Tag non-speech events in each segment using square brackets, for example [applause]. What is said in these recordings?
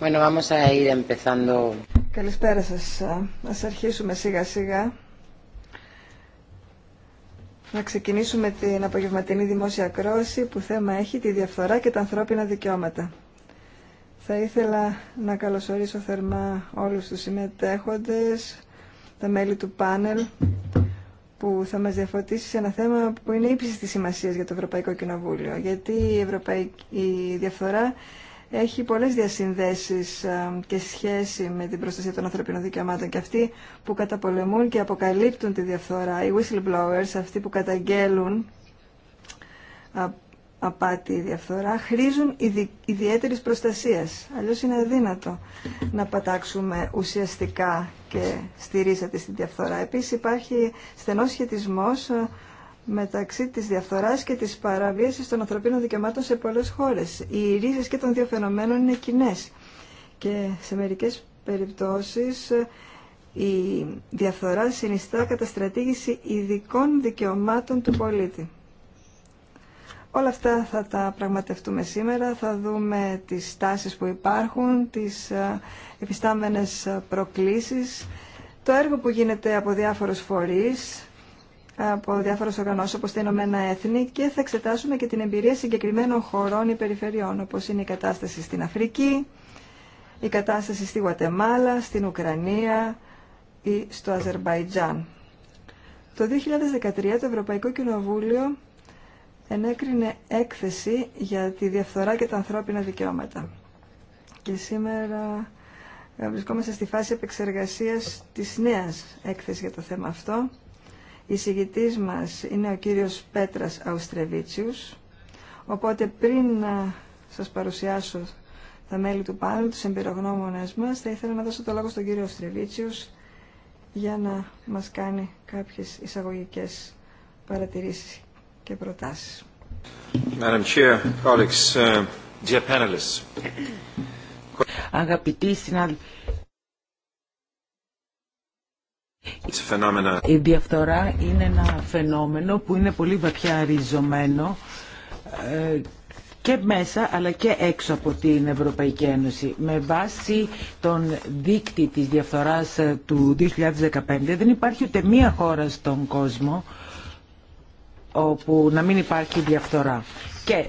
Bueno, vamos a ir empezando. Καλησπέρα σα. Α αρχίσουμε σιγά σιγά. Να ξεκινήσουμε την απογευματινή δημόσια κρόση που θέμα έχει τη διαφθορά και τα ανθρώπινα δικαιώματα. Θα ήθελα να καλωσορίσω θερμά όλους τους συμμετέχοντες, τα μέλη του πάνελ που θα μας διαφωτίσει σε ένα θέμα που είναι ύψης της σημασίας για το Ευρωπαϊκό Κοινοβούλιο. Γιατί η, Ευρωπαϊκή, η έχει πολλές διασυνδέσεις ε, και σχέση με την προστασία των ανθρωπίνων δικαιωμάτων και αυτοί που καταπολεμούν και αποκαλύπτουν τη διαφθορά, οι whistleblowers, αυτοί που καταγγέλουν απάτη ή διαφθορά, χρήζουν ιδιαίτερη προστασία. Αλλιώ είναι αδύνατο να πατάξουμε ουσιαστικά και στη ρίζα τη διαφθορά. Επίσης υπάρχει στενό σχετισμό. Ε, μεταξύ της διαφθοράς και της παραβίασης των ανθρωπίνων δικαιωμάτων σε πολλές χώρες. Οι ρίζες και των δύο φαινομένων είναι κοινέ. και σε μερικές περιπτώσεις η διαφθορά συνιστά καταστρατήγηση ειδικών δικαιωμάτων του πολίτη. Όλα αυτά θα τα πραγματευτούμε σήμερα, θα δούμε τις τάσεις που υπάρχουν, τις επιστάμενες προκλήσεις, το έργο που γίνεται από διάφορους φορείς, από διάφορε οργανώσει όπως τα Ηνωμένα Έθνη και θα εξετάσουμε και την εμπειρία συγκεκριμένων χωρών ή περιφερειών όπως είναι η κατάσταση στην Αφρική, η κατάσταση στη Γουατεμάλα, στην Ουκρανία ή στο Αζερμπαϊτζάν. Το 2013 το Ευρωπαϊκό Κοινοβούλιο ενέκρινε έκθεση για τη διαφθορά και τα ανθρώπινα δικαιώματα. Και σήμερα ε, βρισκόμαστε στη φάση επεξεργασίας της νέας έκθεσης για το θέμα αυτό η συγητής μας είναι ο κύριος Πέτρας Αουστρεβίτσιους, οπότε πριν να σας παρουσιάσω τα μέλη του πάνελ, του εμπειρογνώμονες μας, θα ήθελα να δώσω το λόγο στον κύριο Αουστρεβίτσιους για να μας κάνει κάποιες εισαγωγικές παρατηρήσεις και προτάσεις. Madam Chair, colleagues, uh, Αγαπητοί συνάδελφοι, η διαφθορά είναι ένα φαινόμενο που είναι πολύ βαθιά ριζωμένο ε, και μέσα αλλά και έξω από την Ευρωπαϊκή Ένωση. Με βάση τον δείκτη της διαφθοράς ε, του 2015 δεν υπάρχει ούτε μία χώρα στον κόσμο όπου να μην υπάρχει διαφθορά. Και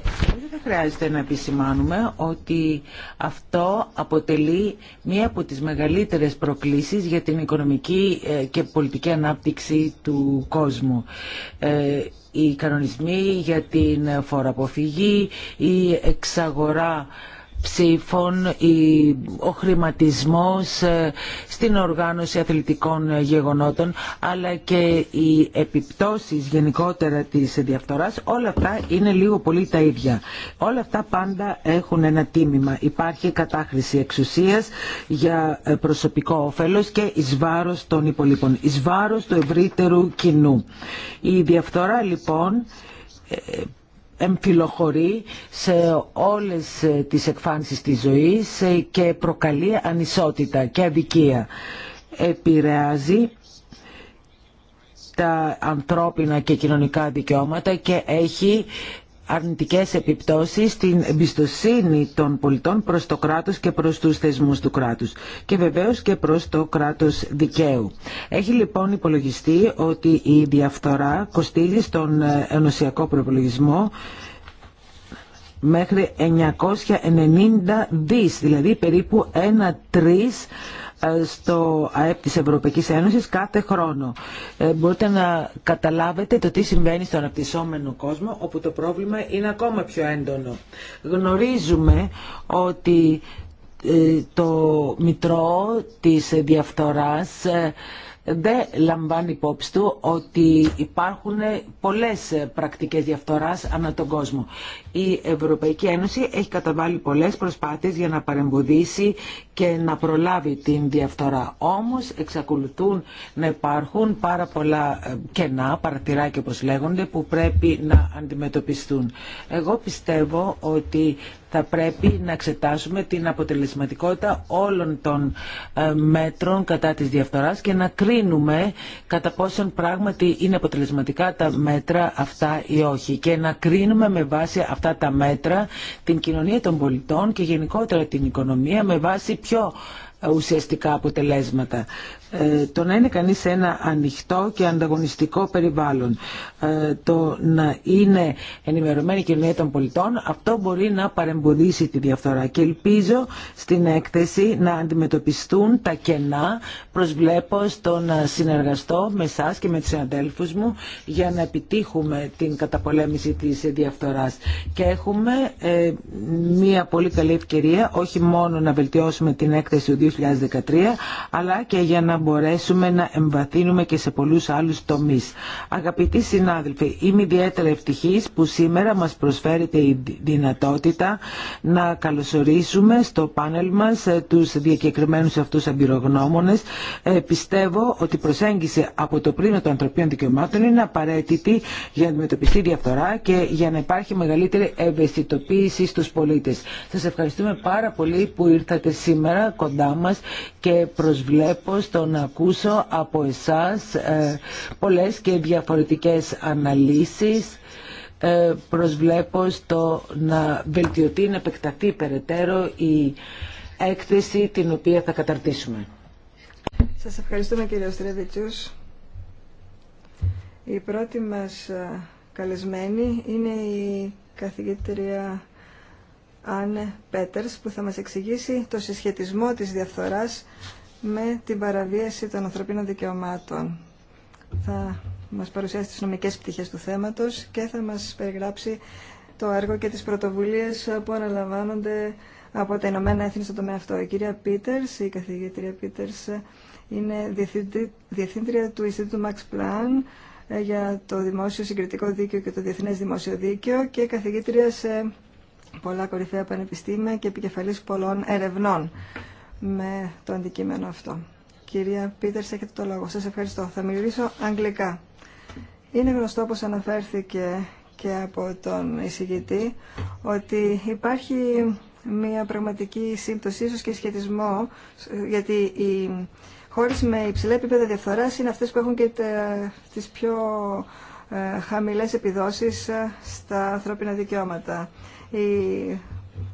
δεν χρειάζεται να επισημάνουμε ότι αυτό αποτελεί μία από τις μεγαλύτερες προκλήσεις για την οικονομική ε, και πολιτική ανάπτυξη του κόσμου. Ε, οι κανονισμοί για την φοροαποφυγή, η εξαγορά ψήφων, ο χρηματισμός ε, στην οργάνωση αθλητικών ε, γεγονότων, αλλά και οι επιπτώσεις γενικότερα της διαφθοράς, όλα αυτά είναι λίγο πολύ τα ίδια. Όλα αυτά πάντα έχουν ένα τίμημα. Υπάρχει κατάχρηση εξουσίας για ε, προσωπικό όφελος και εις βάρος των υπολείπων, εις βάρος του ευρύτερου κοινού. Η διαφθορά λοιπόν εμφυλοχωρεί σε όλες ε, τις εκφάνσεις της ζωής ε, και προκαλεί ανισότητα και αδικία. Επηρεάζει τα ανθρώπινα και κοινωνικά δικαιώματα και έχει αρνητικές επιπτώσεις στην εμπιστοσύνη των πολιτών προς το κράτος και προς τους θεσμούς του κράτους και βεβαίως και προς το κράτος δικαίου. Έχει λοιπόν υπολογιστεί ότι η διαφθορά κοστίζει στον ε, ενωσιακό προπολογισμό μέχρι 990 δις, δηλαδή περίπου 1,3 τρεις ε, στο ΑΕΠ της Ευρωπαϊκής Ένωσης κάθε χρόνο. Ε, μπορείτε να καταλάβετε το τι συμβαίνει στον αναπτυσσόμενο κόσμο όπου το πρόβλημα είναι ακόμα πιο έντονο. Γνωρίζουμε ότι ε, το μητρό της διαφθοράς δεν λαμβάνει υπόψη του ότι υπάρχουν πολλές πρακτικές διαφθοράς ανά τον κόσμο. Η Ευρωπαϊκή Ένωση έχει καταβάλει πολλές προσπάθειες για να παρεμποδίσει και να προλάβει την διαφθορά. Όμως εξακολουθούν να υπάρχουν πάρα πολλά ε, κενά, παρατηράκια όπως λέγονται, που πρέπει να αντιμετωπιστούν. Εγώ πιστεύω ότι θα πρέπει να εξετάσουμε την αποτελεσματικότητα όλων των ε, μέτρων κατά της διαφθοράς και να κρίνουμε κατά πόσον πράγματι είναι αποτελεσματικά τα μέτρα αυτά ή όχι και να κρίνουμε με βάση αυτά τα μέτρα την κοινωνία των πολιτών και γενικότερα την οικονομία με βάση πιο ουσιαστικά αποτελέσματα. Ε, το να είναι κανείς σε ένα ανοιχτό και ανταγωνιστικό περιβάλλον, ε, το να είναι ενημερωμένη κοινωνία των πολιτών, αυτό μπορεί να παρεμποδίσει τη διαφθορά. Και ελπίζω στην έκθεση να αντιμετωπιστούν τα κενά. Προσβλέπω στο να συνεργαστώ με εσά και με τους συναδέλφους μου για να επιτύχουμε την καταπολέμηση της διαφθοράς. Και έχουμε ε, μία πολύ καλή ευκαιρία όχι μόνο να βελτιώσουμε την έκθεση του 2013 αλλά και για να μπορέσουμε να εμβαθύνουμε και σε πολλούς άλλους τομείς. Αγαπητοί συνάδελφοι, είμαι ιδιαίτερα ευτυχής που σήμερα μας προσφέρεται η δυνατότητα να καλωσορίσουμε στο πάνελ μας ε, τους διακεκριμένους αυτούς αμπειρογνώμονες. Ε, πιστεύω ότι η προσέγγιση από το πριν των ανθρωπίνων δικαιωμάτων είναι απαραίτητη για να αντιμετωπιστεί διαφθορά και για να υπάρχει μεγαλύτερη ευαισθητοποίηση στους πολίτες. Σας ευχαριστούμε πάρα πολύ που ήρθατε σήμερα κοντά και προσβλέπω στο να ακούσω από εσάς ε, πολλές και διαφορετικές αναλύσεις ε, προσβλέπω στο να βελτιωθεί, να επεκταθεί περαιτέρω η έκθεση την οποία θα καταρτήσουμε. Σας ευχαριστούμε κύριε Οστρεβιτσούς. Η πρώτη μας ε, καλεσμένη είναι η καθηγήτρια Άννε Πέτερς που θα μας εξηγήσει το συσχετισμό της διαφθοράς με την παραβίαση των ανθρωπίνων δικαιωμάτων. Θα μας παρουσιάσει τις νομικές πτυχές του θέματος και θα μας περιγράψει το έργο και τις πρωτοβουλίες που αναλαμβάνονται από τα Ηνωμένα Έθνη στο τομέα αυτό. Η κυρία Πίτερς, η καθηγήτρια Πίτερς, είναι διευθύντρια του Ινστιτούτου Max Plan ε, για το Δημόσιο Συγκριτικό Δίκαιο και το Διεθνές Δημόσιο Δίκαιο και καθηγήτρια σε πολλά κορυφαία πανεπιστήμια και επικεφαλής πολλών ερευνών με το αντικείμενο αυτό. Κυρία Πίτερς, έχετε το λόγο. Σας ευχαριστώ. Θα μιλήσω αγγλικά. Είναι γνωστό, όπως αναφέρθηκε και από τον εισηγητή, ότι υπάρχει μια πραγματική σύμπτωση, ίσως και σχετισμό, γιατί οι χώρες με υψηλά επίπεδα διαφθοράς είναι αυτές που έχουν και τις πιο ε, χαμηλές επιδόσεις ε, στα ανθρώπινα δικαιώματα.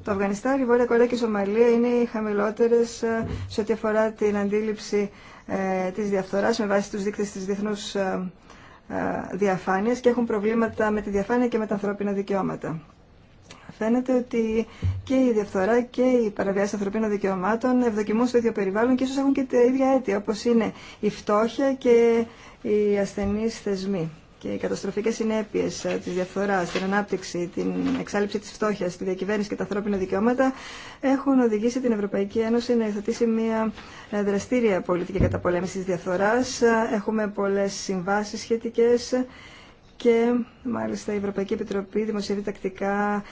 Το Αφγανιστάν, η Βόρεια Κορέα και η Σομαλία είναι οι χαμηλότερε ε, σε ό,τι αφορά την αντίληψη ε, τη διαφθορά με βάση του δείκτε τη διεθνού ε, ε, διαφάνεια και έχουν προβλήματα με τη διαφάνεια και με τα ανθρώπινα δικαιώματα. Φαίνεται ότι και η διαφθορά και η παραβίαση ανθρωπίνων δικαιωμάτων ευδοκιμούν στο ίδιο περιβάλλον και ίσω έχουν και τα ίδια αίτια, όπω είναι η φτώχεια και οι ασθενεί θεσμοί και οι καταστροφικές συνέπειες ε, της διαφθοράς, την ανάπτυξη, την εξάλληψη της φτώχειας, τη διακυβέρνηση και τα ανθρώπινα δικαιώματα έχουν οδηγήσει την Ευρωπαϊκή Ένωση να υιοθετήσει μια ε, δραστήρια πολιτική καταπολέμηση της διαφθοράς. Ε, έχουμε πολλές συμβάσεις σχετικές και μάλιστα η Ευρωπαϊκή Επιτροπή δημοσιεύει τακτικά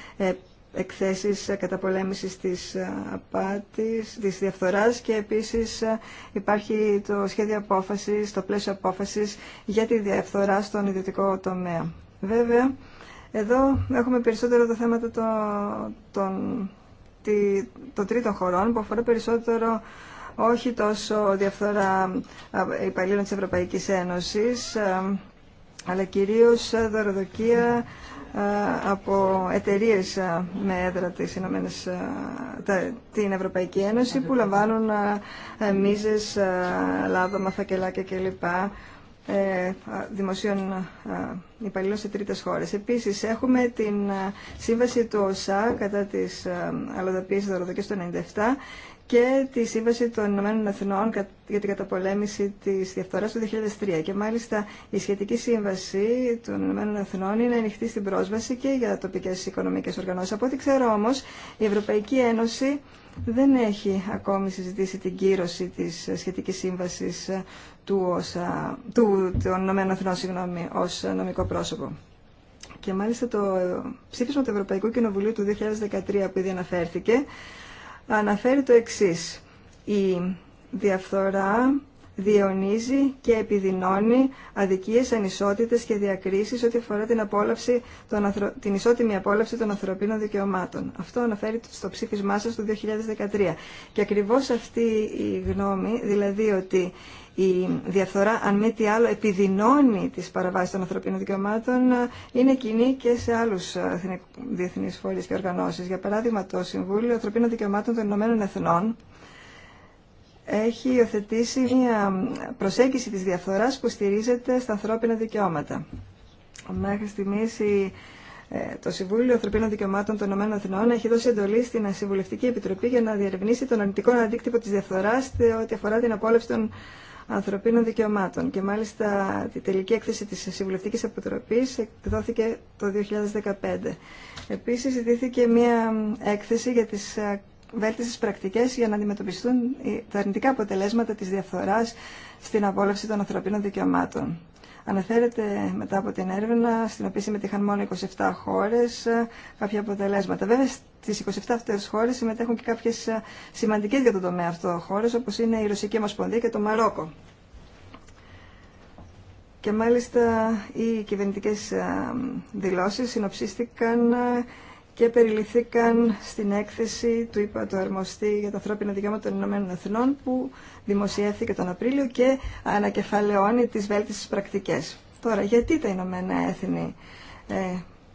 εκθέσεις καταπολέμησης της ε, απάτης, της διαφθοράς και επίσης ε, υπάρχει το σχέδιο απόφασης, το πλαίσιο απόφασης για τη διαφθορά στον ιδιωτικό τομέα. Βέβαια, εδώ έχουμε περισσότερο το θέματα των, των, το τρίτων χωρών που αφορά περισσότερο όχι τόσο διαφθορά ε, υπαλλήλων της Ευρωπαϊκής Ένωσης, αλλά κυρίως δωροδοκία ε, από εταιρείε ε, με έδρα της Ηνωμένες, ε, την Ευρωπαϊκή Ένωση που λαμβάνουν μίζες, λάδωμα, φακελάκια κλπ δημοσίων υπαλλήλων σε τρίτες χώρες. Επίσης, έχουμε την σύμβαση του ΟΣΑ κατά της αλλοδαπής δωροδοκίας του 1997 και τη Σύμβαση των Ηνωμένων Εθνών για την καταπολέμηση τη διαφθορά του 2003. Και μάλιστα η σχετική σύμβαση των Ηνωμένων Εθνών είναι ανοιχτή στην πρόσβαση και για τοπικέ οικονομικέ οργανώσει, Από ό,τι ξέρω όμω η Ευρωπαϊκή Ένωση δεν έχει ακόμη συζητήσει την κύρωση τη σχετική σύμβαση του, όσα, του των Ηνωμένων Εθνών συγγνώμη, ως νομικό πρόσωπο. Και μάλιστα το ψήφισμα του Ευρωπαϊκού Κοινοβουλίου του 2013 που ήδη αναφέρθηκε, αναφέρει το εξής. Η διαφθορά διαιωνίζει και επιδεινώνει αδικίες, ανισότητες και διακρίσεις ό,τι αφορά την, απόλαυση την ισότιμη απόλαυση των ανθρωπίνων δικαιωμάτων. Αυτό αναφέρει στο ψήφισμά σας του 2013. Και ακριβώς αυτή η γνώμη, δηλαδή ότι η διαφθορά, αν μη τι άλλο, επιδεινώνει τις παραβάσεις των ανθρωπίνων δικαιωμάτων, είναι κοινή και σε άλλους ε, διεθνείς φορείς και οργανώσεις. Για παράδειγμα, το Συμβούλιο Ανθρωπίνων Δικαιωμάτων των Ηνωμένων Εθνών έχει υιοθετήσει μια προσέγγιση της διαφθοράς που στηρίζεται στα ανθρώπινα δικαιώματα. Μέχρι στιγμής ε, το Συμβούλιο Ανθρωπίνων Δικαιωμάτων των Ηνωμένων Εθνών έχει δώσει εντολή στην Συμβουλευτική Επιτροπή για να διερευνήσει τον αρνητικό αντίκτυπο τη διαφθορά ό,τι αφορά την απόλευση των ανθρωπίνων δικαιωμάτων. Και μάλιστα η τελική έκθεση της Συμβουλευτικής Επιτροπής εκδόθηκε το 2015. Επίσης ζητήθηκε μια έκθεση για τις ε, βέλτιστες πρακτικές για να αντιμετωπιστούν τα αρνητικά αποτελέσματα της διαφθοράς στην απόλαυση των ανθρωπίνων δικαιωμάτων. Αναφέρεται μετά από την έρευνα, στην οποία συμμετείχαν μόνο 27 χώρε ε, κάποια αποτελέσματα. Βέβαια, Στι 27 αυτέ χώρε συμμετέχουν και κάποιες ε, σημαντικές για τον τομέα αυτό χώρε, όπως είναι η Ρωσική Ομοσπονδία και το Μαρόκο. Και μάλιστα οι κυβερνητικέ ε, δηλώσει συνοψίστηκαν και περιληφθήκαν στην έκθεση του ΙΠΑ του Αρμοστή για τα ανθρώπινα δικαιώματα των Ηνωμένων Εθνών που δημοσιεύθηκε τον Απρίλιο και ανακεφαλαιώνει τις βέλτιστες πρακτικές. Τώρα, γιατί τα Ηνωμένα Έθνη ε,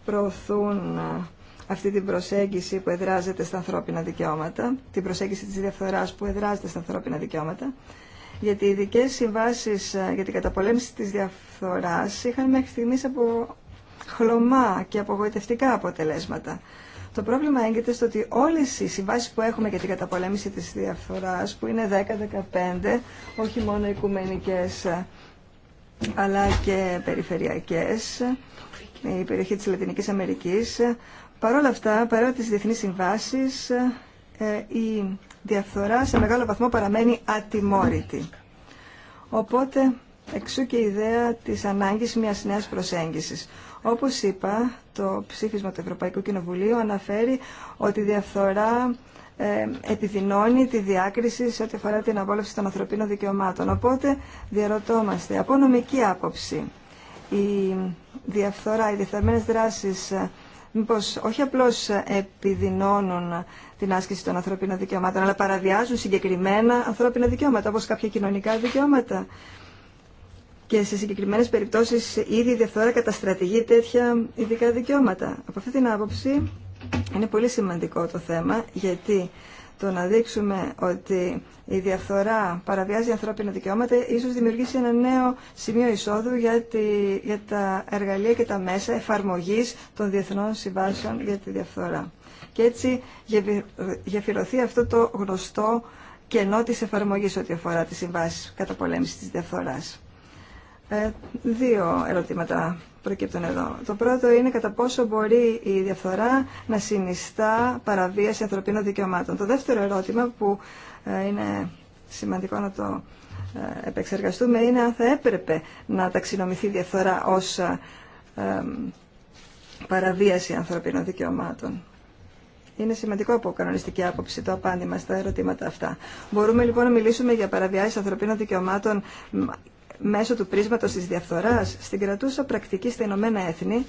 προωθούν ε, αυτή την προσέγγιση που εδράζεται στα ανθρώπινα δικαιώματα, την προσέγγιση της διαφθοράς που εδράζεται στα ανθρώπινα δικαιώματα, γιατί οι ειδικέ συμβάσει ε, για την καταπολέμηση τη διαφθορά είχαν μέχρι στιγμή απο χλωμά και απογοητευτικά αποτελέσματα. Το πρόβλημα έγκυται στο ότι όλες οι συμβάσει που έχουμε για την καταπολέμηση της διαφθοράς, που είναι 10-15, όχι μόνο οικουμενικέ αλλά και περιφερειακές, η περιοχή τη Λατινική Αμερική. παρόλα αυτά, παρά τι διεθνείς συμβάσει, ε, η διαφθορά σε μεγάλο βαθμό παραμένει ατιμόρυτη. Οπότε, εξού και η ιδέα της ανάγκης μιας νέας προσέγγισης. Όπως είπα, το ψήφισμα του Ευρωπαϊκού Κοινοβουλίου αναφέρει ότι η διαφθορά ε, επιδεινώνει τη διάκριση σε ό,τι αφορά την απόλαυση των ανθρωπίνων δικαιωμάτων. Οπότε διαρωτόμαστε, από νομική άποψη, η διαφθορά, οι διεφθαρμένες δράσεις ε, μήπως όχι απλώς επιδεινώνουν την άσκηση των ανθρωπίνων δικαιωμάτων, αλλά παραβιάζουν συγκεκριμένα ανθρώπινα δικαιώματα, όπως κάποια κοινωνικά δικαιώματα και σε συγκεκριμένες περιπτώσεις ήδη η διαφθορά καταστρατηγεί τέτοια ειδικά δικαιώματα. Από αυτή την άποψη είναι πολύ σημαντικό το θέμα γιατί το να δείξουμε ότι η διαφθορά παραβιάζει ανθρώπινα δικαιώματα ίσως δημιουργήσει ένα νέο σημείο εισόδου για, για τα εργαλεία και τα μέσα εφαρμογής των διεθνών συμβάσεων για τη διαφθορά. Και έτσι γεφυρωθεί αυτό το γνωστό κενό της εφαρμογής ό,τι αφορά τις συμβάσεις κατά πολέμηση της διαφθορά. Ε, δύο ερωτήματα προκύπτουν εδώ. Το πρώτο είναι κατά πόσο μπορεί η διαφθορά να συνιστά παραβίαση ανθρωπίνων δικαιωμάτων. Το δεύτερο ερώτημα που ε, είναι σημαντικό να το ε, επεξεργαστούμε είναι αν θα έπρεπε να ταξινομηθεί η διαφθορά ως ε, παραβίαση ανθρωπίνων δικαιωμάτων. Είναι σημαντικό από κανονιστική άποψη το απάντημα στα ερωτήματα αυτά. Μπορούμε λοιπόν να μιλήσουμε για παραβιάσεις ανθρωπίνων δικαιωμάτων μέσω του πρίσματος της διαφθοράς στην κρατούσα πρακτική στα Ηνωμένα Έθνη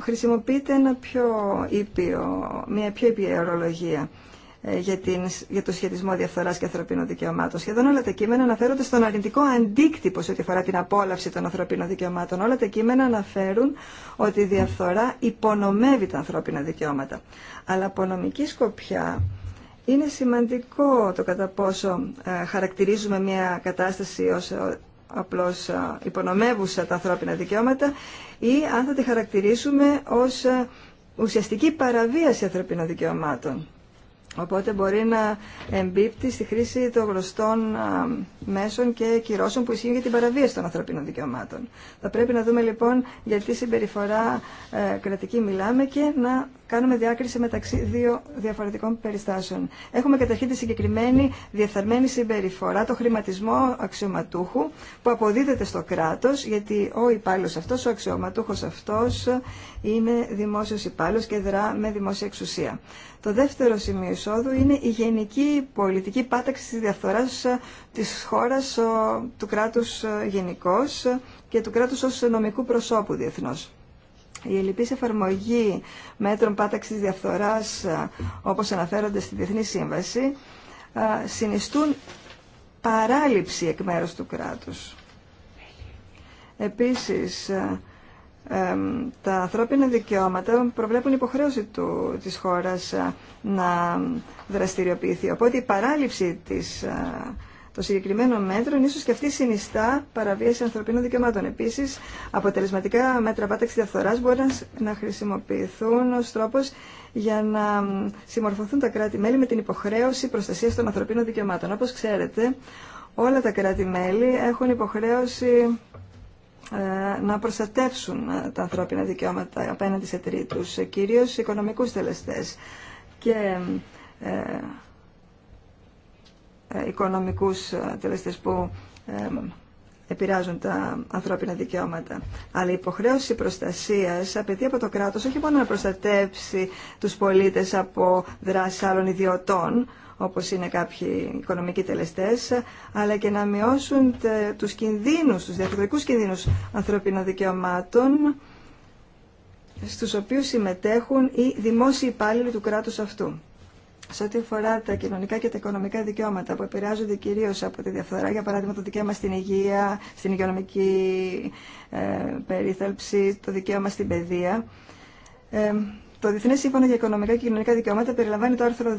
χρησιμοποιείται ένα πιο ήπιο, μια πιο ήπια ορολογία ε, για, το σχετισμό διαφθοράς και ανθρωπίνων δικαιωμάτων. Σχεδόν όλα τα κείμενα αναφέρονται στον αρνητικό αντίκτυπο σε ό,τι αφορά την απόλαυση των ανθρωπίνων δικαιωμάτων. Όλα τα κείμενα αναφέρουν ότι η διαφθορά υπονομεύει τα ανθρώπινα δικαιώματα. Αλλά από νομική σκοπιά είναι σημαντικό το κατά πόσο ε, χαρακτηρίζουμε μια κατάσταση ως ε, απλώς υπονομεύουσα τα ανθρώπινα δικαιώματα ή αν θα τη χαρακτηρίσουμε ως ουσιαστική παραβίαση ανθρωπίνων δικαιωμάτων. Οπότε μπορεί να εμπίπτει στη χρήση των γνωστών μέσων και κυρώσεων που ισχύουν για την παραβίαση των ανθρωπίνων δικαιωμάτων. Θα πρέπει να δούμε λοιπόν γιατί συμπεριφορά ε, κρατική μιλάμε και να κάνουμε διάκριση μεταξύ δύο διαφορετικών περιστάσεων. Έχουμε καταρχήν τη συγκεκριμένη διεφθαρμένη συμπεριφορά, το χρηματισμό αξιωματούχου που αποδίδεται στο κράτος, γιατί ο υπάλληλο αυτός, ο αξιωματούχο αυτός είναι δημόσιο υπάλληλο και δρά με δημόσια εξουσία. Το δεύτερο σημείο εισόδου είναι η γενική πολιτική πάταξη τη διαφθορά ε, τη χώρα ε, του κράτου ε, γενικώ και του κράτου ω νομικού προσώπου διεθνώ. Η ελληπής εφαρμογή μέτρων πάταξης διαφθοράς, ε, όπως αναφέρονται στη Διεθνή Σύμβαση, ε, συνιστούν παράληψη εκ μέρους του κράτους. Επίσης, ε, τα ανθρώπινα δικαιώματα προβλέπουν υποχρέωση του, της χώρας να δραστηριοποιηθεί. Οπότε η παράληψη της το συγκεκριμένο μέτρο, ίσω και αυτή συνιστά παραβίαση ανθρωπίνων δικαιωμάτων. Επίση, αποτελεσματικά μέτρα πάταξη διαφθορά μπορεί να χρησιμοποιηθούν ω τρόπο για να συμμορφωθούν τα κράτη-μέλη με την υποχρέωση προστασία των ανθρωπίνων δικαιωμάτων. Όπω ξέρετε, όλα τα κράτη-μέλη έχουν υποχρέωση ε, να προστατεύσουν ε, τα ανθρώπινα δικαιώματα απέναντι σε τρίτους, ε, κυρίως οικονομικούς τελεστές. Και ε, ε, οικονομικούς ε, τελεστές που ε, επηρεάζουν τα ανθρώπινα δικαιώματα. Αλλά η υποχρέωση προστασίας απαιτεί από το κράτος όχι μόνο να προστατεύσει τους πολίτες από δράσεις άλλων ιδιωτών, όπως είναι κάποιοι οικονομικοί τελεστές, αλλά και να μειώσουν τους κινδύνους, τους διαφορετικούς κινδύνους ανθρωπίνων δικαιωμάτων, στους οποίους συμμετέχουν οι δημόσιοι υπάλληλοι του κράτους αυτού σε ό,τι αφορά τα κοινωνικά και τα οικονομικά δικαιώματα που επηρεάζονται κυρίω από τη διαφθορά, για παράδειγμα το δικαίωμα στην υγεία, στην υγειονομική ε, περίθαλψη, το δικαίωμα στην παιδεία. Ε, το Διεθνέ Σύμφωνο για Οικονομικά και Κοινωνικά Δικαιώματα περιλαμβάνει το άρθρο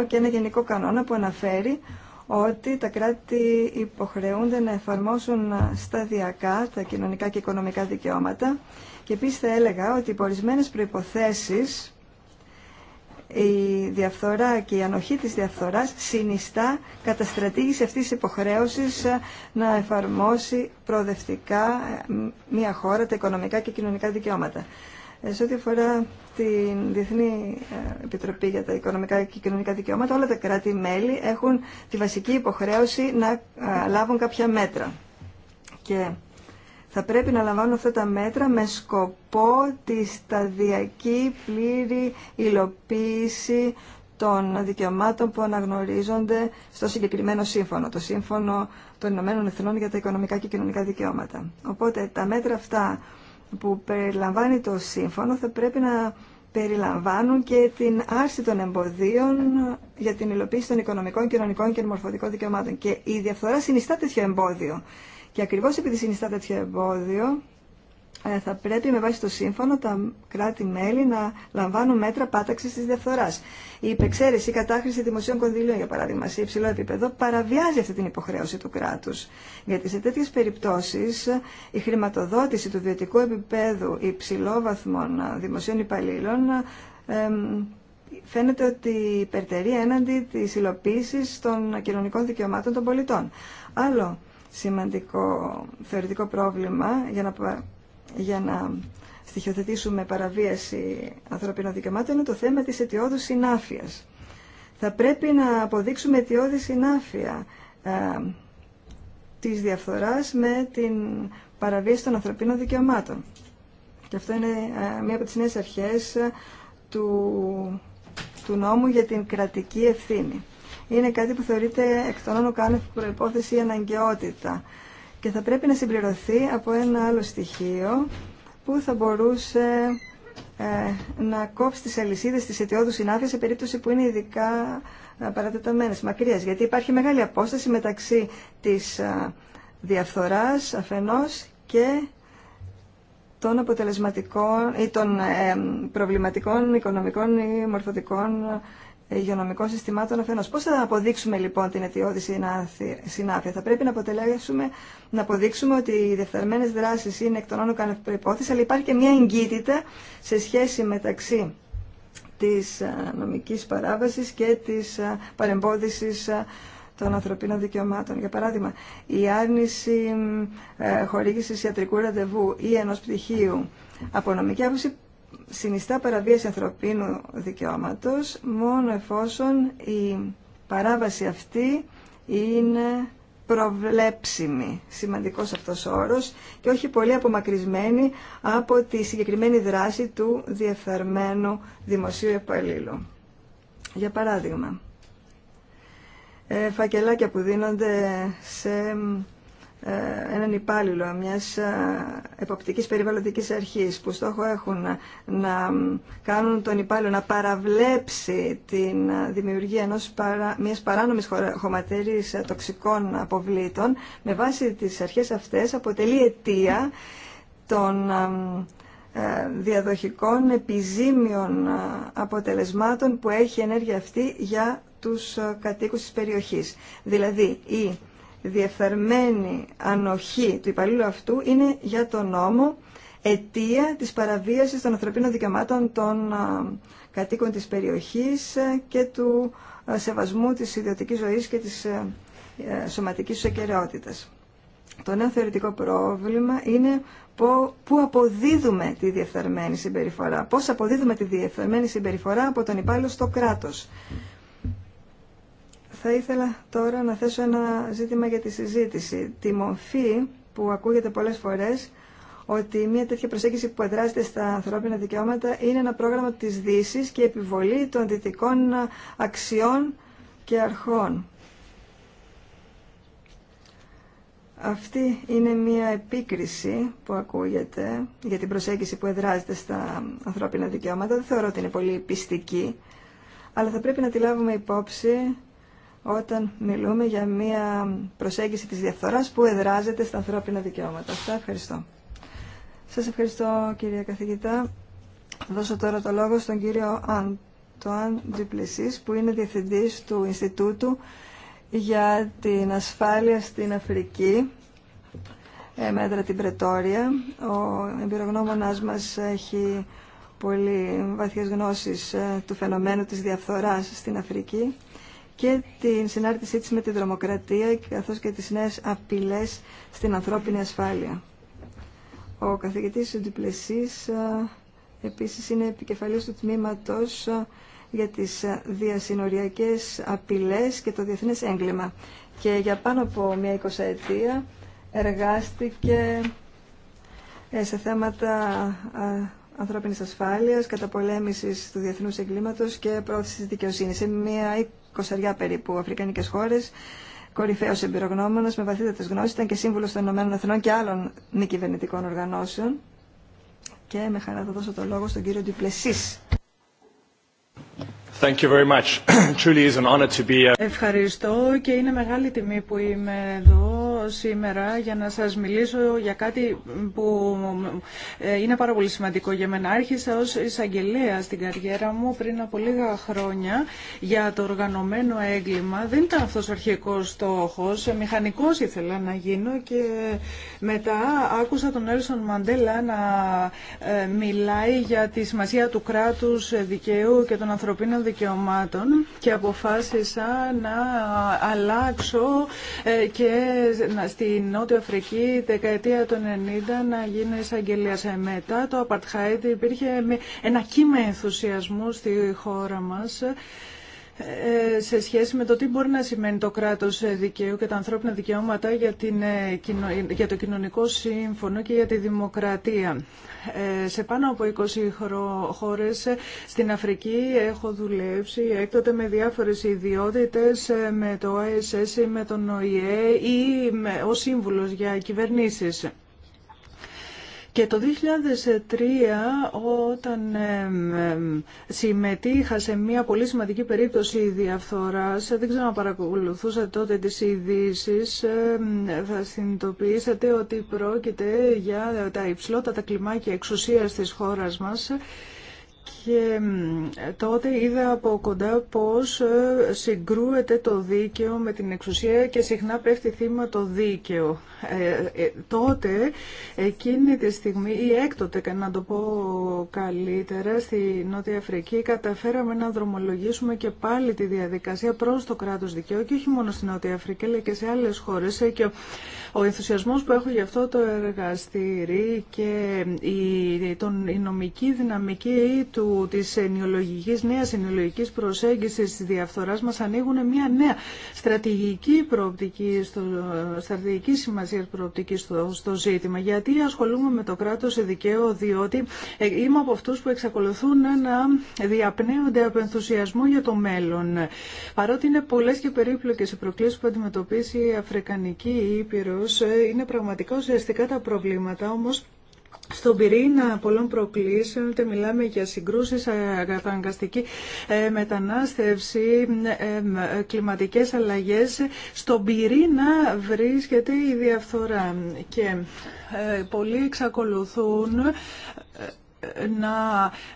2 και ένα γενικό κανόνα που αναφέρει ότι τα κράτη υποχρεούνται να εφαρμόσουν σταδιακά τα κοινωνικά και οικονομικά δικαιώματα και επίση θα έλεγα ότι οι ορισμένε προποθέσει η διαφθορά και η ανοχή της διαφθοράς συνιστά καταστρατήγηση αυτής της υποχρέωσης ε, να εφαρμόσει προοδευτικά ε, μια χώρα τα οικονομικά και κοινωνικά δικαιώματα. Ε, σε ό,τι αφορά την Διεθνή Επιτροπή για τα Οικονομικά και Κοινωνικά Δικαιώματα, όλα τα κράτη-μέλη έχουν τη βασική υποχρέωση να λάβουν κάποια μέτρα θα πρέπει να λαμβάνουν αυτά τα μέτρα με σκοπό τη σταδιακή πλήρη υλοποίηση των δικαιωμάτων που αναγνωρίζονται στο συγκεκριμένο σύμφωνο, το Σύμφωνο των Ηνωμένων Εθνών για τα Οικονομικά και Κοινωνικά Δικαιώματα. Οπότε τα μέτρα αυτά που περιλαμβάνει το σύμφωνο θα πρέπει να περιλαμβάνουν και την άρση των εμποδίων για την υλοποίηση των οικονομικών, κοινωνικών και μορφωτικών δικαιωμάτων. Και η διαφθορά συνιστά τέτοιο εμπόδιο. Και ακριβώ επειδή συνιστά τέτοιο εμπόδιο, ε, θα πρέπει με βάση το σύμφωνο τα κράτη-μέλη να λαμβάνουν μέτρα πάταξη τη διαφθορά. Η υπεξαίρεση, η κατάχρηση δημοσίων κονδυλίων, για παράδειγμα, σε υψηλό επίπεδο, παραβιάζει αυτή την υποχρέωση του κράτου. Γιατί σε τέτοιε περιπτώσει η χρηματοδότηση του βιωτικού επίπεδου υψηλόβαθμων δημοσίων υπαλλήλων εμ, φαίνεται ότι υπερτερεί έναντι τη υλοποίηση των κοινωνικών δικαιωμάτων των πολιτών. Άλλο σημαντικό θεωρητικό πρόβλημα για να, για να στοιχειοθετήσουμε παραβίαση ανθρωπίνων δικαιωμάτων είναι το θέμα της αιτιόδους συνάφειας. Θα πρέπει να αποδείξουμε αιτιόδη συνάφεια ε, της διαφθοράς με την παραβίαση των ανθρωπίνων δικαιωμάτων. Και αυτό είναι ε, μία από τις νέες αρχές ε, του νόμου για την κρατική ευθύνη είναι κάτι που θεωρείται εκ των όνων κάνευ προϋπόθεση ή αναγκαιότητα και θα πρέπει να συμπληρωθεί από ένα άλλο στοιχείο που θα μπορούσε ε, να κόψει τις αλυσίδες της αιτιόδου συνάφειας σε περίπτωση που είναι ειδικά ε, παρατεταμένες, μακριές Γιατί υπάρχει μεγάλη απόσταση μεταξύ της ε, διαφθοράς αφενός και των αποτελεσματικών ή των ε, προβληματικών οικονομικών ή μορφωτικών υγειονομικών συστημάτων αφενός. Πώς θα αποδείξουμε λοιπόν την αιτιώδη συνάφεια. Θα πρέπει να, αποτελέσουμε, να αποδείξουμε ότι οι δεφθαρμένες δράσεις είναι εκ των όνων κανένα αλλά υπάρχει και μια εγκύτητα σε σχέση μεταξύ της ε, νομική παράβαση και της ε, παρεμπόδιση ε, των ανθρωπίνων δικαιωμάτων. Για παράδειγμα, η άρνηση χορήγησης ιατρικού ραντεβού ή ενός πτυχίου από νομική άποψη συνιστά παραβίαση ανθρωπίνου δικαιώματος μόνο εφόσον η παράβαση αυτή είναι προβλέψιμη, σημαντικός αυτός όρος και όχι πολύ απομακρυσμένη από τη συγκεκριμένη δράση του διεφθαρμένου δημοσίου επαλλήλου. Για παράδειγμα, ε, φακελάκια που δίνονται σε ε, έναν υπάλληλο μιας ε, εποπτικής περιβαλλοντικής αρχής που στόχο έχουν να κάνουν τον υπάλληλο να παραβλέψει την ε, δημιουργία ενός παρα, μιας παράνομης χωματέρης τοξικών αποβλήτων με βάση τις αρχές αυτές αποτελεί αιτία των διαδοχικών επιζήμιων αποτελεσμάτων που έχει ενέργεια αυτή για τους κατοίκους της περιοχής. Δηλαδή, η διεφερμένη ανοχή του υπαλλήλου αυτού είναι για τον νόμο αιτία της παραβίασης των ανθρωπίνων δικαιωμάτων των κατοίκων της περιοχής ε, και του σεβασμού της ιδιωτικής ζωής και της ε, ε, σωματικής σωκεραιότητας. Το νέο θεωρητικό πρόβλημα είναι πού αποδίδουμε τη διεφθαρμένη συμπεριφορά, πώς αποδίδουμε τη διεφθαρμένη συμπεριφορά από τον υπάλληλο στο κράτος. Θα ήθελα τώρα να θέσω ένα ζήτημα για τη συζήτηση. Τη μορφή που ακούγεται πολλές φορές ότι μια τέτοια προσέγγιση που εδράζεται στα ανθρώπινα δικαιώματα είναι ένα πρόγραμμα της δύση και επιβολή των δυτικών αξιών και αρχών. Αυτή είναι μια επίκριση που ακούγεται για την προσέγγιση που εδράζεται στα ανθρώπινα δικαιώματα. Δεν θεωρώ ότι είναι πολύ πιστική, αλλά θα πρέπει να τη λάβουμε υπόψη όταν μιλούμε για μια προσέγγιση της διαφθοράς που εδράζεται στα ανθρώπινα δικαιώματα. Αυτά ευχαριστώ. Σας ευχαριστώ κυρία καθηγητά. Δώσω τώρα το λόγο στον κύριο Αντουάν Τζιπλεσής που είναι διευθυντής του Ινστιτούτου για την ασφάλεια στην Αφρική ε, μέτρα την Πρετόρια. Ο εμπειρογνώμονας μας έχει πολύ βαθιές γνώσεις ε, του φαινομένου της διαφθοράς στην Αφρική και την συνάρτησή της με τη δρομοκρατία καθώς και τις νέες απειλές στην ανθρώπινη ασφάλεια. Ο καθηγητής Ντυπλεσής ε, επίσης είναι επικεφαλής του τμήματος ε, για τις ε, διασυνοριακές απειλές και το διεθνές έγκλημα. Και για πάνω από μια εικοσαετία εργάστηκε σε θέματα ανθρώπινης ασφάλειας, καταπολέμησης του διεθνούς εγκλήματος και πρόθεσης δικαιοσύνης. Σε μια κοσαριά περίπου Αφρικανικέ χώρε, κορυφαίο εμπειρογνώμονα με βαθύτατες γνώσεις, ήταν και σύμβουλο των Ηνωμένων Εθνών και άλλων μη κυβερνητικών οργανώσεων. Και με χαρά θα δώσω το λόγο στον κύριο Ντιπλεσής. Thank you very much. [clears throat] Truly is an honor to be... Ευχαριστώ και είναι μεγάλη τιμή που είμαι εδώ σήμερα για να σας μιλήσω για κάτι που ε, είναι πάρα πολύ σημαντικό για μένα. Άρχισα ως εισαγγελέα στην καριέρα μου πριν από λίγα χρόνια για το οργανωμένο έγκλημα. Δεν ήταν αυτός ο αρχικός στόχος, μηχανικός ήθελα να γίνω και μετά άκουσα τον Έλσον Μαντέλα να ε, μιλάει για τη σημασία του κράτους δικαίου και των ανθρωπίνων δικαιωμάτων και αποφάσισα να αλλάξω ε, και στην Νότια Αφρική δεκαετία των 90 να γίνει εισαγγελία. Ε, μετά το Απαρτχάιντ υπήρχε ένα κύμα ενθουσιασμού στη χώρα μας ε, σε σχέση με το τι μπορεί να σημαίνει το κράτος δικαίου και τα ανθρώπινα δικαιώματα για, την, ε, για το κοινωνικό σύμφωνο και για τη δημοκρατία. Ε, σε πάνω από 20 χώρες στην Αφρική έχω δουλέψει έκτοτε με διάφορες ιδιότητες με το ISS ή με τον ΟΗΕ ή με, ως σύμβουλος για κυβερνήσεις. Και το 2003 όταν συμμετείχα σε μια πολύ σημαντική περίπτωση διαφθοράς, δεν ξέρω αν παρακολουθούσατε τότε τις ειδήσει, θα συνειδητοποιήσατε ότι πρόκειται για τα υψηλότατα κλιμάκια εξουσίας της χώρας μας και τότε είδα από κοντά πώς ε, συγκρούεται το δίκαιο με την εξουσία και συχνά πέφτει θύμα το δίκαιο. Ε, ε, τότε, εκείνη τη στιγμή, ή έκτοτε, να το πω καλύτερα, στη Νότια Αφρική καταφέραμε να δρομολογήσουμε και πάλι τη διαδικασία προς το κράτος δικαίου και όχι μόνο στη Νότια Αφρική αλλά και σε άλλες χώρες και ο ενθουσιασμός που έχω για αυτό το εργαστήρι και η, τον, νομική δυναμική του, της ενιολογικής, νέας ενιολογικής προσέγγισης της διαφθοράς μας ανοίγουν μια νέα στρατηγική, προοπτική στο, στρατηγική σημασία προοπτική στο, ζήτημα. Γιατί ασχολούμαι με το κράτος δικαίω διότι είμαι από αυτούς που εξακολουθούν να διαπνέονται από ενθουσιασμό για το μέλλον. Παρότι είναι πολλές και περίπλοκες οι προκλήσεις που αντιμετωπίζει η Αφρικανική Ήπειρο ε, είναι πραγματικά ουσιαστικά τα προβλήματα, όμως στον πυρήνα πολλών προκλήσεων, είτε μιλάμε για συγκρούσεις, αγκαταγκαστική ε, μετανάστευση, ε, κλιματικές αλλαγές, στον πυρήνα βρίσκεται η διαφθορά και πολλοί εξακολουθούν να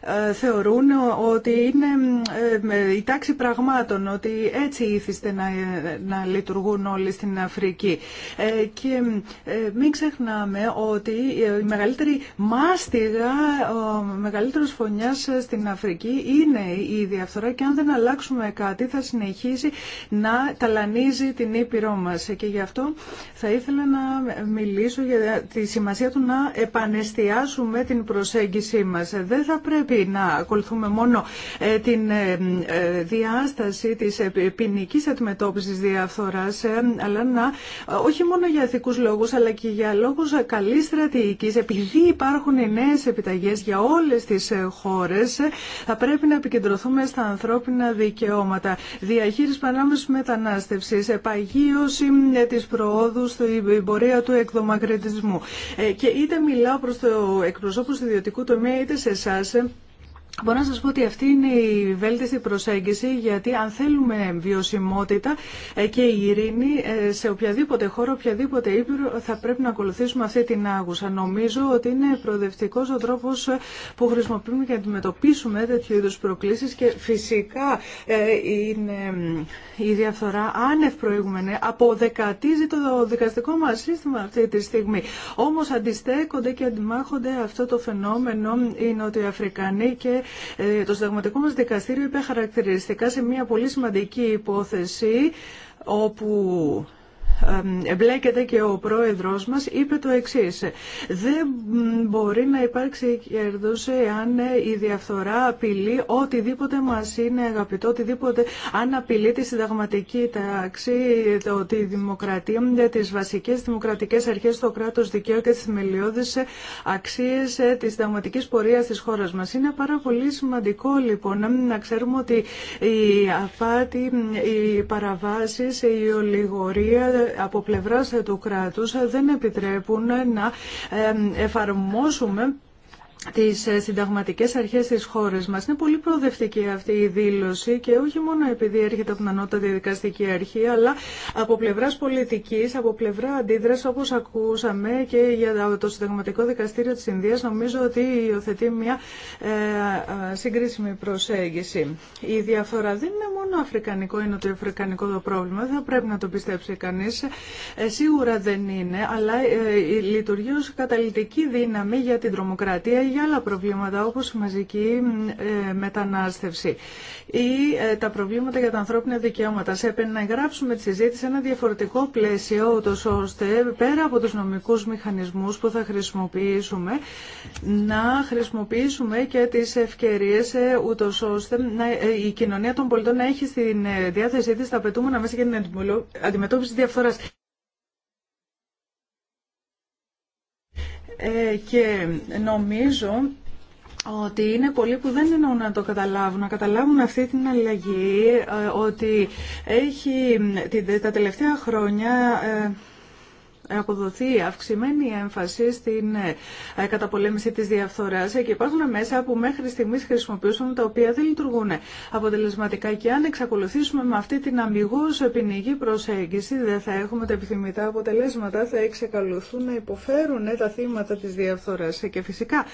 ε, θεωρούν ότι είναι ε, ε, η τάξη πραγμάτων, ότι έτσι ήθιστε να, να λειτουργούν όλοι στην Αφρική. Και μην ξεχνάμε ότι η μεγαλύτερη μάστιγα, ο μεγαλύτερος φωνιάς στην Αφρική είναι η διαφθορά και αν δεν αλλάξουμε κάτι θα συνεχίσει να ταλανίζει την Ήπειρό μας. Και γι' αυτό θα ήθελα να μιλήσω για τη σημασία του να επανεστιάσουμε την προσέγγιση δεν θα πρέπει να ακολουθούμε μόνο ε, την ε, ε, διάσταση της ποινική αντιμετώπισης διαφθοράς, αλλά να, όχι μόνο για ηθικούς λόγους, αλλά και για λόγους καλής στρατηγικής, επειδή υπάρχουν οι νέες επιταγές για όλες τις χώρες, θα πρέπει να επικεντρωθούμε στα ανθρώπινα δικαιώματα. Διαχείριση παράνομης μετανάστευσης, επαγίωση της προόδου στην πορεία του εκδομακριτισμού. Και είτε μιλάω προς το εκπροσώπους του ιδιωτικού είτε σε εσά Μπορώ να σας πω ότι αυτή είναι η βέλτιστη προσέγγιση γιατί αν θέλουμε βιωσιμότητα ε, και ειρήνη ε, σε οποιαδήποτε χώρο, οποιαδήποτε ήπειρο θα πρέπει να ακολουθήσουμε αυτή την άγουσα. Νομίζω ότι είναι προοδευτικός ο τρόπος ε, που χρησιμοποιούμε για να αντιμετωπίσουμε τέτοιου είδους προκλήσεις και φυσικά είναι η διαφθορά άνευ προηγούμενη αποδεκατίζει το δικαστικό μας σύστημα αυτή τη στιγμή. Όμως αντιστέκονται και αντιμάχονται αυτό το φαινόμενο οι Νοτιοαφρικανοί και ε, το συνταγματικό μας δικαστήριο είπε χαρακτηριστικά σε μια πολύ σημαντική υπόθεση όπου εμπλέκεται και ο πρόεδρος μας, είπε το εξής. Δεν μπορεί να υπάρξει κέρδος αν η διαφθορά απειλεί οτιδήποτε μας είναι αγαπητό, οτιδήποτε αν απειλεί τη συνταγματική τάξη, το, τη δημοκρατία, ε, τις βασικές δημοκρατικές αρχές, στο κράτος δικαίου και τις αξίες ε, της συνταγματικής πορείας της χώρας μας. Είναι πάρα πολύ σημαντικό λοιπόν να ξέρουμε ότι η απάτη, οι παραβάσεις, η ολιγορία, από πλευράς του κράτους δεν επιτρέπουν να εφαρμόσουμε τις ε, συνταγματικές αρχές της χώρας μας. Είναι πολύ προοδευτική αυτή η δήλωση και όχι μόνο επειδή έρχεται από την ανώτατη δικαστική αρχή, αλλά από πλευράς πολιτικής, από πλευρά αντίδραση όπως ακούσαμε και για το συνταγματικό δικαστήριο της Ινδίας νομίζω ότι υιοθετεί μια ε, σύγκρισιμη προσέγγιση. Η διαφορά δεν είναι μόνο αφρικανικό είναι ή νοτιοαφρικανικό το πρόβλημα, δεν θα πρέπει να το πιστέψει κανείς. Ε, σίγουρα δεν είναι, αλλά ε, λειτουργεί ω καταλητική δύναμη για την τρομοκρατία για άλλα προβλήματα όπως η μαζική ε, μετανάστευση ή ε, τα προβλήματα για τα ανθρώπινα δικαιώματα. Σε να γράψουμε τη συζήτηση σε ένα διαφορετικό πλαίσιο ούτως ώστε πέρα από τους νομικούς μηχανισμούς που θα χρησιμοποιήσουμε να χρησιμοποιήσουμε και τις ευκαιρίες ε, ούτως ώστε η κοινωνία των πολιτών να έχει στην διάθεσή της τα απαιτούμενα μέσα για την αντιμετώπιση διαφθοράς. Ε, και νομίζω ότι είναι πολλοί που δεν εννοούν να το καταλάβουν, να καταλάβουν αυτή την αλλαγή, ε, ότι έχει τα τελευταία χρόνια ε, αποδοθεί αυξημένη έμφαση στην ε, καταπολέμηση της διαφθοράς και υπάρχουν μέσα που μέχρι στιγμής χρησιμοποιούσαμε τα οποία δεν λειτουργούν αποτελεσματικά και αν εξακολουθήσουμε με αυτή την αμυγό ποινική προσέγγιση δεν θα έχουμε τα επιθυμητά αποτελέσματα, θα εξακολουθούν να υποφέρουν ε, τα θύματα της διαφθοράς και φυσικά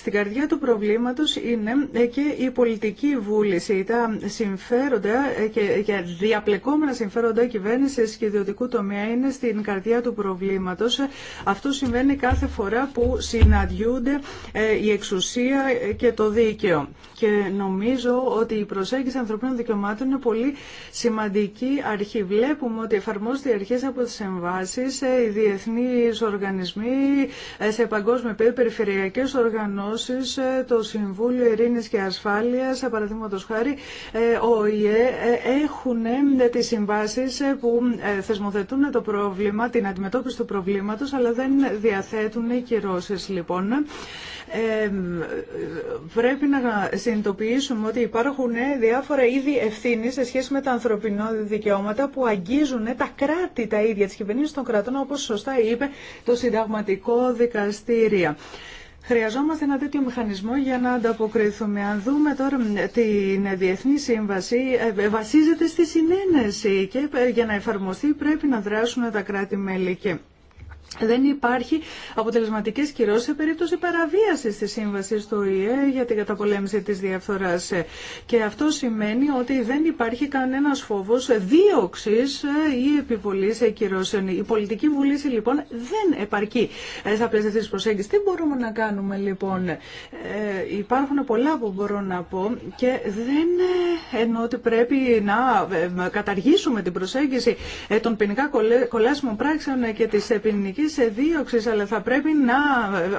στην καρδιά του προβλήματος είναι ε, και η πολιτική βούληση, τα συμφέροντα ε, και διαπλεκόμενα συμφέροντα κυβέρνηση και ιδιωτικού τομέα είναι στην καρδιά του προβλήματος. Αυτό συμβαίνει κάθε φορά που συναντιούνται ε, η εξουσία και το δίκαιο. Και νομίζω ότι η προσέγγιση ανθρωπίνων δικαιωμάτων είναι πολύ σημαντική αρχή. Βλέπουμε ότι εφαρμόζονται οι αρχές από τις εμβάσεις, οι διεθνείς οργανισμοί, σε παγκόσμιο επίπεδο, περιφερειακές οργανώσεις, ε, το Συμβούλιο Ειρήνης και Ασφάλειας, ε, παραδείγματος χάρη, ε, ο ΙΕ, έχουν τις συμβάσεις που θεσμοθετούν το πρόβλημα, την αντιμετώπιση του προβλήματος, αλλά δεν διαθέτουν κυρώσεις λοιπόν. Ε, πρέπει να συνειδητοποιήσουμε ότι υπάρχουν διάφορα είδη ευθύνη σε σχέση με τα ανθρωπινά δικαιώματα που αγγίζουν τα κράτη τα ίδια, τις κυβερνήσεις των κρατών, όπως σωστά είπε το Συνταγματικό Δικαστήριο. Χρειαζόμαστε ένα τέτοιο μηχανισμό για να ανταποκριθούμε. Αν δούμε τώρα την Διεθνή Σύμβαση, ε, βασίζεται στη συνένεση και ε, για να εφαρμοστεί πρέπει να δράσουν τα κράτη-μέλη δεν υπάρχει αποτελεσματικέ κυρώσει σε περίπτωση παραβίαση τη σύμβαση του ΟΗΕ για την καταπολέμηση τη διαφθορά. Και αυτό σημαίνει ότι δεν υπάρχει κανένα φόβο δίωξη ή επιβολή κυρώσεων. Η πολιτική βουλήση λοιπόν δεν επαρκεί στα πλαίσια αυτή τη προσέγγιση. Τι μπορούμε να κάνουμε λοιπόν. Ε, υπάρχουν πολλά που μπορώ να πω και δεν ε, εννοώ ότι πρέπει να ε, καταργήσουμε την προσέγγιση ε, των ποινικά κολάσιμων πράξεων και τη ποινική ψυχική εδίωξη, αλλά θα πρέπει να,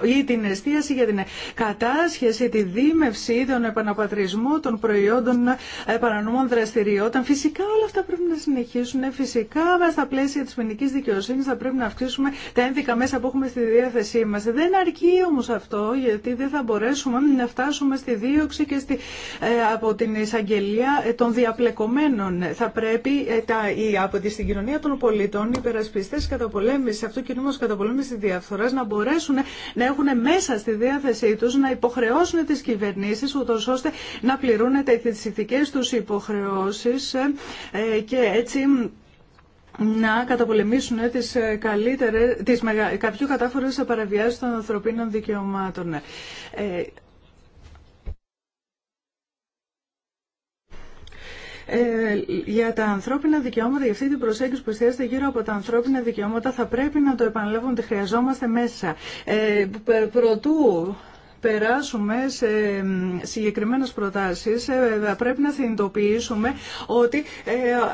ή την εστίαση για την κατάσχεση, τη δίμευση, τον επαναπατρισμό των προϊόντων ε, παρανομών δραστηριότητων. Φυσικά όλα αυτά πρέπει να συνεχίσουν. Φυσικά στα πλαίσια τη ποινική δικαιοσύνη, θα πρέπει να αυξήσουμε τα ένδικα μέσα που έχουμε στη διάθεσή μα. Δεν αρκεί όμω αυτό, γιατί δεν θα μπορέσουμε να φτάσουμε στη δίωξη και στη, ε, από την εισαγγελία ε, των διαπλεκομένων. Θα πρέπει τα, από τη, στην κοινωνία των πολιτών οι υπερασπιστές καταπολέμησης αυτού κινούμε Οργανισμός τη διαφθορά να μπορέσουν να έχουν μέσα στη διάθεσή του, να υποχρεώσουν τι κυβερνήσει, ούτω ώστε να πληρούν τι του τους υποχρεώσεις ε, ε, και έτσι να καταπολεμήσουν τις, καλύτερες, τις μεγα, κάποιου κατάφορες παραβιάσεις των ανθρωπίνων δικαιωμάτων. Ε, Ε, για τα ανθρώπινα δικαιώματα, για αυτή την προσέγγιση που εστιάζεται γύρω από τα ανθρώπινα δικαιώματα, θα πρέπει να το επαναλάβουμε ότι χρειαζόμαστε μέσα. Ε, προτού περάσουμε σε συγκεκριμένες προτάσεις ε, πρέπει να συνειδητοποιήσουμε ότι ε,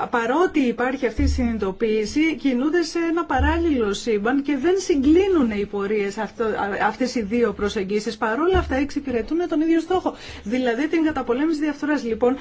παρότι υπάρχει αυτή η συνειδητοποίηση κινούνται σε ένα παράλληλο σύμπαν και δεν συγκλίνουν οι πορείες αυτές οι δύο προσεγγίσεις παρόλα αυτά εξυπηρετούν τον ίδιο στόχο δηλαδή την καταπολέμηση διαφθοράς λοιπόν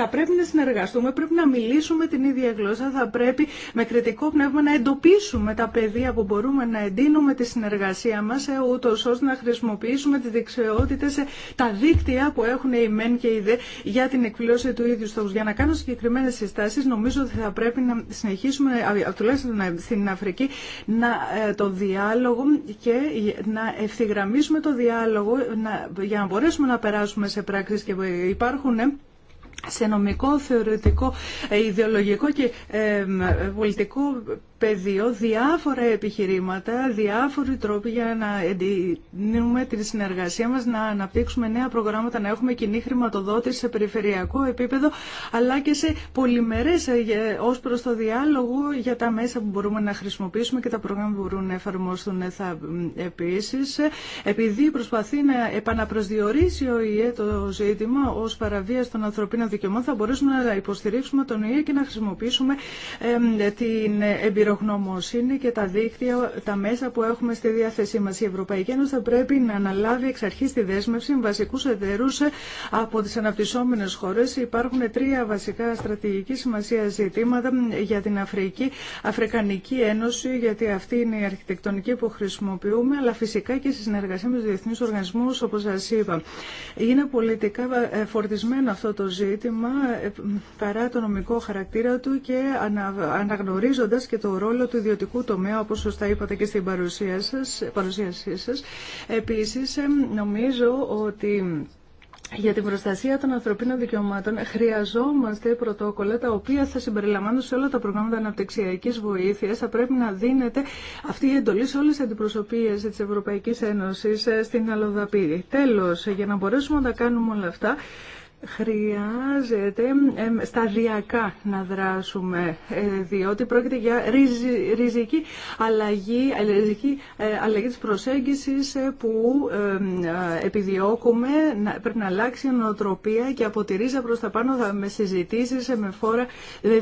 θα πρέπει να συνεργαστούμε, πρέπει να μιλήσουμε την ίδια γλώσσα, θα πρέπει με κριτικό πνεύμα να εντοπίσουμε τα πεδία που μπορούμε να εντείνουμε τη συνεργασία μας, ε, ούτω ώστε να χρησιμοποιήσουμε τις δεξιότητες, ε, τα δίκτυα που έχουν οι μεν και οι δε για την εκπληρώση του ίδιου στόχου. Για να κάνω συγκεκριμένες συστάσεις, νομίζω ότι θα πρέπει να συνεχίσουμε, τουλάχιστον ε, στην Αφρική, να, το διάλογο και να ευθυγραμμίσουμε το διάλογο να, για να μπορέσουμε να περάσουμε σε πράξεις και υπάρχουν σε νομικό, θεωρητικό, ε, ιδεολογικό και ε, ε, πολιτικό πεδίο διάφορα επιχειρήματα, διάφοροι τρόποι για να εντείνουμε τη συνεργασία μας, να αναπτύξουμε νέα προγράμματα, να έχουμε κοινή χρηματοδότηση σε περιφερειακό επίπεδο, αλλά και σε πολυμερές ε, ως προς το διάλογο για τα μέσα που μπορούμε να χρησιμοποιήσουμε και τα προγράμματα που μπορούν να εφαρμόσουν ε, θα, επίσης. Ε, επειδή προσπαθεί να επαναπροσδιορίσει ο ΙΕ το ζήτημα ως παραβίαση των ανθρωπίνων δικαιωμάτων, θα μπορέσουμε να υποστηρίξουμε τον ΙΕ και να χρησιμοποιήσουμε την εμπειρία είναι και τα δίκτυα, τα μέσα που έχουμε στη διάθεσή μας. Η Ευρωπαϊκή Ένωση θα πρέπει να αναλάβει εξ αρχής τη δέσμευση με βασικούς εταιρούς από τις αναπτυσσόμενες χώρες. Υπάρχουν τρία βασικά στρατηγική σημασία ζητήματα για την Αφρική, Αφρικανική Ένωση, γιατί αυτή είναι η αρχιτεκτονική που χρησιμοποιούμε, αλλά φυσικά και στη συνεργασία με τους διεθνείς οργανισμούς, όπως σας είπα. Είναι πολιτικά ε, φορτισμένο αυτό το ζήτημα, ε, παρά το νομικό χαρακτήρα του και αναγνωρίζοντας και το ρόλο του ιδιωτικού τομέα, όπως σωστά είπατε και στην παρουσίασή σας. Επίσης, ε, νομίζω ότι για την προστασία των ανθρωπίνων δικαιωμάτων χρειαζόμαστε πρωτόκολλα τα οποία θα συμπεριλαμβάνουν σε όλα τα προγράμματα αναπτυξιακή βοήθεια. Θα πρέπει να δίνεται αυτή η εντολή σε όλε τι αντιπροσωπείε τη Ευρωπαϊκή Ένωση ε, στην Αλοδαπή. Τέλο, για να μπορέσουμε να τα κάνουμε όλα αυτά, Χρειάζεται σταδιακά να δράσουμε, ε, διότι πρόκειται για ριζική αλλαγή, τη ε, ε, αλλαγή της προσέγγισης που επιδιώκουμε. Πρέπει να αλλάξει η νοοτροπία και από τη ρίζα προς τα πάνω θα, με συζητήσεις, με φόρα,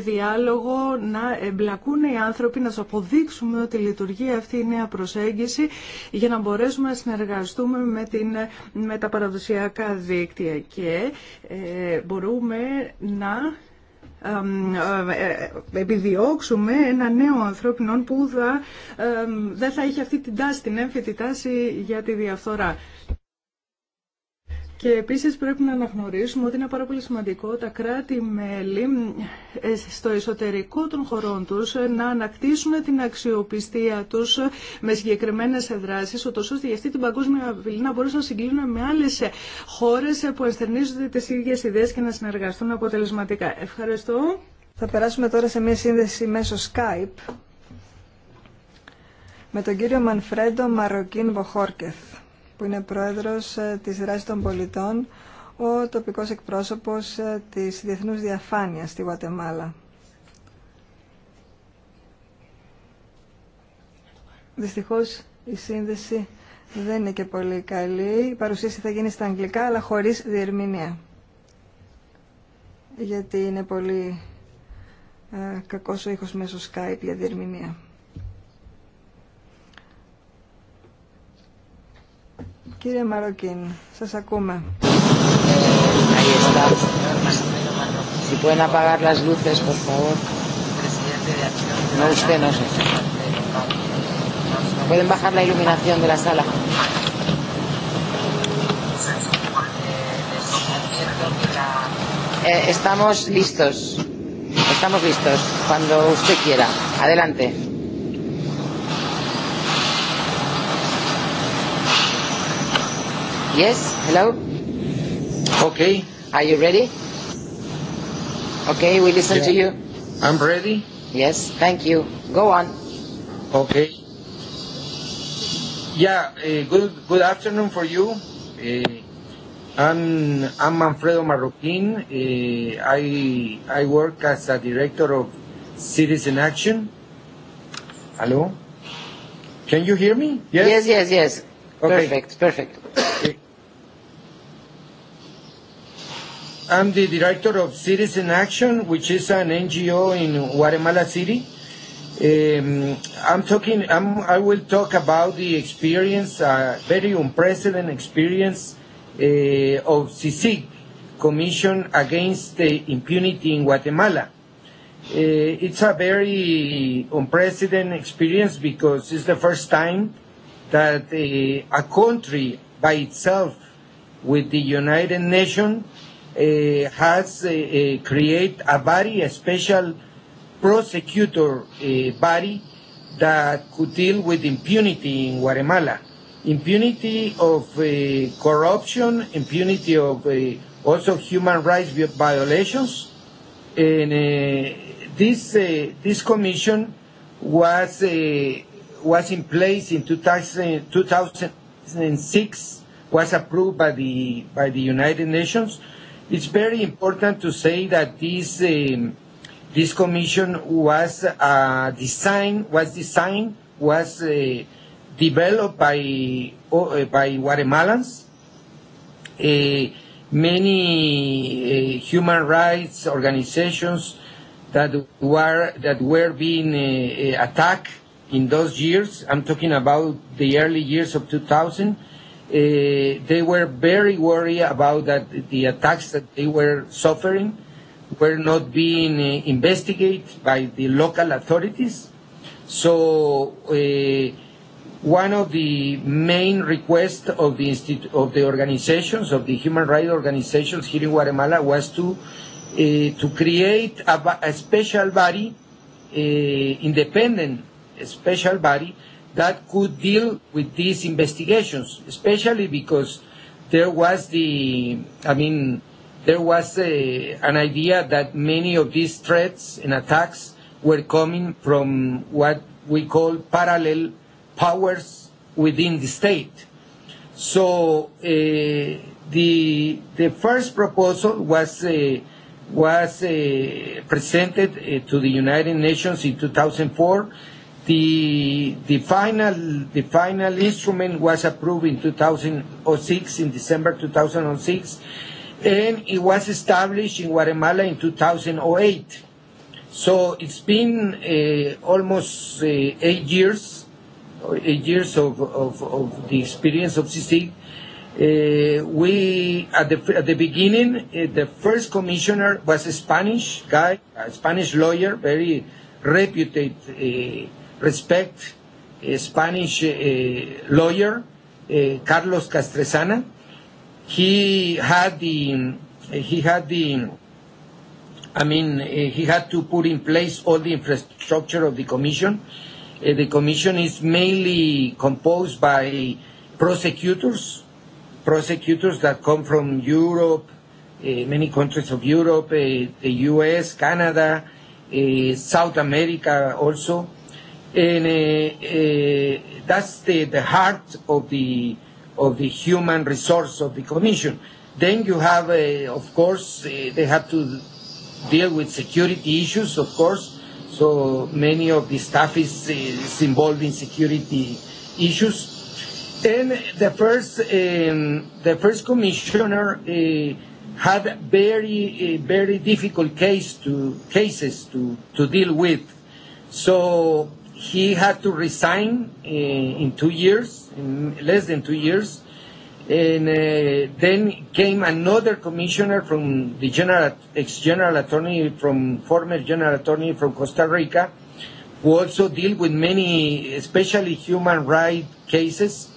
διάλογο, να εμπλακούν οι άνθρωποι, να σου αποδείξουμε ότι λειτουργεί αυτή η νέα προσέγγιση για να μπορέσουμε να συνεργαστούμε με, την, με τα παραδοσιακά δίκτυα. Και ε, μπορούμε να ε, επιδιώξουμε ένα νέο ανθρώπινο που δεν θα έχει αυτή την τάση, την έμφυτη τάση για τη διαφθορά. Και επίσης πρέπει να αναγνωρίσουμε ότι είναι πάρα πολύ σημαντικό τα κράτη-μέλη ε, στο εσωτερικό των χωρών τους ε, να ανακτήσουν την αξιοπιστία τους με συγκεκριμένες δράσεις, ούτως ώστε για αυτή την παγκόσμια βιλή να μπορούν να συγκλίνουν με άλλες χώρες που ενστερνίζονται τις ίδιες ιδέες και να συνεργαστούν αποτελεσματικά. Ευχαριστώ. Θα περάσουμε τώρα σε μια σύνδεση μέσω Skype με τον κύριο Μανφρέντο Μαροκίν Βοχόρκεθ που είναι πρόεδρος ε, της δράσης των πολιτών, ο τοπικός εκπρόσωπος ε, της Διεθνούς Διαφάνειας στη Γουατεμάλα. Δυστυχώς η σύνδεση δεν είναι και πολύ καλή. Η παρουσίαση θα γίνει στα αγγλικά, αλλά χωρίς διερμηνία. Γιατί είναι πολύ ε, κακός ο ήχος μέσω Skype για διερμηνία. Κύριε Μαροκίν, σας ακούμε. Ahí está. Si pueden apagar las luces, por favor. No usted, no sé. Pueden bajar la iluminación de la sala. Eh, estamos listos. Estamos listos. Cuando usted quiera. Adelante. Yes, hello. Okay. Are you ready? Okay, we listen to you. I'm ready. Yes, thank you. Go on. Okay. Yeah, good good afternoon for you. I'm I'm Manfredo Marroquin. I I work as a director of Citizen Action. Hello. Can you hear me? Yes, yes, yes. yes. Perfect, perfect. I'm the director of Citizen Action, which is an NGO in Guatemala City. Um, I'm talking. I will talk about the experience, uh, very unprecedented experience uh, of CICIG, Commission Against the Impunity in Guatemala. it's a very unprecedented experience because it's the first time that a country by itself, with the United Nations has created a body, a special prosecutor body that could deal with impunity in Guatemala. Impunity of corruption, impunity of also human rights violations. And this this commission was was in place in 2006, was approved by the by the United Nations It's very important to say that this this commission was designed was designed was developed by by Guatemalans. Many human rights organizations that were that were being attacked in those years. I'm talking about the early years of 2000 they were very worried about that the attacks that they were suffering were not being investigated by the local authorities. So one of the main requests of the of the organizations, of the human rights organizations here in Guatemala was to to create a special body, independent special body that could deal with these investigations, especially because there was the, I mean, there was an idea that many of these threats and attacks were coming from what we call parallel powers within the state. So the the first proposal was was presented to the United Nations in 2004 The, the final the final instrument was approved in 2006 in December 2006 and it was established in Guatemala in 2008 so it's been almost eight years eight years of, of, of the experience of CC we at the, at the beginning the first commissioner was a Spanish guy a Spanish lawyer very reputed respect Spanish lawyer Carlos Castresana. He had the he had the I mean he had to put in place all the infrastructure of the commission. The commission is mainly composed by prosecutors, prosecutors that come from Europe, many countries of Europe, the US, Canada, South America also And that's the, the heart of the, of the human resource of the Commission. Then you have, of course, they have to deal with security issues, of course. So many of the staff is, involved in security issues. And the first, the first commissioner had very, very difficult case to cases to to deal with. So he had to resign in two years, in less than two years. And then came another commissioner from the general, ex-general attorney from, former general attorney from Costa Rica, who also deal with many, especially human rights cases.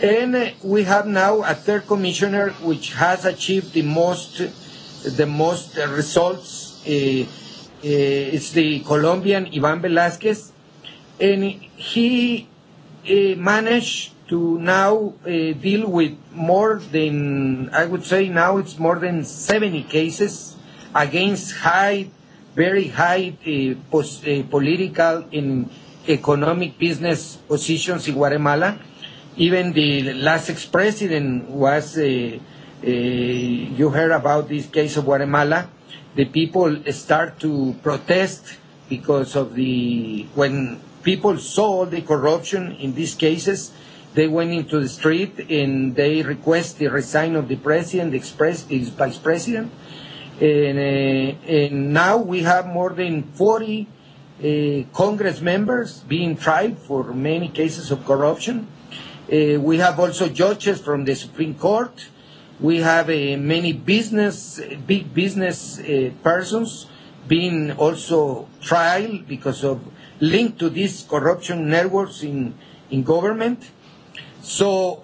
And we have now a third commissioner which has achieved the most, the most results. It's the Colombian Ivan Velázquez and he managed to now deal with more than, I would say now it's more than 70 cases against high, very high political and economic business positions in Guatemala. Even the last ex-president was, you heard about this case of Guatemala. The people start to protest because of the, when people saw the corruption in these cases. They went into the street and they request the resign of the president, the vice president. And now we have more than 40 Congress members being tried for many cases of corruption. We have also judges from the Supreme Court. We have many business, big business persons being also tried because of linked to these corruption networks in in government. So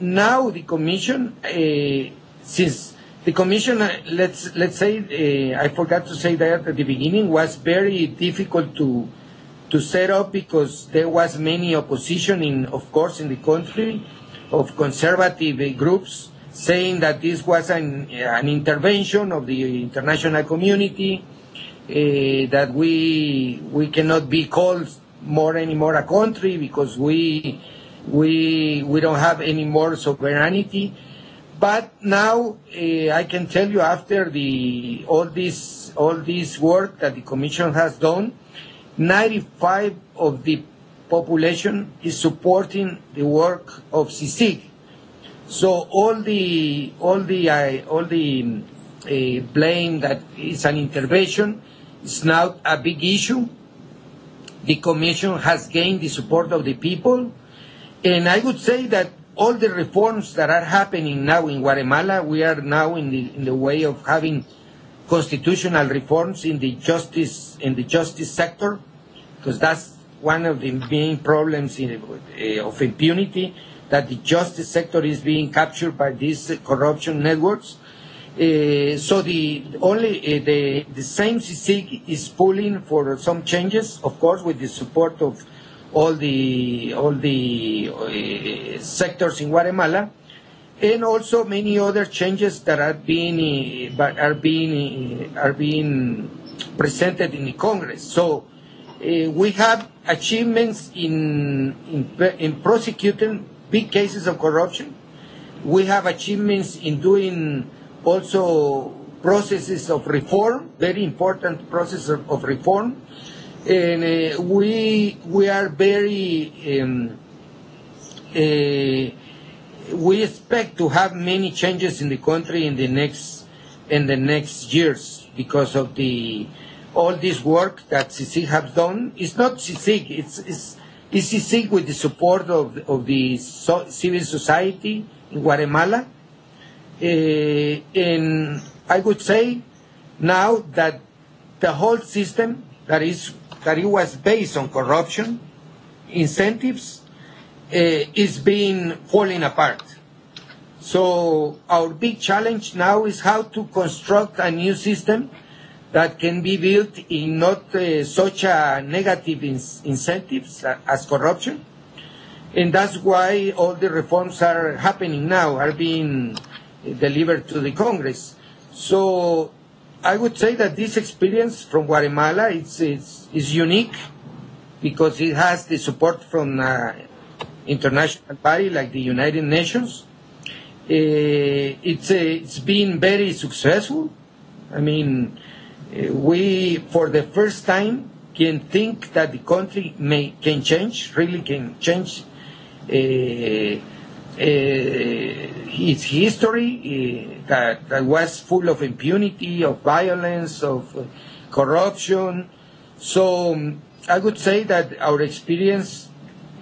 now the Commission, since the Commission, let's let's say I forgot to say that at the beginning was very difficult to to set up because there was many opposition in, of course, in the country of conservative groups saying that this was an an intervention of the international community that we we cannot be called more anymore a country because we we we don't have any more sovereignty. But now I can tell you after the all this all this work that the Commission has done, 95 of the population is supporting the work of CICIG. So all the all the all the blame that is an intervention It's now a big issue. The Commission has gained the support of the people. And I would say that all the reforms that are happening now in Guatemala, we are now in the, in the way of having constitutional reforms in the justice, in the justice sector, because that's one of the main problems in, of impunity, that the justice sector is being captured by these corruption networks so the only the the same CSIC is pulling for some changes, of course, with the support of all the all the sectors in Guatemala, and also many other changes that are being are being are being presented in the Congress. So we have achievements in in prosecuting big cases of corruption. We have achievements in doing also processes of reform, very important process of reform. And we we are very we expect to have many changes in the country in the next in the next years because of the all this work that CICIG has done. It's not CICIG, it's it's it's CICIG with the support of of the civil society in Guatemala in I would say now that the whole system that is that it was based on corruption, incentives, is being falling apart. So our big challenge now is how to construct a new system that can be built in not such a negative incentives as corruption. And that's why all the reforms are happening now, are being delivered to the Congress. So I would say that this experience from Guatemala is it's, is unique because it has the support from an international body like the United Nations. It's it's been very successful. I mean, we for the first time can think that the country may can change, really can change its history that, that was full of impunity, of violence, of corruption. So I would say that our experience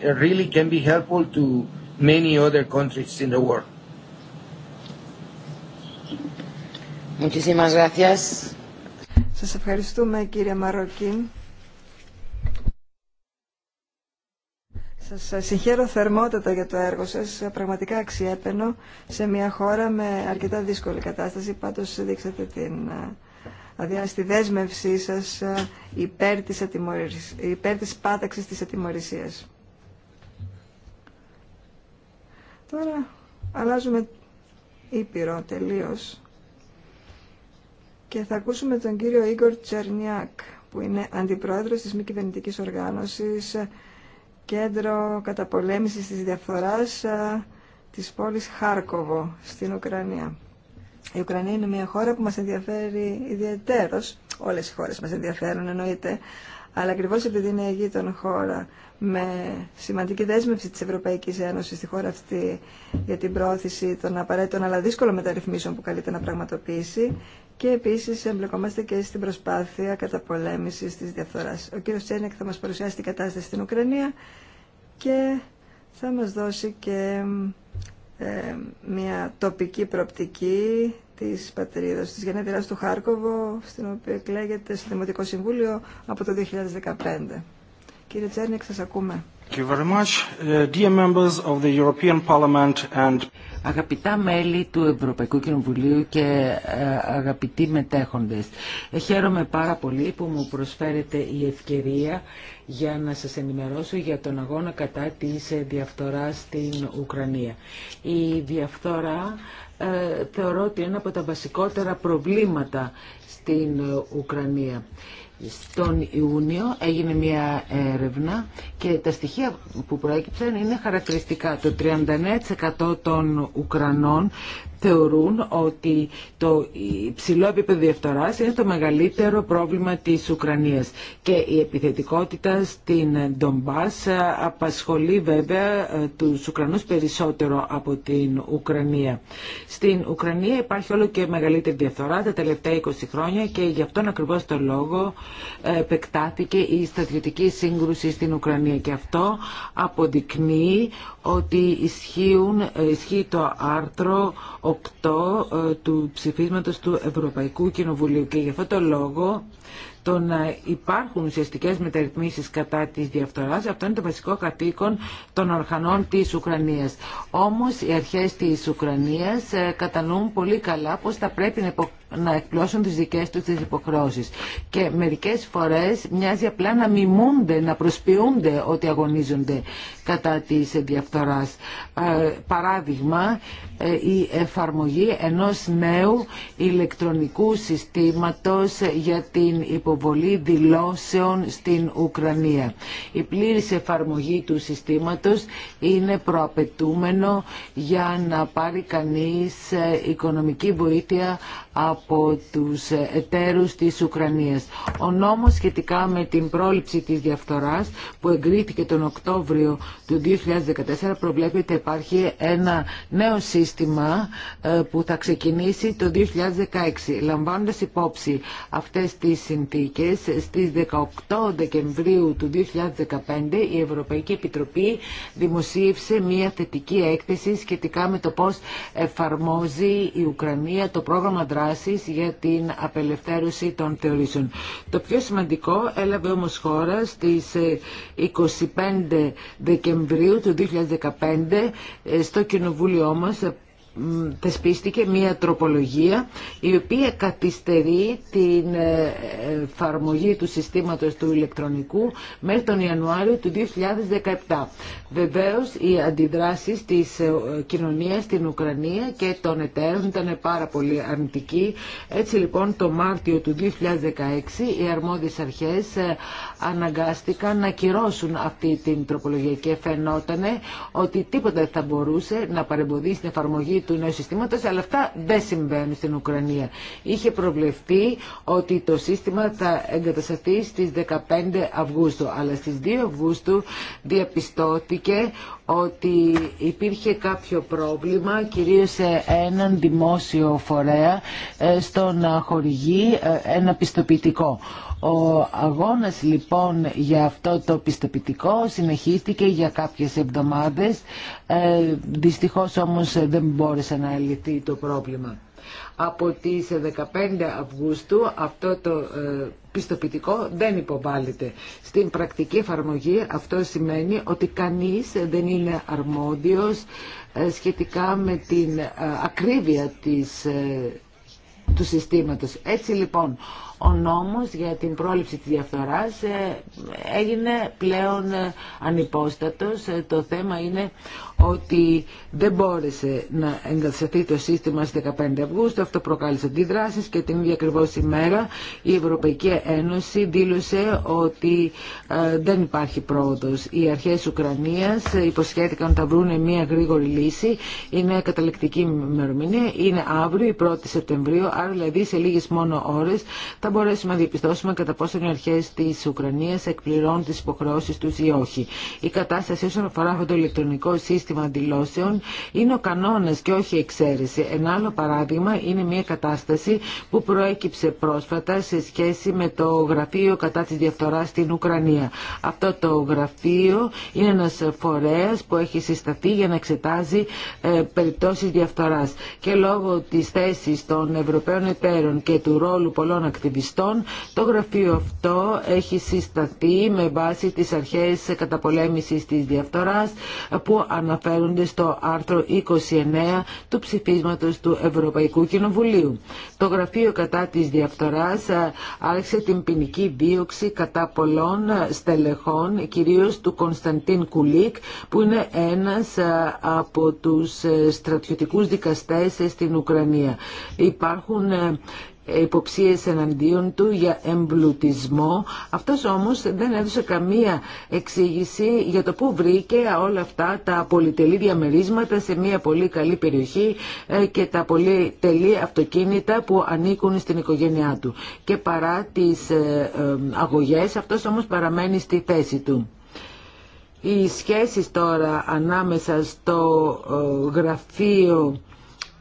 really can be helpful to many other countries in the world. Muchísimas gracias. Σας ευχαριστούμε κύριε Μαροκίν. Σας συγχαίρω θερμότατα για το έργο σας, πραγματικά αξιέπαινο σε μια χώρα με αρκετά δύσκολη κατάσταση. Πάντως δείξατε την ε, αδειάστη δέσμευσή σας ε, υπέρ της, υπέρ της πάταξης της Τώρα αλλάζουμε ήπειρο τελείω και θα ακούσουμε τον κύριο Ίγκορ Τσερνιάκ που είναι αντιπρόεδρος της μη κυβερνητική οργάνωσης κέντρο καταπολέμησης της διαφθοράς ε, της πόλης Χάρκοβο στην Ουκρανία. Η Ουκρανία είναι μια χώρα που μας ενδιαφέρει ιδιαίτερως, Όλες οι χώρες μας ενδιαφέρουν εννοείται. Αλλά ακριβώ επειδή είναι η των χώρα με σημαντική δέσμευση της Ευρωπαϊκής Ένωσης στη χώρα αυτή για την πρόθεση των απαραίτητων αλλά δύσκολων μεταρρυθμίσεων που καλείται να πραγματοποιήσει, και επίσης εμπλεκόμαστε και στην προσπάθεια καταπολέμησης της διαφθοράς. Ο κύριος Τσένεκ θα μας παρουσιάσει την κατάσταση στην Ουκρανία και θα μας δώσει και ε, μια τοπική προοπτική της πατρίδας, της γενέτειρας του Χάρκοβο, στην οποία εκλέγεται στο Δημοτικό Συμβούλιο από το 2015. Κύριε Τσέρνικ, σας ακούμε. Uh, Αγαπητά μέλη του Ευρωπαϊκού Κοινοβουλίου και ε, αγαπητοί μετέχοντες, ε, χαίρομαι πάρα πολύ που μου προσφέρετε η ευκαιρία για να σας ενημερώσω για τον αγώνα κατά της ε, διαφθοράς στην Ουκρανία. Η διαφθορά θεωρώ ότι είναι από τα βασικότερα προβλήματα στην Ουκρανία. Στον Ιούνιο έγινε μια έρευνα και τα στοιχεία που προέκυψαν είναι χαρακτηριστικά. Το 39% των Ουκρανών θεωρούν ότι το υψηλό επίπεδο διαφθοράς είναι το μεγαλύτερο πρόβλημα της Ουκρανίας και η επιθετικότητα στην Ντομπάς απασχολεί βέβαια τους Ουκρανούς περισσότερο από την Ουκρανία. Στην Ουκρανία υπάρχει όλο και μεγαλύτερη διαφθορά τα τελευταία 20 χρόνια και γι' αυτόν ακριβώς το λόγο ε, επεκτάθηκε η στρατιωτική σύγκρουση στην Ουκρανία και αυτό αποδεικνύει ότι ισχύουν, ε, ισχύει το άρθρο 8 ε, του ψηφίσματος του Ευρωπαϊκού Κοινοβουλίου και γι' αυτό το λόγο το να υπάρχουν ουσιαστικέ μεταρρυθμίσεις κατά της διαφθοράς, αυτό είναι το βασικό καθήκον των οργανών της Ουκρανίας. Όμως οι αρχές της Ουκρανίας ε, κατανοούν πολύ καλά πως θα πρέπει να να εκπλώσουν τις δικές τους τις υποχρεώσεις. Και μερικές φορές μοιάζει απλά να μιμούνται, να προσποιούνται ότι αγωνίζονται κατά της διαφθοράς. Ε, παράδειγμα, ε, η εφαρμογή ενός νέου ηλεκτρονικού συστήματος για την υποβολή δηλώσεων στην Ουκρανία. Η πλήρης εφαρμογή του συστήματος είναι προαπαιτούμενο για να πάρει κανείς ε, οικονομική βοήθεια από από τους εταίρους της Ουκρανίας. Ο νόμος σχετικά με την πρόληψη της διαφθοράς που εγκρίθηκε τον Οκτώβριο του 2014 προβλέπει ότι υπάρχει ένα νέο σύστημα ε, που θα ξεκινήσει το 2016. Λαμβάνοντας υπόψη αυτές τις συνθήκες, στις 18 Δεκεμβρίου του 2015 η Ευρωπαϊκή Επιτροπή δημοσίευσε μια θετική έκθεση σχετικά με το πώς εφαρμόζει η Ουκρανία το πρόγραμμα δράση για την απελευθέρωση των θεωρήσεων. Το πιο σημαντικό έλαβε όμως χώρα στις 25 ε, Δεκεμβρίου του 2015 ε, στο κοινοβούλιο μας θεσπίστηκε μία τροπολογία η οποία καθυστερεί την ε, εφαρμογή του συστήματος του ηλεκτρονικού μέχρι τον Ιανουάριο του 2017. Βεβαίως οι αντιδράσεις της ε, κοινωνίας στην Ουκρανία και των εταίρων ήταν πάρα πολύ αρνητικοί. Έτσι λοιπόν το Μάρτιο του 2016 οι αρμόδιες αρχές ε, αναγκάστηκαν να κυρώσουν αυτή την τροπολογία και φαίνόταν ότι τίποτα δεν θα μπορούσε να παρεμποδίσει την εφαρμογή του νέου συστήματος, αλλά αυτά δεν συμβαίνουν στην Ουκρανία. Είχε προβλεφθεί ότι το σύστημα θα εγκατασταθεί στις 15 Αυγούστου, αλλά στις 2 Αυγούστου διαπιστώθηκε ότι υπήρχε κάποιο πρόβλημα κυρίως σε έναν δημόσιο φορέα ε, στο να χορηγεί ε, ένα πιστοποιητικό. Ο αγώνας λοιπόν για αυτό το πιστοποιητικό συνεχίστηκε για κάποιες εβδομάδες. Ε, δυστυχώς όμως δεν μπόρεσε να λυθεί το πρόβλημα. Από τις 15 Αυγούστου αυτό το ε, πιστοποιητικό δεν υποβάλλεται. Στην πρακτική εφαρμογή αυτό σημαίνει ότι κανείς δεν είναι αρμόδιος ε, σχετικά με την ε, ακρίβεια της του συστήματος. Έτσι λοιπόν ο νόμος για την πρόληψη της διαφθοράς ε, έγινε πλέον ε, ανυπόστατος. Ε, το θέμα είναι ότι δεν μπόρεσε να εγκατασταθεί το σύστημα στις 15 Αυγούστου. Αυτό προκάλεσε αντιδράσεις και την ίδια ακριβώς ημέρα η Ευρωπαϊκή Ένωση δήλωσε ότι δεν υπάρχει πρόοδος. Οι αρχές Ουκρανίας υποσχέθηκαν να θα βρουν μια γρήγορη λύση. Είναι καταληκτική ημερομηνία. Είναι αύριο, η 1η Σεπτεμβρίου, άρα δηλαδή σε λίγες μόνο ώρες θα μπορέσουμε να διαπιστώσουμε κατά πόσο οι αρχέ τη Ουκρανία εκπληρώνουν τι υποχρεώσει του ή όχι. Η κατάσταση όσον αφορά αυτό το ηλεκτρονικό σύστημα αντιλώσεων είναι ο κανόνα και όχι η εξαίρεση. το ηλεκτρονικο συστημα δηλώσεων άλλο παράδειγμα είναι μια κατάσταση που προέκυψε πρόσφατα σε σχέση με το γραφείο κατά τη διαφθορά στην Ουκρανία. Αυτό το γραφείο είναι ένα φορέα που έχει συσταθεί για να εξετάζει ε, περιπτώσει διαφθορά. Και λόγω τη θέση των Ευρωπαίων εταίρων και του ρόλου πολλών ακτιβιστών, το γραφείο αυτό έχει συσταθεί με βάση τις αρχές καταπολέμησης της διαφθοράς που αναφέρονται στο άρθρο 29 του ψηφίσματος του Ευρωπαϊκού Κοινοβουλίου. Το γραφείο κατά της διαφθοράς ε, άρχισε την ποινική δίωξη κατά πολλών στελεχών, κυρίως του Κωνσταντίν Κουλίκ, που είναι ένας ε, από τους ε, στρατιωτικούς δικαστές στην Ουκρανία. Υπάρχουν υποψίες εναντίον του για εμπλουτισμό. Αυτός όμως δεν έδωσε καμία εξήγηση για το πού βρήκε όλα αυτά τα πολυτελή διαμερίσματα σε μια πολύ καλή περιοχή ε, και τα πολυτελή αυτοκίνητα που ανήκουν στην οικογένειά του. Και παρά τις ε, ε, αγωγές αυτός όμως παραμένει στη θέση του. Οι σχέσεις τώρα ανάμεσα στο γραφείο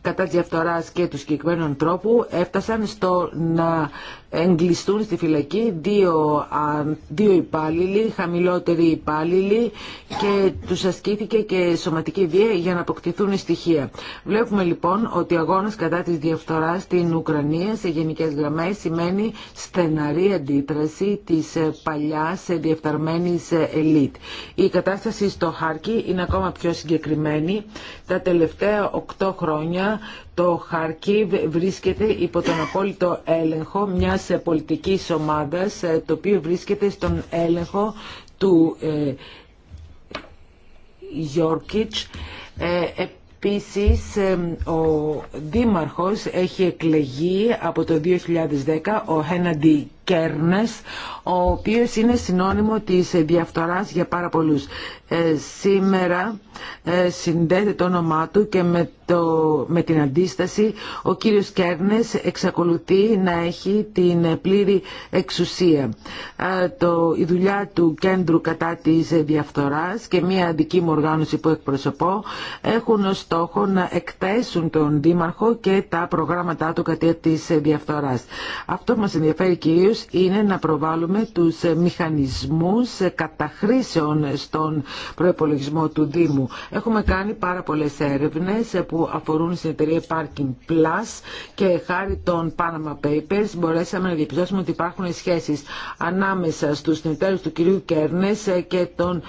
κατά διαφθοράς και του συγκεκριμένου τρόπου έφτασαν στο να εγκλειστούν στη φυλακή δύο, δύο υπάλληλοι, χαμηλότεροι υπάλληλοι και τους ασκήθηκε και σωματική βία για να αποκτηθούν στοιχεία. Βλέπουμε λοιπόν ότι ο αγώνας κατά της διαφθοράς στην Ουκρανία σε γενικές γραμμές σημαίνει στεναρή αντίδραση της ε, παλιάς ε, διεφθαρμένης ε, ελίτ. Η κατάσταση στο Χάρκι είναι ακόμα πιο συγκεκριμένη. Τα τελευταία οκτώ χρόνια το Χαρκίβ βρίσκεται υπό τον απόλυτο έλεγχο μιας πολιτικής ομάδας, ε, το οποίο βρίσκεται στον έλεγχο του ε, Γιόρκιτς. Ε, επίσης, ε, ο δήμαρχος έχει εκλεγεί από το 2010, ο Χέναντι ο οποίος είναι συνώνυμο της διαφθοράς για πάρα πολλούς. Ε, σήμερα ε, συνδέεται το όνομά του και με, το, με την αντίσταση ο κύριος Κέρνες εξακολουθεί να έχει την πλήρη εξουσία. Ε, το, η δουλειά του Κέντρου κατά της διαφθοράς και μια δική μου οργάνωση που εκπροσωπώ έχουν ως στόχο να εκτέσουν τον Δήμαρχο και τα προγράμματά του κατά της διαφθοράς. Αυτό ενδιαφέρει είναι να προβάλλουμε τους μηχανισμούς καταχρήσεων στον προπολογισμό του Δήμου. Έχουμε κάνει πάρα πολλές έρευνες που αφορούν στην εταιρεία Parking Plus και χάρη των Panama Papers μπορέσαμε να διαπιστώσουμε ότι υπάρχουν σχέσεις ανάμεσα στους συνεταίρους του κυρίου Κέρνες και των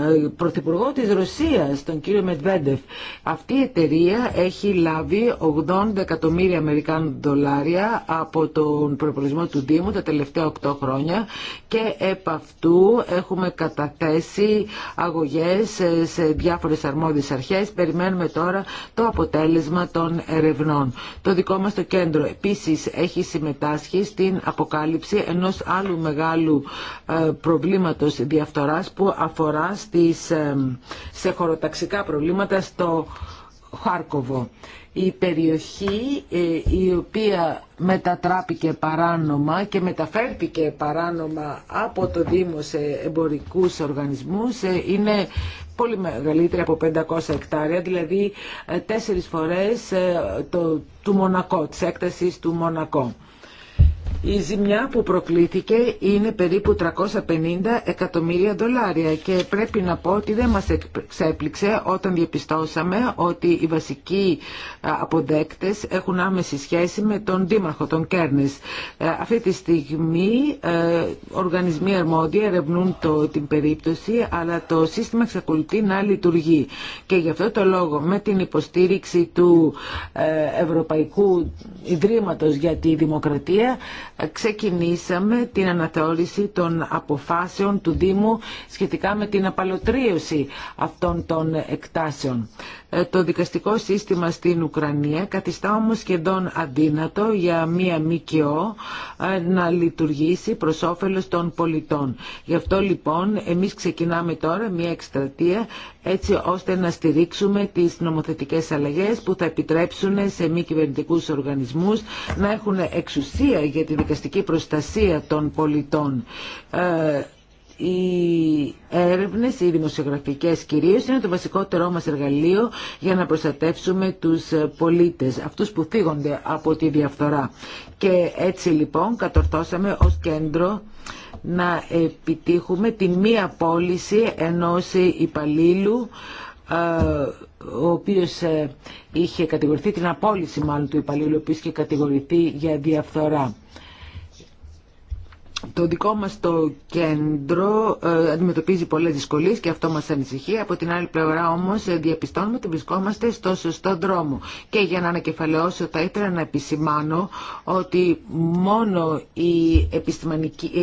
ε, πρωθυπουργό της Ρωσίας, τον κύριο Μετβέντεφ. Αυτή η εταιρεία έχει λάβει 80 εκατομμύρια Αμερικάνων δολάρια από τον προπολογισμό του Δήμου τα τελευταία 8 χρόνια και επ' αυτού έχουμε καταθέσει αγωγές σε διάφορες αρμόδιες αρχές. Περιμένουμε τώρα το αποτέλεσμα των ερευνών. Το δικό μας το κέντρο επίσης έχει συμμετάσχει στην αποκάλυψη ενός άλλου μεγάλου ε, προβλήματος διαφθοράς που αφορά στις, σε χωροταξικά προβλήματα στο Χάρκοβο. Η περιοχή ε, η οποία μετατράπηκε παράνομα και μεταφέρθηκε παράνομα από το Δήμο σε εμπορικούς οργανισμούς ε, είναι πολύ μεγαλύτερη από 500 εκτάρια, δηλαδή ε, τέσσερις φορές το, του Μονακό, της έκτασης του Μονακό. Η ζημιά που προκλήθηκε είναι περίπου 350 εκατομμύρια δολάρια και πρέπει να πω ότι δεν μας εξέπληξε όταν διαπιστώσαμε ότι οι βασικοί αποδέκτες έχουν άμεση σχέση με τον Δήμαρχο, τον Κέρνης. Ε, αυτή τη στιγμή ε, οργανισμοί αρμόδιοι ερευνούν την περίπτωση αλλά το σύστημα εξακολουθεί να λειτουργεί και γι' αυτό το λόγο με την υποστήριξη του ε, Ευρωπαϊκού Ιδρύματος για τη Δημοκρατία ξεκινήσαμε την αναθεώρηση των αποφάσεων του Δήμου σχετικά με την απαλωτρίωση αυτών των εκτάσεων. Ε, το δικαστικό σύστημα στην Ουκρανία καθιστά όμως σχεδόν αδύνατο για μία ΜΚΟ ε, να λειτουργήσει προς όφελος των πολιτών. Γι' αυτό λοιπόν εμείς ξεκινάμε τώρα μία εκστρατεία έτσι ώστε να στηρίξουμε τις νομοθετικές αλλαγές που θα επιτρέψουν σε μη κυβερνητικού οργανισμούς να έχουν εξουσία για τη δικαστική προστασία των πολιτών. Ε, οι έρευνε, οι δημοσιογραφικέ κυρίω είναι το βασικότερό μας εργαλείο για να προστατεύσουμε τους πολίτες, αυτούς που φύγονται από τη διαφθορά. Και έτσι λοιπόν κατορθώσαμε ως κέντρο να επιτύχουμε τη μία πώληση ενός υπαλλήλου ο οποίος ε, είχε κατηγορηθεί, την απόλυση μάλλον του υπαλλήλου, ο οποίος είχε κατηγορηθεί για διαφθορά. Το δικό μας το κέντρο ε, αντιμετωπίζει πολλές δυσκολίες και αυτό μας ανησυχεί. Από την άλλη πλευρά όμως ε, διαπιστώνουμε ότι βρισκόμαστε στο σωστό δρόμο. Και για να ανακεφαλαιώσω θα ήθελα να επισημάνω ότι μόνο η, ε,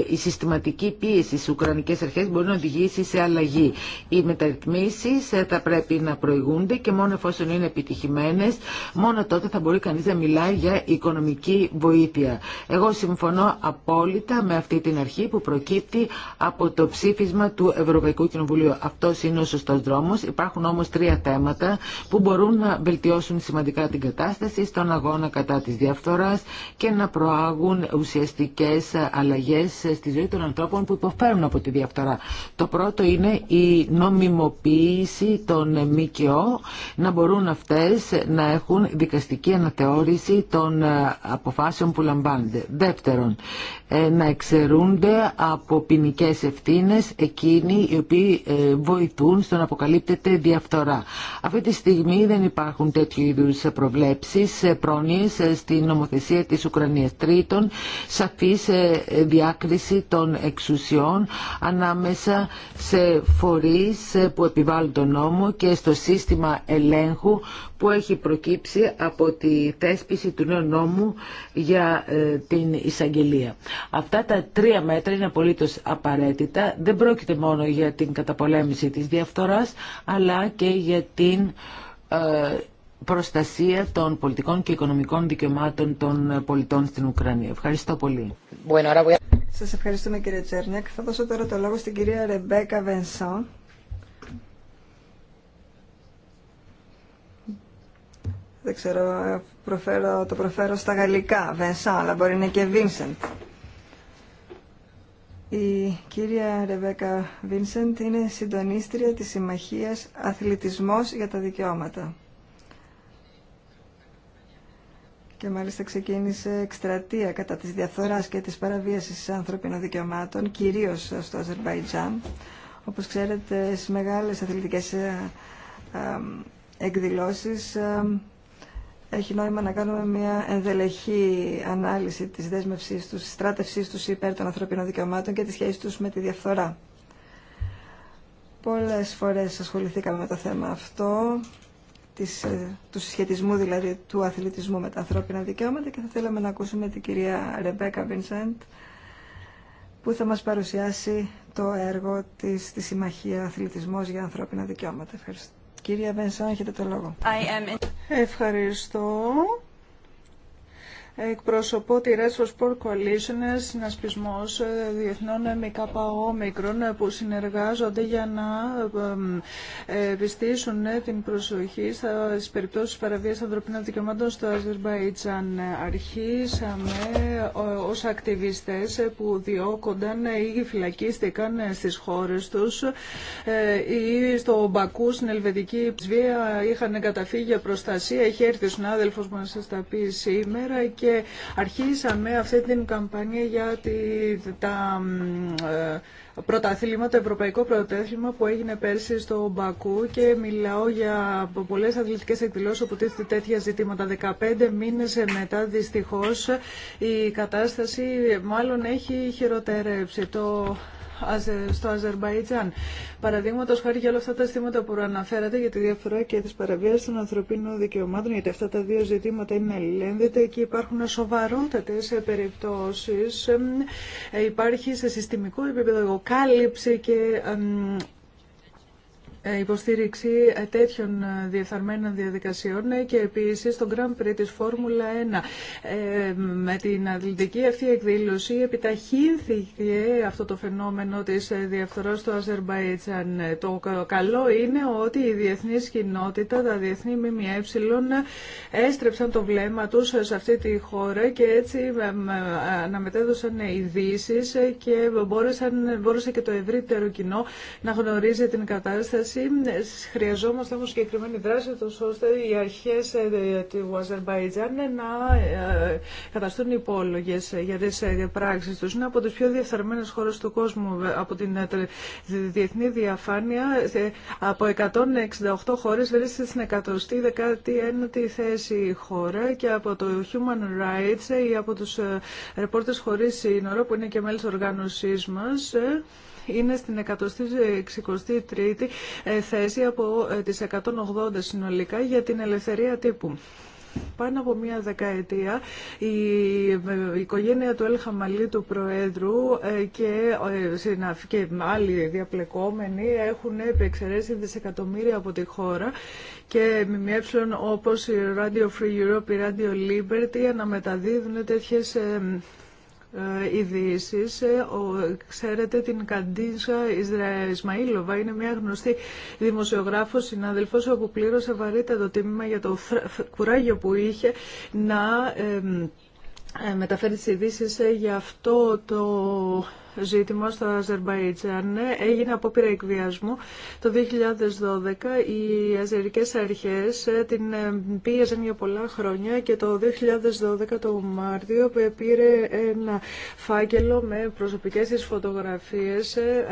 η συστηματική πίεση στις Ουκρανικές αρχές μπορεί να οδηγήσει σε αλλαγή. Οι μεταρρυθμίσεις θα πρέπει να προηγούνται και μόνο εφόσον είναι επιτυχημένες, μόνο τότε θα μπορεί κανείς να μιλάει για οικονομική βοήθεια. Εγώ συμφωνώ απόλυτα με αυτή την αρχή που προκύπτει από το ψήφισμα του Ευρωπαϊκού Κοινοβουλίου. Αυτό είναι ο σωστό δρόμο. Υπάρχουν όμω τρία θέματα που μπορούν να βελτιώσουν σημαντικά την κατάσταση στον αγώνα κατά τη διαφθορά και να προάγουν ουσιαστικέ αλλαγέ στη ζωή των ανθρώπων που υποφέρουν από τη διαφθορά. Το πρώτο είναι η νομιμοποίηση των ΜΚΟ, να μπορούν αυτέ να έχουν δικαστική αναθεώρηση των αποφάσεων που λαμβάνονται. Δεύτερον, ε, να από ποινικέ ευθύνε εκείνοι οι οποίοι ε, βοηθούν στο να αποκαλύπτεται διαφθορά. Αυτή τη στιγμή δεν υπάρχουν τέτοιου είδου προβλέψει, ε, πρόνοιε ε, στην νομοθεσία τη Ουκρανία. Τρίτον, σαφή διάκριση των εξουσιών ανάμεσα σε φορεί που επιβάλλουν τον νόμο και στο σύστημα ελέγχου που έχει προκύψει από τη θέσπιση του νέου νόμου για ε, την εισαγγελία. Αυτά τα τρία μέτρα είναι απολύτως απαραίτητα. Δεν πρόκειται μόνο για την καταπολέμηση της διαφθοράς, αλλά και για την ε, προστασία των πολιτικών και οικονομικών δικαιωμάτων των πολιτών στην Ουκρανία. Ευχαριστώ πολύ. Σας ευχαριστούμε κύριε Τσέρνιακ. Θα δώσω τώρα το λόγο στην κυρία Ρεμπέκα Βενσόν Δεν ξέρω, προφέρω, το προφέρω στα γαλλικά, Βενσά, αλλά μπορεί να είναι και Βίνσεντ. Η κυρία Ρεβέκα Βίνσεντ είναι συντονίστρια της Συμμαχίας Αθλητισμός για τα Δικαιώματα. Και μάλιστα ξεκίνησε εκστρατεία κατά της διαφθοράς και της παραβίασης ανθρωπίνων δικαιωμάτων, κυρίως στο Αζερβαϊτζάν. Όπως ξέρετε, στις μεγάλες αθλητικές ε, ε, ε, εκδηλώσεις έχει νόημα να κάνουμε μια ενδελεχή ανάλυση της δέσμευσής τους, της στράτευσής τους υπέρ των ανθρωπίνων δικαιωμάτων και τη σχέση τους με τη διαφθορά. Πολλές φορές ασχοληθήκαμε με το θέμα αυτό, της, ε, του συσχετισμού δηλαδή του αθλητισμού με τα ανθρώπινα δικαιώματα και θα θέλαμε να ακούσουμε την κυρία Ρεμπέκα Βινσέντ που θα μας παρουσιάσει το έργο της Συμμαχία Αθλητισμός για Ανθρώπινα Δικαιώματα. Ευχαριστώ. Κύριε Βενσάν, έχετε το λόγο. Ευχαριστώ. Εκπροσωπώ τη Red for Sport Coalition, συνασπισμό ε, διεθνών ε, ΜΚΟ μικρών ε, που συνεργάζονται για να επιστήσουν την προσοχή στι περιπτώσει παραβίαση ανθρωπίνων δικαιωμάτων στο Αζερβαϊτζάν. Αρχίσαμε ω ακτιβιστέ που διώκονταν ή φυλακίστηκαν στι χώρε του ή στο Μπακού στην Ελβετική Ψβία είχαν καταφύγει για προστασία. Έχει έρθει ο συνάδελφο μα να σα τα πει σήμερα και αρχίσαμε αυτή την καμπάνια για τη, τα ε, πρωταθλήματα, το ευρωπαϊκό πρωτάθλημα που έγινε πέρσι στο Μπακού και μιλάω για πολλές αθλητικές εκδηλώσεις όπου τίθεται τέτοια ζητήματα. 15 μήνες μετά δυστυχώς η κατάσταση μάλλον έχει χειροτερέψει. Το ε, στο Αζερμπαϊτζάν. Παραδείγματο χάρη για όλα αυτά τα ζητήματα που αναφέρατε για τη διαφορά και τι παραβιάσει των ανθρωπίνων δικαιωμάτων, γιατί αυτά τα δύο ζητήματα είναι αλληλένδετα και υπάρχουν σοβαρότατε περιπτώσει. Ε, υπάρχει σε συστημικό επίπεδο κάλυψη και ε, υποστήριξη ε, τέτοιων ε, διεφθαρμένων διαδικασιών και επίσης τον Grand Prix της Φόρμουλα 1. με την αθλητική αυτή εκδήλωση επιταχύνθηκε αυτό το φαινόμενο της διαφθόρα στο Αζερμπαϊτζάν. Το καλό είναι ότι η διεθνή κοινότητα, τα διεθνή ΜΜΕ έστρεψαν το βλέμμα τους σε αυτή τη χώρα και έτσι αναμετέδωσαν ειδήσει και μπόρεσαν, μπόρεσε και το ευρύτερο κοινό να γνωρίζει την κατάσταση Χρειαζόμαστε όμως συγκεκριμένη δράση, ώστε οι αρχές ε, του Αζερμπαϊτζάν να ε, καταστούν υπόλογες για τις πράξεις τους. Είναι από τις πιο διεφθαρμένες χώρες του κόσμου, ε, από την διεθνή διαφάνεια, από 168 χώρες βρίσκεται στην 119η θέση η θεση χωρα και από το Human Rights ή από τους Ρεπόρτες Χωρίς Σύνορα, που είναι και μέλη της οργάνωσής μας, είναι στην 163η ε, θέση από ε, τις 180 συνολικά για την ελευθερία τύπου. Πάνω από μία δεκαετία η ε, οικογένεια του Ελ Χαμαλή του Προέδρου και άλλοι διαπλεκόμενοι έχουν επεξαιρέσει δισεκατομμύρια από τη χώρα και ΜΜΕ όπως η Radio Free Europe, η Radio Liberty αναμεταδίδουν τέτοιες ε, ειδήσει. Ε, ξέρετε την Καντίζα Ισμαήλοβα, είναι μια γνωστή δημοσιογράφος, συνάδελφο που πλήρωσε βαρύτατο το τίμημα για το κουράγιο που είχε να ε, μεταφέρει τι ειδήσει για αυτό το ζήτημα στο Αζερμπαϊτζάν. Έγινε απόπειρα εκβιασμού. Το 2012 οι αζερικές αρχές ε, την ε, πίεζαν για πολλά χρόνια και το 2012 το Μάρτιο πήρε ένα φάκελο με προσωπικές της φωτογραφίες ε,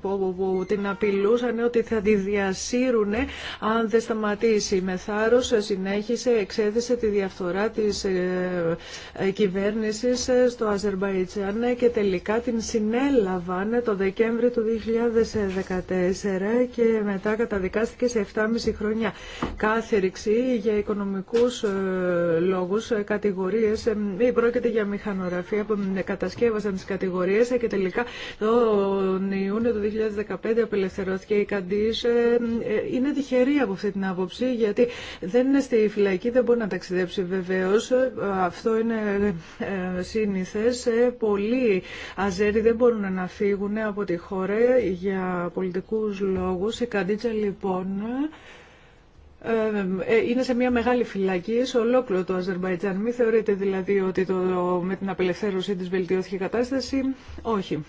που την απειλούσαν ότι θα τη διασύρουν αν δεν σταματήσει. Με θάρρος συνέχισε, εξέδεσε τη διαφθορά της κυβέρνησης στο Αζερμπαϊτζάν και τελικά την συνέλαβαν το Δεκέμβρη του 2014 και μετά καταδικάστηκε σε 7,5 χρόνια κάθεριξη για οικονομικούς ε, λόγους, ε, κατηγορίες. Ή ε, πρόκειται για μηχανογραφία που κατασκεύασαν τις κατηγορίες και τελικά τον Ιούνιο του 2015 απελευθερώθηκε η Καντής. Είναι τυχερή από αυτή την άποψη γιατί δεν είναι στη φυλακή, δεν μπορεί να ταξιδέψει βεβαίως. Αυτό είναι σύνηθες. Πολλοί Αζέρι δεν μπορούν να φύγουν από τη χώρα για πολιτικούς λόγους. Η Καντίτσα λοιπόν ε, ε, είναι σε μια μεγάλη φυλακή σε ολόκληρο το Αζερβαϊτζάν. Μη θεωρείτε δηλαδή ότι το, με την απελευθέρωσή της βελτιώθηκε η κατάσταση. Όχι.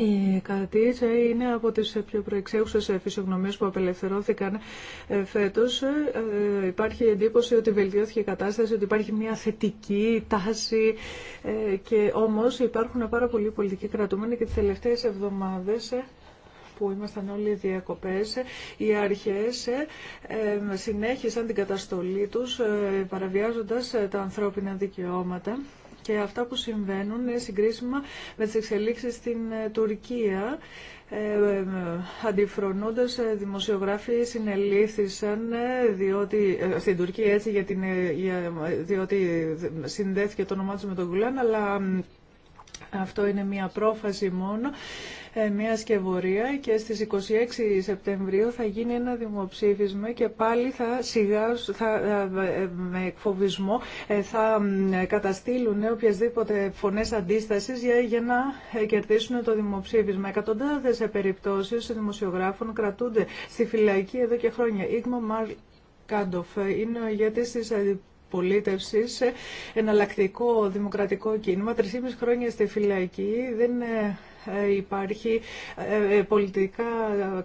Η Κατήτσα είναι από τις πιο προεξέχουσες φυσιογνωμίες που απελευθερώθηκαν ε, φέτος. Ε, υπάρχει εντύπωση ότι βελτιώθηκε η κατάσταση, ότι υπάρχει μια θετική τάση ε, και όμως υπάρχουν πάρα πολλοί πολιτικοί κρατούμενοι και τις τελευταίες εβδομάδες που ήμασταν όλοι διακοπές, οι αρχές συνέχισαν την καταστολή τους παραβιάζοντας τα ανθρώπινα δικαιώματα και αυτά που συμβαίνουν είναι συγκρίσιμα με τις εξελίξεις στην ε, Τουρκία. Ε, ε, ε, δημοσιογράφοι συνελήφθησαν διότι, στην Τουρκία έτσι για την, διότι συνδέθηκε το όνομά τους με τον Γκουλάν αλλά αυτό είναι μία πρόφαση μόνο ε, μια σκευωρία και στις 26 Σεπτεμβρίου θα γίνει ένα δημοψήφισμα και πάλι θα σιγά, θα, ε, ε, με εκφοβισμό θα καταστήλουν οποιασδήποτε φωνές αντίστασης για, να κερδίσουν το δημοψήφισμα. Εκατοντάδες περιπτώσεις δημοσιογράφων κρατούνται στη φυλακή εδώ και χρόνια. Ίγμα Μαρ Κάντοφ είναι ο ηγέτης της Πολίτευση, εναλλακτικό δημοκρατικό κίνημα, μισή χρόνια στη φυλακή, δεν υπάρχει ε, ε, πολιτικά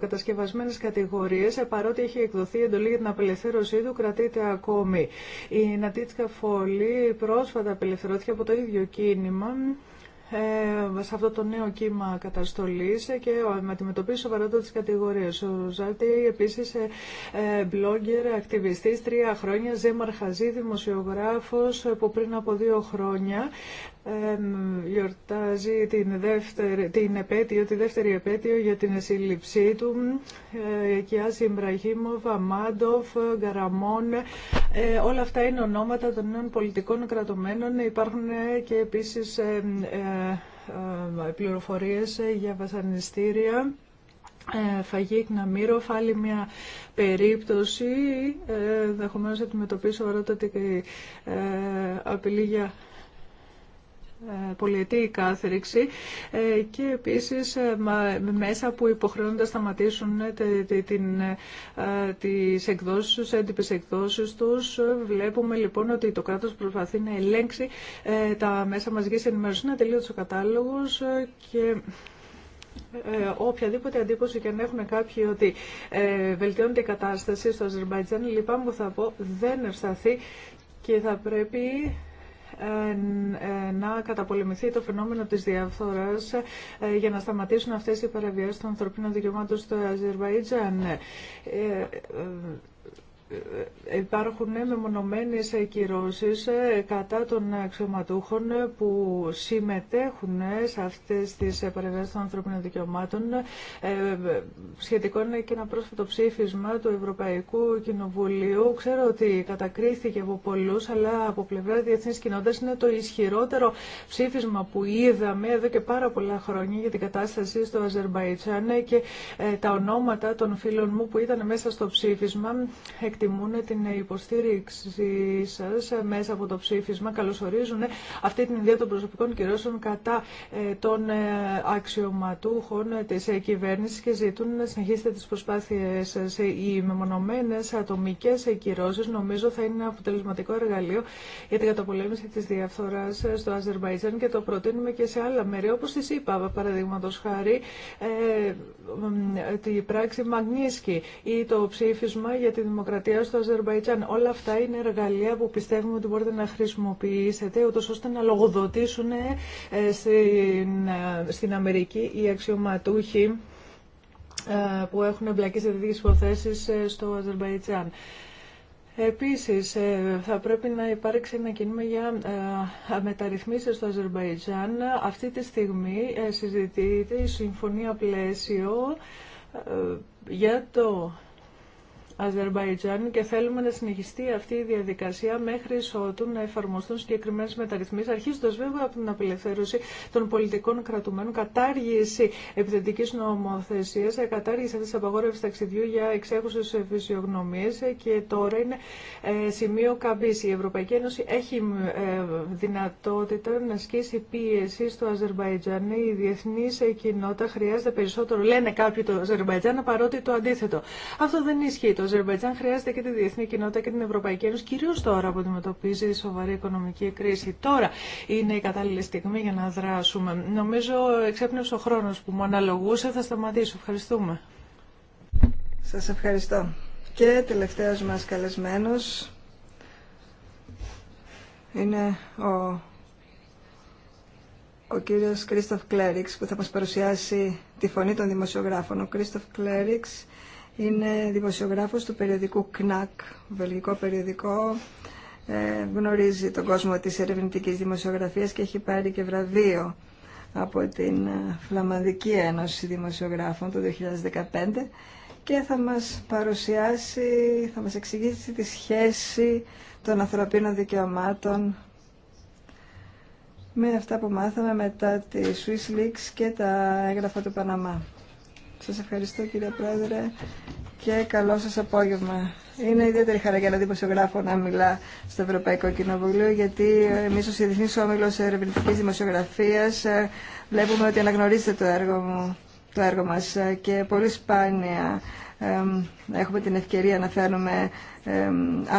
κατασκευασμένες κατηγορίες, ε, παρότι έχει εκδοθεί εντολή για την απελευθέρωσή του, κρατείται ακόμη. Η Νατίτσκα Φόλη πρόσφατα απελευθερώθηκε από το ίδιο κίνημα σε αυτό το νέο κύμα καταστολής και αντιμετωπίζει σοβαρότητα τις κατηγορίες. Ο Ζάρτη επίσης blogger, ακτιβιστής τρία χρόνια, ζέμαρχαζή, δημοσιογράφο, δημοσιογράφος που πριν από δύο χρόνια γιορτάζει την, δεύτερη, την, επέτειο, τη δεύτερη επέτειο για την σύλληψή του. Ε, Κιάζη Ιμπραχήμοβ, Αμάντοφ, Γκαραμόν. Ε, όλα αυτά είναι ονόματα των νέων πολιτικών κρατωμένων. Υπάρχουν και επίσης ε, ε για βασανιστήρια. Ε, Φαγή Κναμύροφ, άλλη μια περίπτωση, αντιμετωπίσω αντιμετωπίσει ε, απειλή για ε, πολιετή κάθριξη ε, και επίσης ε, μέσα που υποχρεώνονται να σταματήσουν την, τις εκδόσεις τους, έντυπες εκδόσεις τους. Βλέπουμε λοιπόν ότι το κράτος προσπαθεί να ελέγξει τα μέσα μαζικής ενημέρωσης. Είναι τελείως ο κατάλογος και οποιαδήποτε αντίποση και αν έχουν κάποιοι ότι βελτιώνεται η κατάσταση στο Αζερμπαϊτζάν, λυπάμαι που θα πω, δεν ευσταθεί και θα πρέπει ε, να καταπολεμηθεί το φαινόμενο της διαφθοράς ε, για να σταματήσουν αυτές οι παραβιάσεις των ανθρωπίνων δικαιωμάτων στο Αζερβαϊτζάν. Ε, υπάρχουν ναι, μεμονωμένες κυρώσει ε, κατά των αξιωματούχων που συμμετέχουν ε, σε αυτές τις παρεμβάσεις των ανθρώπινων δικαιωμάτων ε, σχετικό είναι και ένα πρόσφατο ψήφισμα του Ευρωπαϊκού Κοινοβουλίου. Ξέρω ότι κατακρίθηκε από πολλούς αλλά από πλευρά διεθνή κοινότητα είναι το ισχυρότερο ψήφισμα που είδαμε εδώ και πάρα πολλά χρόνια για την κατάσταση στο Αζερμπαϊτζάν και τα ονόματα των φίλων μου που ήταν μέσα στο ψήφισμα εκτιμούν την υποστήριξή σα μέσα από το ψήφισμα, καλωσορίζουν αυτή την ιδέα των προσωπικών κυρώσεων κατά ε, των ε, αξιωματούχων τη ε, κυβέρνηση και ζητούν να συνεχίσετε τι προσπάθειε σα. Οι μεμονωμένε ατομικέ κυρώσει νομίζω θα είναι ένα αποτελεσματικό εργαλείο για την καταπολέμηση τη διαφθορά στο Αζερβαϊτζάν και το προτείνουμε και σε άλλα μέρη, όπω τι είπα, παραδείγματο χάρη, τη πράξη Μαγνίσκη ή το ψήφισμα για τη δημοκρατία στο Αζερβαϊτζάν. Όλα αυτά είναι εργαλεία που πιστεύουμε ότι μπορείτε να χρησιμοποιήσετε, ούτω ώστε να λογοδοτήσουν ε, στην, ε, στην Αμερική οι αξιωματούχοι ε, που έχουν εμπλακεί σε τέτοιες υποθέσεις στο Αζερβαϊτζάν. Επίσης, θα πρέπει να υπάρξει ένα κίνημα για μεταρρυθμίσεις στο Αζερβαϊτζάν. Αυτή τη στιγμή συζητείται η Συμφωνία Πλαίσιο για το Αζερβαϊτζάν και θέλουμε να συνεχιστεί αυτή η διαδικασία μέχρι ότου να εφαρμοστούν συγκεκριμένε μεταρρυθμίσει, αρχίζοντα βέβαια από την απελευθέρωση των πολιτικών κρατουμένων, κατάργηση επιθετική νομοθεσία, κατάργηση τη απαγόρευση ταξιδιού για εξέχουσε φυσιογνωμίε και τώρα είναι ε, σημείο καμπή. Η Ευρωπαϊκή Ένωση έχει ε, δυνατότητα να ασκήσει πίεση στο Αζερβαϊτζάν. Η διεθνή κοινότητα χρειάζεται περισσότερο, λένε κάποιοι το Αζερβαϊτζάν, παρότι το αντίθετο. Αυτό δεν ισχύει. Αζερβαϊτζάν χρειάζεται και τη διεθνή κοινότητα και την Ευρωπαϊκή Ένωση, κυρίω τώρα που αντιμετωπίζει σοβαρή οικονομική κρίση. Τώρα είναι η κατάλληλη στιγμή για να δράσουμε. Νομίζω εξέπνευσε ο χρόνο που μου αναλογούσε. Θα σταματήσω. Ευχαριστούμε. Σα ευχαριστώ. Και τελευταίο μα καλεσμένο. είναι ο, ο κύριος Κρίστοφ Κλέριξ που θα μας παρουσιάσει τη φωνή των δημοσιογράφων. Ο Κρίστοφ είναι δημοσιογράφος του περιοδικού ΚΝΑΚ, βελγικό περιοδικό. Ε, γνωρίζει τον κόσμο της ερευνητικής δημοσιογραφίας και έχει πάρει και βραβείο από την ε, Φλαμανδική Ένωση Δημοσιογράφων το 2015 και θα μας παρουσιάσει, θα μας εξηγήσει τη σχέση των ανθρωπίνων δικαιωμάτων με αυτά που μάθαμε μετά τη Swiss Leaks και τα έγγραφα του Παναμά. Σας ευχαριστώ κύριε Πρόεδρε και καλό σας απόγευμα. Είναι ιδιαίτερη χαρά για ένα δημοσιογράφο να μιλά στο Ευρωπαϊκό Κοινοβούλιο, γιατί εμεί ω Διεθνής Όμιλο Ερευνητική Δημοσιογραφία ε, βλέπουμε ότι αναγνωρίζετε το έργο, μου, το έργο μα ε, και πολύ σπάνια ε, έχουμε την ευκαιρία να φέρνουμε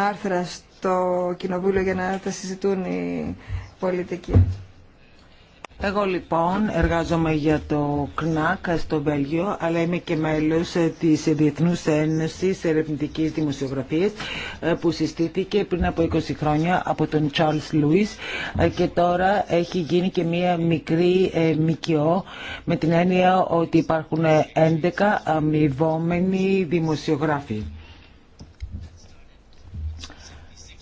άρθρα στο Κοινοβούλιο για να τα συζητούν οι πολιτικοί. Εγώ λοιπόν εργάζομαι για το ΚΝΑΚ στο Βέλγιο, αλλά είμαι και μέλος τη Διεθνούς ένωση Ερευνητικής Δημοσιογραφίας ε, που συστήθηκε πριν από 20 χρόνια από τον Charles Lewis ε, και τώρα έχει γίνει και μία μικρή ε, μικιό με την έννοια ότι υπάρχουν 11 αμοιβόμενοι δημοσιογράφοι.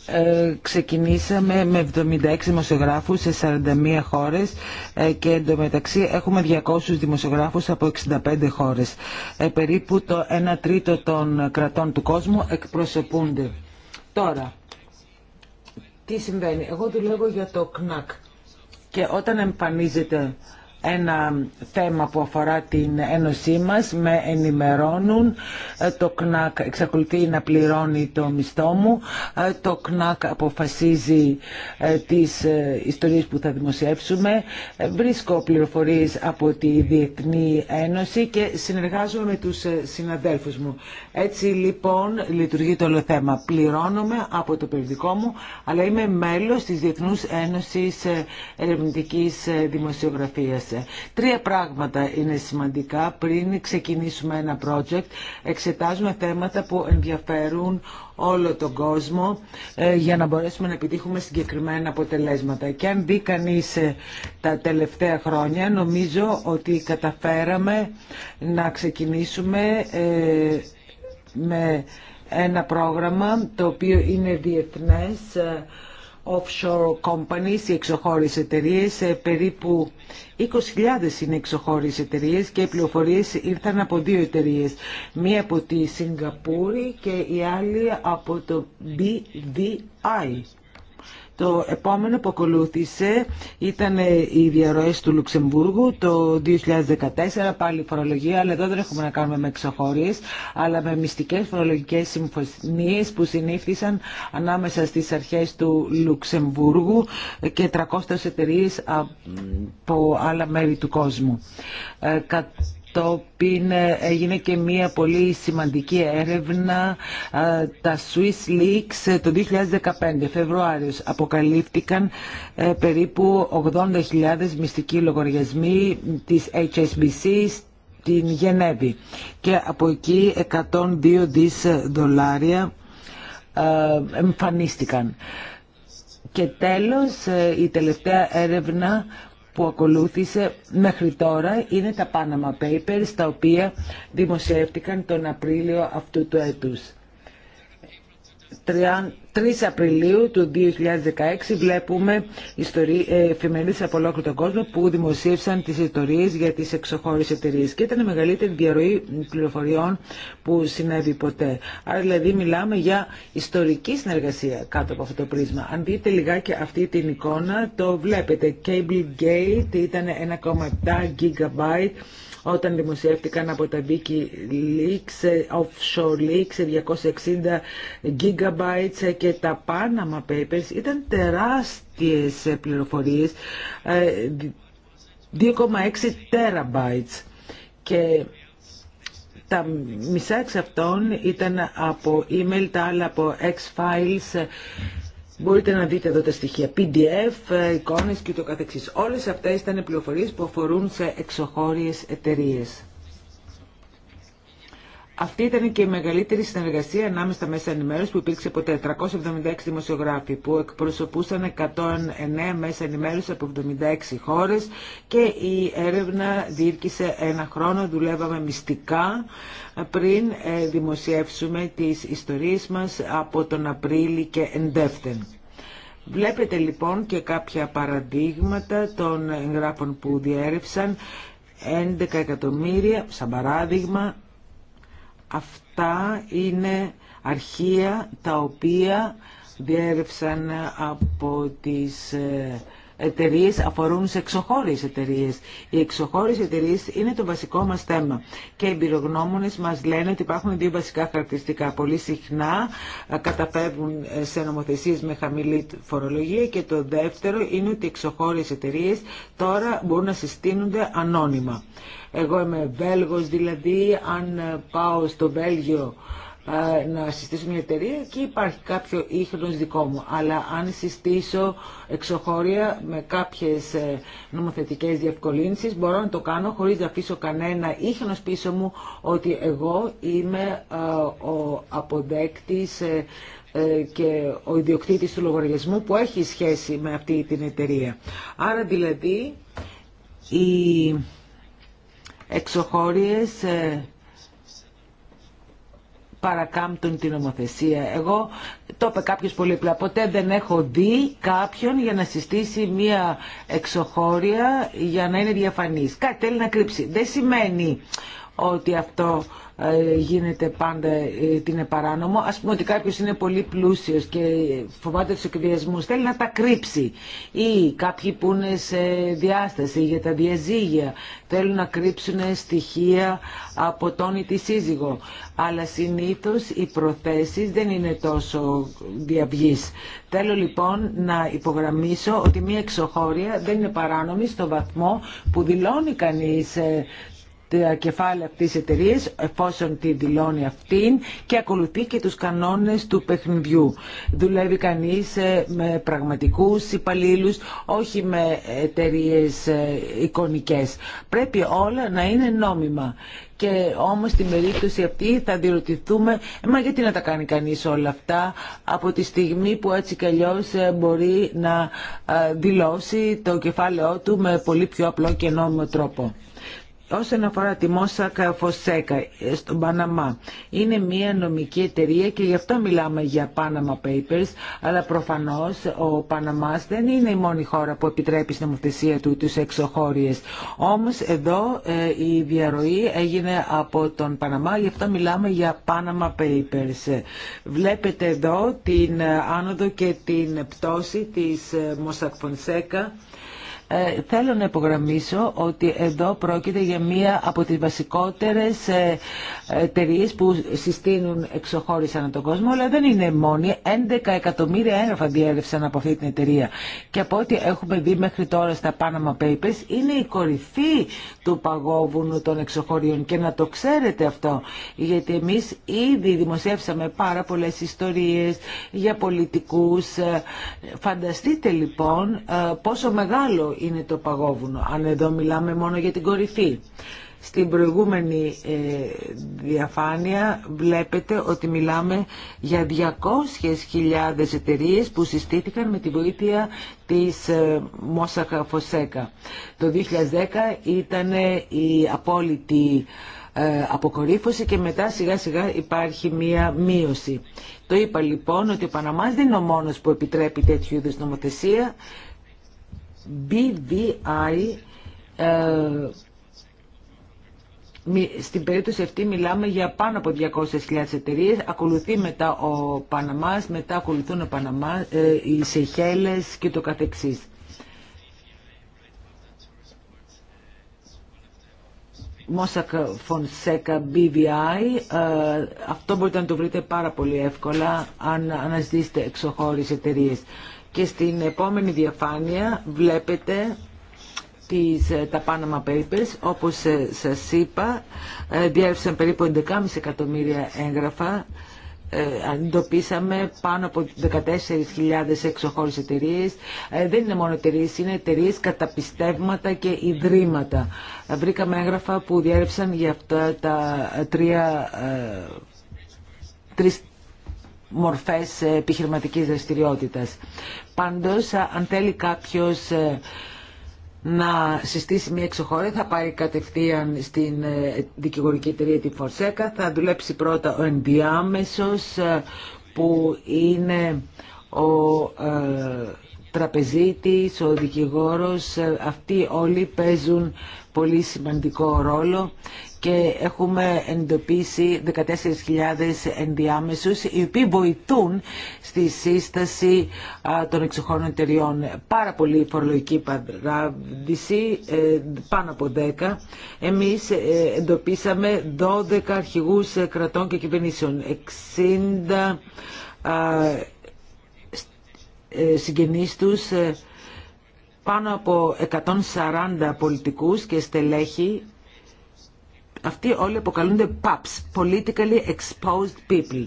Ε, ξεκινήσαμε με 76 δημοσιογράφους σε 41 χώρες ε, και εντωμεταξύ έχουμε 200 δημοσιογράφους από 65 χώρες. Ε, περίπου το 1 τρίτο των κρατών του κόσμου εκπροσωπούνται. Τώρα, τι συμβαίνει. Εγώ δουλεύω για το ΚΝΑΚ και όταν εμφανίζεται ένα θέμα που αφορά την ένωσή μας, με ενημερώνουν, ε, το ΚΝΑΚ εξακολουθεί να πληρώνει το μισθό μου, ε, το ΚΝΑΚ αποφασίζει ε, τις ιστορίες που θα δημοσιεύσουμε, βρίσκω πληροφορίες από τη Διεθνή Ένωση και συνεργάζομαι με τους συναδέλφους μου. Έτσι λοιπόν λειτουργεί το όλο θέμα. Πληρώνομαι από το περιοδικό μου, αλλά είμαι μέλος της Διεθνούς Ένωσης Ερευνητικής Δημοσιογραφίας. Τρία πράγματα είναι σημαντικά πριν ξεκινήσουμε ένα project. Εξετάζουμε θέματα που ενδιαφέρουν όλο τον κόσμο ε, για να μπορέσουμε να επιτύχουμε συγκεκριμένα αποτελέσματα. Και αν δει κανεί ε, τα τελευταία χρόνια, νομίζω ότι καταφέραμε να ξεκινήσουμε ε, με ένα πρόγραμμα το οποίο είναι διεθνές offshore companies, οι εξωχώριες εταιρείε, ε, περίπου 20.000 είναι εξωχώριες εταιρείε και οι πληροφορίες ήρθαν από δύο εταιρείε. Μία από τη Σιγκαπούρη και η άλλη από το BVI. Το επόμενο που ακολούθησε ήταν οι διαρροές του Λουξεμβούργου το 2014, πάλι φορολογία, αλλά εδώ δεν έχουμε να κάνουμε με εξωχώριες, αλλά με μυστικές φορολογικές συμφωνίες που συνήφθησαν ανάμεσα στις αρχές του Λουξεμβούργου και 300 εταιρείε από άλλα μέρη του κόσμου. Ε, οποίο ε, έγινε και μία πολύ σημαντική έρευνα ε, τα Swiss Leaks ε, το 2015 Φεβρουάριος αποκαλύφθηκαν περίπου 80.000 μυστικοί λογαριασμοί της HSBC στην Γενέβη και από εκεί 102 δις δολάρια εμφανίστηκαν. Και τέλος η τελευταία έρευνα που ακολούθησε μέχρι τώρα είναι τα Panama Papers, τα οποία δημοσιεύτηκαν τον Απρίλιο αυτού του έτους. 3 Απριλίου του 2016 βλέπουμε ε, εφημερίδες από ολόκληρο τον κόσμο που δημοσίευσαν τις ιστορίες για τις εξωχώρες εταιρείε και ήταν η μεγαλύτερη διαρροή πληροφοριών που συνέβη ποτέ. Άρα δηλαδή μιλάμε για ιστορική συνεργασία κάτω από αυτό το πρίσμα. Αν δείτε λιγάκι αυτή την εικόνα το βλέπετε. Cable Gate ήταν 1,7 gigabyte όταν δημοσιεύτηκαν από τα Wikileaks, offshore leaks, 260 gigabytes και τα Panama Papers ήταν τεράστιες πληροφορίες, 2,6 ε, terabytes και τα μισά εξ αυτών ήταν από email, τα άλλα από X-Files Μπορείτε να δείτε εδώ τα στοιχεία PDF, εικόνες και το καθεξής. Όλες αυτές ήταν πληροφορίες που αφορούν σε εξωχώριες εταιρείες. Αυτή ήταν και η μεγαλύτερη συνεργασία ανάμεσα στα μέσα ενημέρωση που υπήρξε από 476 δημοσιογράφοι που εκπροσωπούσαν 109 μέσα ενημέρωση από 76 χώρε και η έρευνα διήρκησε ένα χρόνο. Δουλεύαμε μυστικά πριν ε, δημοσιεύσουμε τις ιστορίες μας από τον Απρίλιο και εντεύθεν. Βλέπετε λοιπόν και κάποια παραδείγματα των εγγράφων που διέρευσαν 11 εκατομμύρια, σαν παράδειγμα, Αυτά είναι αρχεία τα οποία διέρευσαν από τις ε, εταιρείε αφορούν σε εξωχώριες εταιρείε. Οι εξωχώριες εταιρείε είναι το βασικό μας θέμα. Και οι εμπειρογνώμονε μας λένε ότι υπάρχουν δύο βασικά χαρακτηριστικά. Πολύ συχνά ε, καταφεύγουν ε, σε νομοθεσίε με χαμηλή φορολογία και το δεύτερο είναι ότι οι εξωχώριες εταιρείε τώρα μπορούν να συστήνονται ανώνυμα. Εγώ είμαι Βέλγος δηλαδή, αν ε, πάω στο Βέλγιο να συστήσω μια εταιρεία, και υπάρχει κάποιο ίχνος δικό μου. Αλλά αν συστήσω εξωχώρια με κάποιες ε, νομοθετικέ διευκολύνσεις, μπορώ να το κάνω χωρί να αφήσω κανένα ίχνος πίσω μου ότι εγώ είμαι ε, ο αποδέκτης ε, και ο ιδιοκτήτης του λογαριασμού που έχει σχέση με αυτή την εταιρεία. Άρα δηλαδή οι εξωχώριες παρακάμπτουν την νομοθεσία. Εγώ το είπε κάποιο πολύ απλά. Ποτέ δεν έχω δει κάποιον για να συστήσει μία εξωχώρια για να είναι διαφανής. Κάτι θέλει να κρύψει. Δεν σημαίνει ότι αυτό ε, γίνεται πάντα, ε, την παράνομο. Ας πούμε ότι κάποιος είναι πολύ πλούσιος και φοβάται τους εκβιασμού, θέλει να τα κρύψει. Ή κάποιοι που είναι σε διάσταση για τα διαζύγια, θέλουν να κρύψουν στοιχεία από τον ή τη σύζυγο. Αλλά συνήθως οι προθέσεις δεν είναι τόσο διαυγή. Θέλω λοιπόν να υπογραμμίσω ότι μια εξωχώρια δεν είναι παράνομη στο βαθμό που δηλώνει κανείς ε, τα κεφάλαια αυτής της εφόσον τη δηλώνει αυτήν και ακολουθεί και τους κανόνες του παιχνιδιού. Δουλεύει κανείς ε, με πραγματικούς υπαλλήλους, όχι με εταιρείε ε, εικονικές. Πρέπει όλα να είναι νόμιμα. Και όμως στην περίπτωση αυτή θα διερωτηθούμε, μα γιατί να τα κάνει κανείς όλα αυτά από τη στιγμή που έτσι κι ε, μπορεί να δηλώσει το κεφάλαιό του με πολύ πιο απλό και νόμιμο τρόπο. Όσον αφορά τη Μόσακα Φωσέκα ε, στον Παναμά, είναι μια νομική εταιρεία και γι' αυτό μιλάμε για Panama Papers, αλλά προφανώς ο Παναμάς δεν είναι η μόνη χώρα που επιτρέπει στην νομοθεσία του τους εξωχώριες. Όμως εδώ ε, η διαρροή έγινε από τον Παναμά, γι' αυτό μιλάμε για Panama Papers. Βλέπετε εδώ την ε, άνοδο και την πτώση της Μόσακ Φωσέκα. Ε, θέλω να υπογραμμίσω ότι εδώ πρόκειται για μία από τις βασικότερες ε, ε, εταιρείε που συστήνουν εξωχώρηση ανά τον κόσμο, αλλά δεν είναι μόνη. 11 εκατομμύρια έγγραφα διέρευσαν από αυτή την εταιρεία. Και από ό,τι έχουμε δει μέχρι τώρα στα Panama Papers, είναι η κορυφή του παγόβουνου των εξωχωρίων. Και να το ξέρετε αυτό, γιατί εμείς ήδη δημοσιεύσαμε πάρα πολλές ιστορίες για πολιτικούς. Φανταστείτε λοιπόν πόσο μεγάλο είναι το παγόβουνο. Αν εδώ μιλάμε μόνο για την κορυφή. Στην προηγούμενη ε, διαφάνεια βλέπετε ότι μιλάμε για 200.000 εταιρείες που συστήθηκαν με τη βοήθεια της ε, Μόσαχα Φωσέκα. Το 2010 ήταν η απόλυτη ε, αποκορύφωση και μετά σιγά σιγά υπάρχει μία μείωση. Το είπα λοιπόν ότι ο Παναμάς δεν είναι ο μόνος που επιτρέπει τέτοιου είδους νομοθεσία. BVI ε, στην περίπτωση αυτή μιλάμε για πάνω από 200.000 εταιρείε. Ακολουθεί μετά ο Παναμάς, μετά ακολουθούν ο Παναμά, ε, οι Σεχέλες και το καθεξής. Mossack Fonseca BVI. αυτό μπορείτε να το βρείτε πάρα πολύ εύκολα αν αναζητήσετε εξωχώριες εταιρείε. Και στην επόμενη διαφάνεια βλέπετε τις, ε, τα Panama Papers, όπως ε, σας είπα, ε, διέρευσαν περίπου 11,5 εκατομμύρια έγγραφα. Αντιμετωπίσαμε πάνω από 14.000 εξωχώρες εταιρείε. Δεν είναι μόνο εταιρείε, είναι εταιρείε καταπιστεύματα και ιδρύματα. Βρήκαμε έγγραφα που διέρευσαν για αυτά τα τρία τρεις μορφές επιχειρηματικής δραστηριότητας. Πάντως, αν θέλει κάποιος ε, να συστήσει μια εξωχώρα, θα πάει κατευθείαν στην ε, δικηγορική εταιρεία τη Φορσέκα, θα δουλέψει πρώτα ο ενδιάμεσος ε, που είναι ο ε, τραπεζίτης, ο δικηγόρος, αυτοί όλοι παίζουν πολύ σημαντικό ρόλο και έχουμε εντοπίσει 14.000 ενδιάμεσους οι οποίοι βοηθούν στη σύσταση των εξωχών εταιριών. Πάρα πολύ φορολογική παράδειση, ε, πάνω από 10. Εμείς ε, εντοπίσαμε 12 αρχηγούς ε, κρατών και κυβερνήσεων, 60 συγγενείς τους, πάνω από 140 πολιτικούς και στελέχη αυτοί όλοι αποκαλούνται PAPs, Politically Exposed People.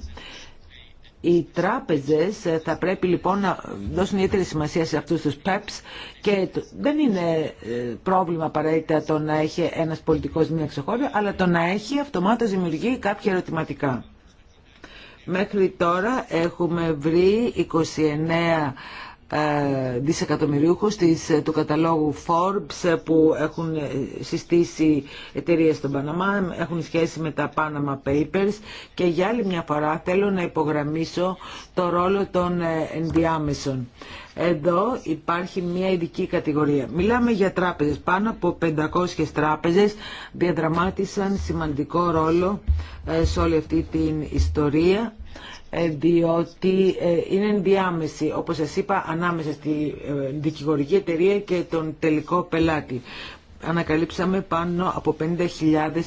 Οι τράπεζες ε, θα πρέπει λοιπόν να δώσουν ιδιαίτερη σημασία σε αυτούς τους PEPs και δεν είναι ε, πρόβλημα απαραίτητα το να έχει ένας πολιτικός μια ξεχώρια, αλλά το να έχει αυτομάτως δημιουργεί κάποια ερωτηματικά. Μέχρι τώρα έχουμε βρει 29 ε, δισεκατομμυρίουχος της, ε, του καταλόγου Forbes ε, που έχουν συστήσει εταιρείε στον Παναμά, έχουν σχέση με τα Panama Papers και για άλλη μια φορά θέλω να υπογραμμίσω το ρόλο των ενδιάμεσων. Εδώ υπάρχει μια ειδική κατηγορία. Μιλάμε για τράπεζες. Πάνω από 500 τράπεζες διαδραμάτισαν σημαντικό ρόλο σε όλη αυτή την ιστορία διότι ε, είναι ενδιάμεση, όπως σας είπα, ανάμεσα στη ε, δικηγορική εταιρεία και τον τελικό πελάτη. Ανακαλύψαμε πάνω από 50.000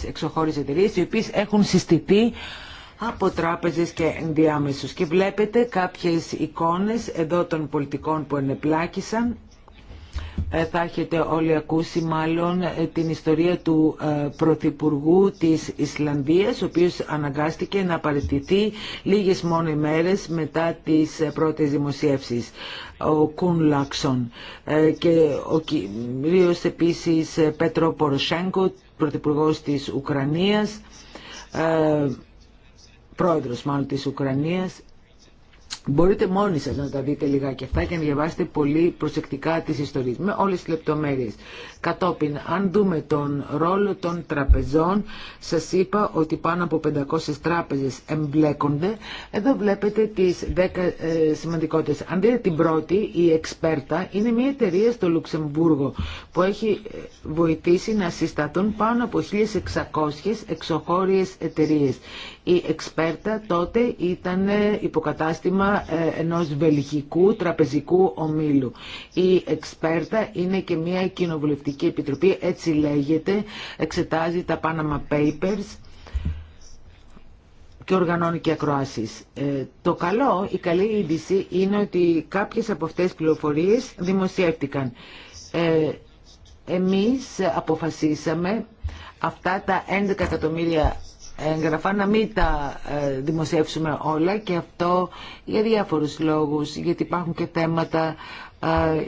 εξωχώρες εταιρείες, οι οποίες έχουν συστηθεί από τράπεζες και ενδιάμεσους. Και βλέπετε κάποιες εικόνες εδώ των πολιτικών που ενεπλάκησαν ε, θα έχετε όλοι ακούσει μάλλον ε, την ιστορία του ε, Πρωθυπουργού της Ισλανδίας, ο οποίος αναγκάστηκε να παραιτηθεί λίγες μόνο μέρες μετά τις πρώτες δημοσιεύσεις, ο Κουν Λάξον και ο κυρίως επίσης Πέτρο Ποροσέγκο, Πρωθυπουργός της Ουκρανίας, πρόεδρος μάλλον της Ουκρανίας, Μπορείτε μόνοι σας να τα δείτε λιγάκι αυτά και να διαβάσετε πολύ προσεκτικά τις ιστορίες με όλες τις λεπτομέρειες. Κατόπιν, αν δούμε τον ρόλο των τραπεζών, σας είπα ότι πάνω από 500 τράπεζες εμπλέκονται. Εδώ βλέπετε τις 10 ε, σημαντικότητες. Αν δείτε την πρώτη, η Εξπέρτα, είναι μια εταιρεία στο Λουξεμβούργο που έχει ε, βοηθήσει να συσταθούν πάνω από 1.600 εξωχώριες εταιρείες. Η Εξπέρτα τότε ήταν υποκατάστημα ε, ενός βελγικού τραπεζικού ομίλου. Η Εξπέρτα είναι και μια κοινοβουλευτική επιτροπή, έτσι λέγεται, εξετάζει τα Panama Papers και οργανώνει και ακροάσεις. Ε, το καλό, η καλή είδηση είναι ότι κάποιες από αυτές τις πληροφορίες δημοσιεύτηκαν. Ε, εμείς αποφασίσαμε αυτά τα 11 εκατομμύρια έγγραφα, να μην τα ε, δημοσιεύσουμε όλα και αυτό για διάφορους λόγους, γιατί υπάρχουν και θέματα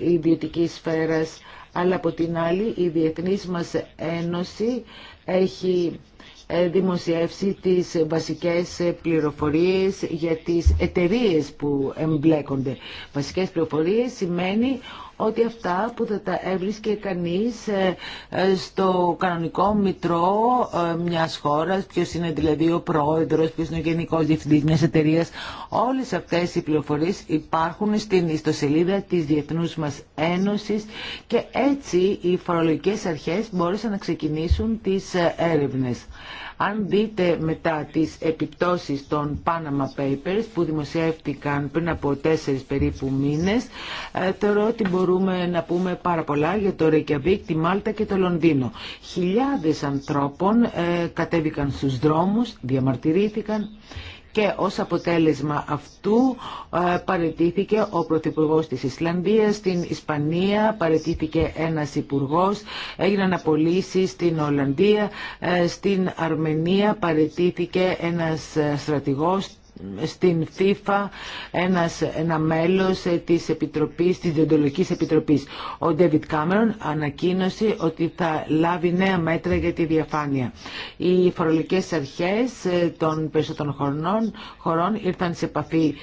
ε, ιδιωτικής σφαίρας, αλλά από την άλλη η Διεθνής μας Ένωση έχει ε, δημοσιεύσει τις βασικές πληροφορίες για τις εταιρείες που εμπλέκονται. Βασικές πληροφορίες σημαίνει ότι αυτά που θα τα έβρισκε κανείς ε, ε, στο κανονικό μητρό ε, μιας χώρας, ποιος είναι δηλαδή ο πρόεδρος, ποιος είναι ο γενικός διευθυντής μιας εταιρείας, όλες αυτές οι πληροφορίες υπάρχουν στην ιστοσελίδα της Διεθνούς μας Ένωσης και έτσι οι φορολογικές αρχές μπόρεσαν να ξεκινήσουν τις έρευνες. Αν δείτε μετά τις επιπτώσεις των Panama Papers που δημοσιεύτηκαν πριν από τέσσερις περίπου μήνες, ε, θεωρώ ότι μπορούμε να πούμε πάρα πολλά για το Ρεκιαβίκ, τη Μάλτα και το Λονδίνο. Χιλιάδες ανθρώπων ε, κατέβηκαν στους δρόμους, διαμαρτυρήθηκαν και ως αποτέλεσμα αυτού ε, παρετήθηκε ο Πρωθυπουργό της Ισλανδίας, στην Ισπανία παρετήθηκε ένας υπουργό, έγιναν απολύσεις στην Ολλανδία, ε, στην Αρμενία παρετήθηκε ένας ε, στρατηγός, στην FIFA ένας, ένα μέλος της, Επιτροπής, της Διοντολογικής Επιτροπής. Ο Ντέβιτ Κάμερον ανακοίνωσε ότι θα λάβει νέα μέτρα για τη διαφάνεια. Οι φορολογικές αρχές των περισσότερων χωρών ήρθαν σε επαφή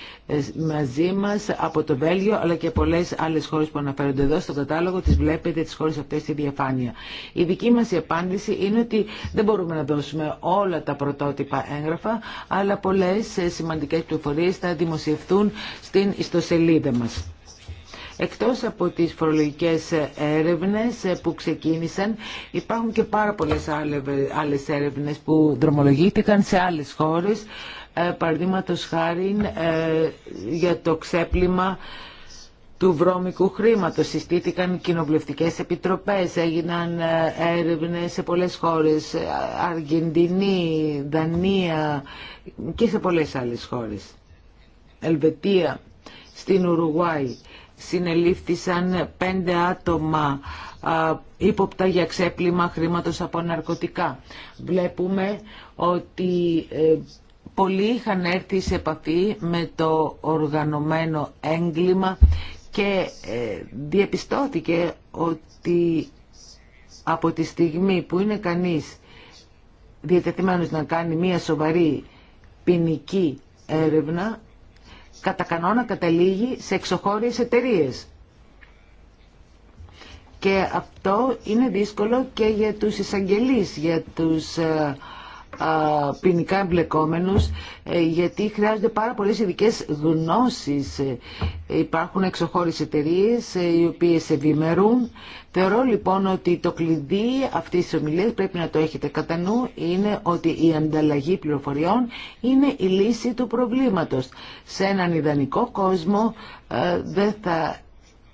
μαζί μας από το Βέλγιο αλλά και πολλές άλλες χώρες που αναφέρονται εδώ στο κατάλογο τις βλέπετε τις χώρες αυτές στη διαφάνεια. Η δική μας η απάντηση είναι ότι δεν μπορούμε να δώσουμε όλα τα πρωτότυπα έγγραφα αλλά πολλές σημαντικές πληροφορίες θα δημοσιευθούν στην ιστοσελίδα μας. Εκτός από τις φορολογικές έρευνες που ξεκίνησαν, υπάρχουν και πάρα πολλές άλλες έρευνες που δρομολογήθηκαν σε άλλες χώρες ε, Παραδείγματο χάρη ε, για το ξέπλυμα του βρώμικου χρήματος. Συστήθηκαν κοινοβουλευτικές επιτροπές, έγιναν ε, έρευνες σε πολλές χώρες, Αργεντινή, Δανία και σε πολλές άλλες χώρες. Ελβετία, στην Ουρουγουάη συνελήφθησαν πέντε άτομα ύποπτα για ξέπλυμα χρήματος από ναρκωτικά. Βλέπουμε ότι πολλοί είχαν έρθει σε επαφή με το οργανωμένο έγκλημα και ε, διαπιστώθηκε ότι από τη στιγμή που είναι κανείς διατεθειμένος να κάνει μία σοβαρή ποινική έρευνα, κατά κανόνα καταλήγει σε εξωχώριες εταιρείε. Και αυτό είναι δύσκολο και για τους εισαγγελείς, για τους ε, ποινικά εμπλεκόμενους ε, γιατί χρειάζονται πάρα πολλές ειδικέ γνώσεις. Ε, υπάρχουν εξωχώρες εταιρείε ε, οι οποίες ευημερούν. Θεωρώ λοιπόν ότι το κλειδί αυτής της ομιλίας πρέπει να το έχετε κατά νου είναι ότι η ανταλλαγή πληροφοριών είναι η λύση του προβλήματος. Σε έναν ιδανικό κόσμο δεν θα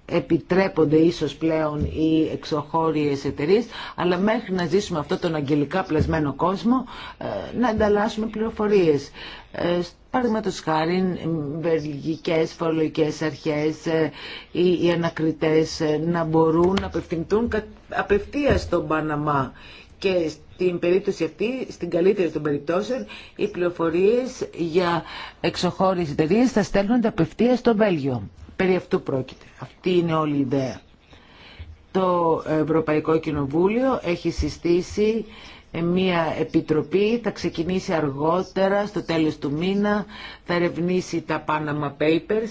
επιτρέπονται ίσως πλέον οι εξωχώριες εταιρείε, αλλά μέχρι να ζήσουμε αυτό τον αγγελικά πλασμένο κόσμο ε, να ανταλλάσσουμε πληροφορίες. Ε, Παραδείγματο χάρη, βελγικέ φορολογικέ αρχέ ή ε, οι ανακριτέ να μπορούν να απευθυνθούν απευθεία στον Παναμά. Και στην περίπτωση αυτή, στην καλύτερη των περιπτώσεων, οι πληροφορίε για εξωχώριε εταιρείε θα στέλνονται απευθεία στο Βέλγιο. Περί αυτού πρόκειται. Αυτή είναι όλη η ιδέα. Το Ευρωπαϊκό Κοινοβούλιο έχει συστήσει ε, μια επιτροπή, θα ξεκινήσει αργότερα, στο τέλος του μήνα, θα ερευνήσει τα Panama Papers.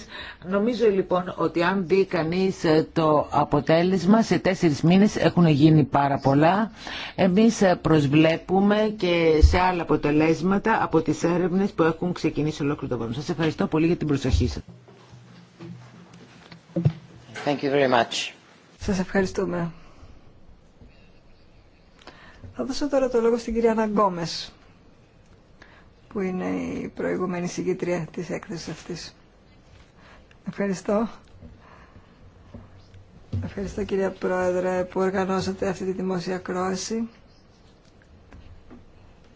Νομίζω λοιπόν ότι αν δει κανεί ε, το αποτέλεσμα, σε τέσσερις μήνες έχουν γίνει πάρα πολλά. Εμείς ε, προσβλέπουμε και σε άλλα αποτελέσματα από τις έρευνες που έχουν ξεκινήσει ολόκληρο το χρόνο. Σας ευχαριστώ πολύ για την προσοχή σας. Thank Σας ευχαριστούμε. Θα δώσω τώρα το λόγο στην κυρία Ναγκόμες, που είναι η προηγούμενη συγκήτρια της έκθεσης αυτής. Ευχαριστώ. Ευχαριστώ κυρία Πρόεδρε που οργανώσατε αυτή τη δημόσια κρόση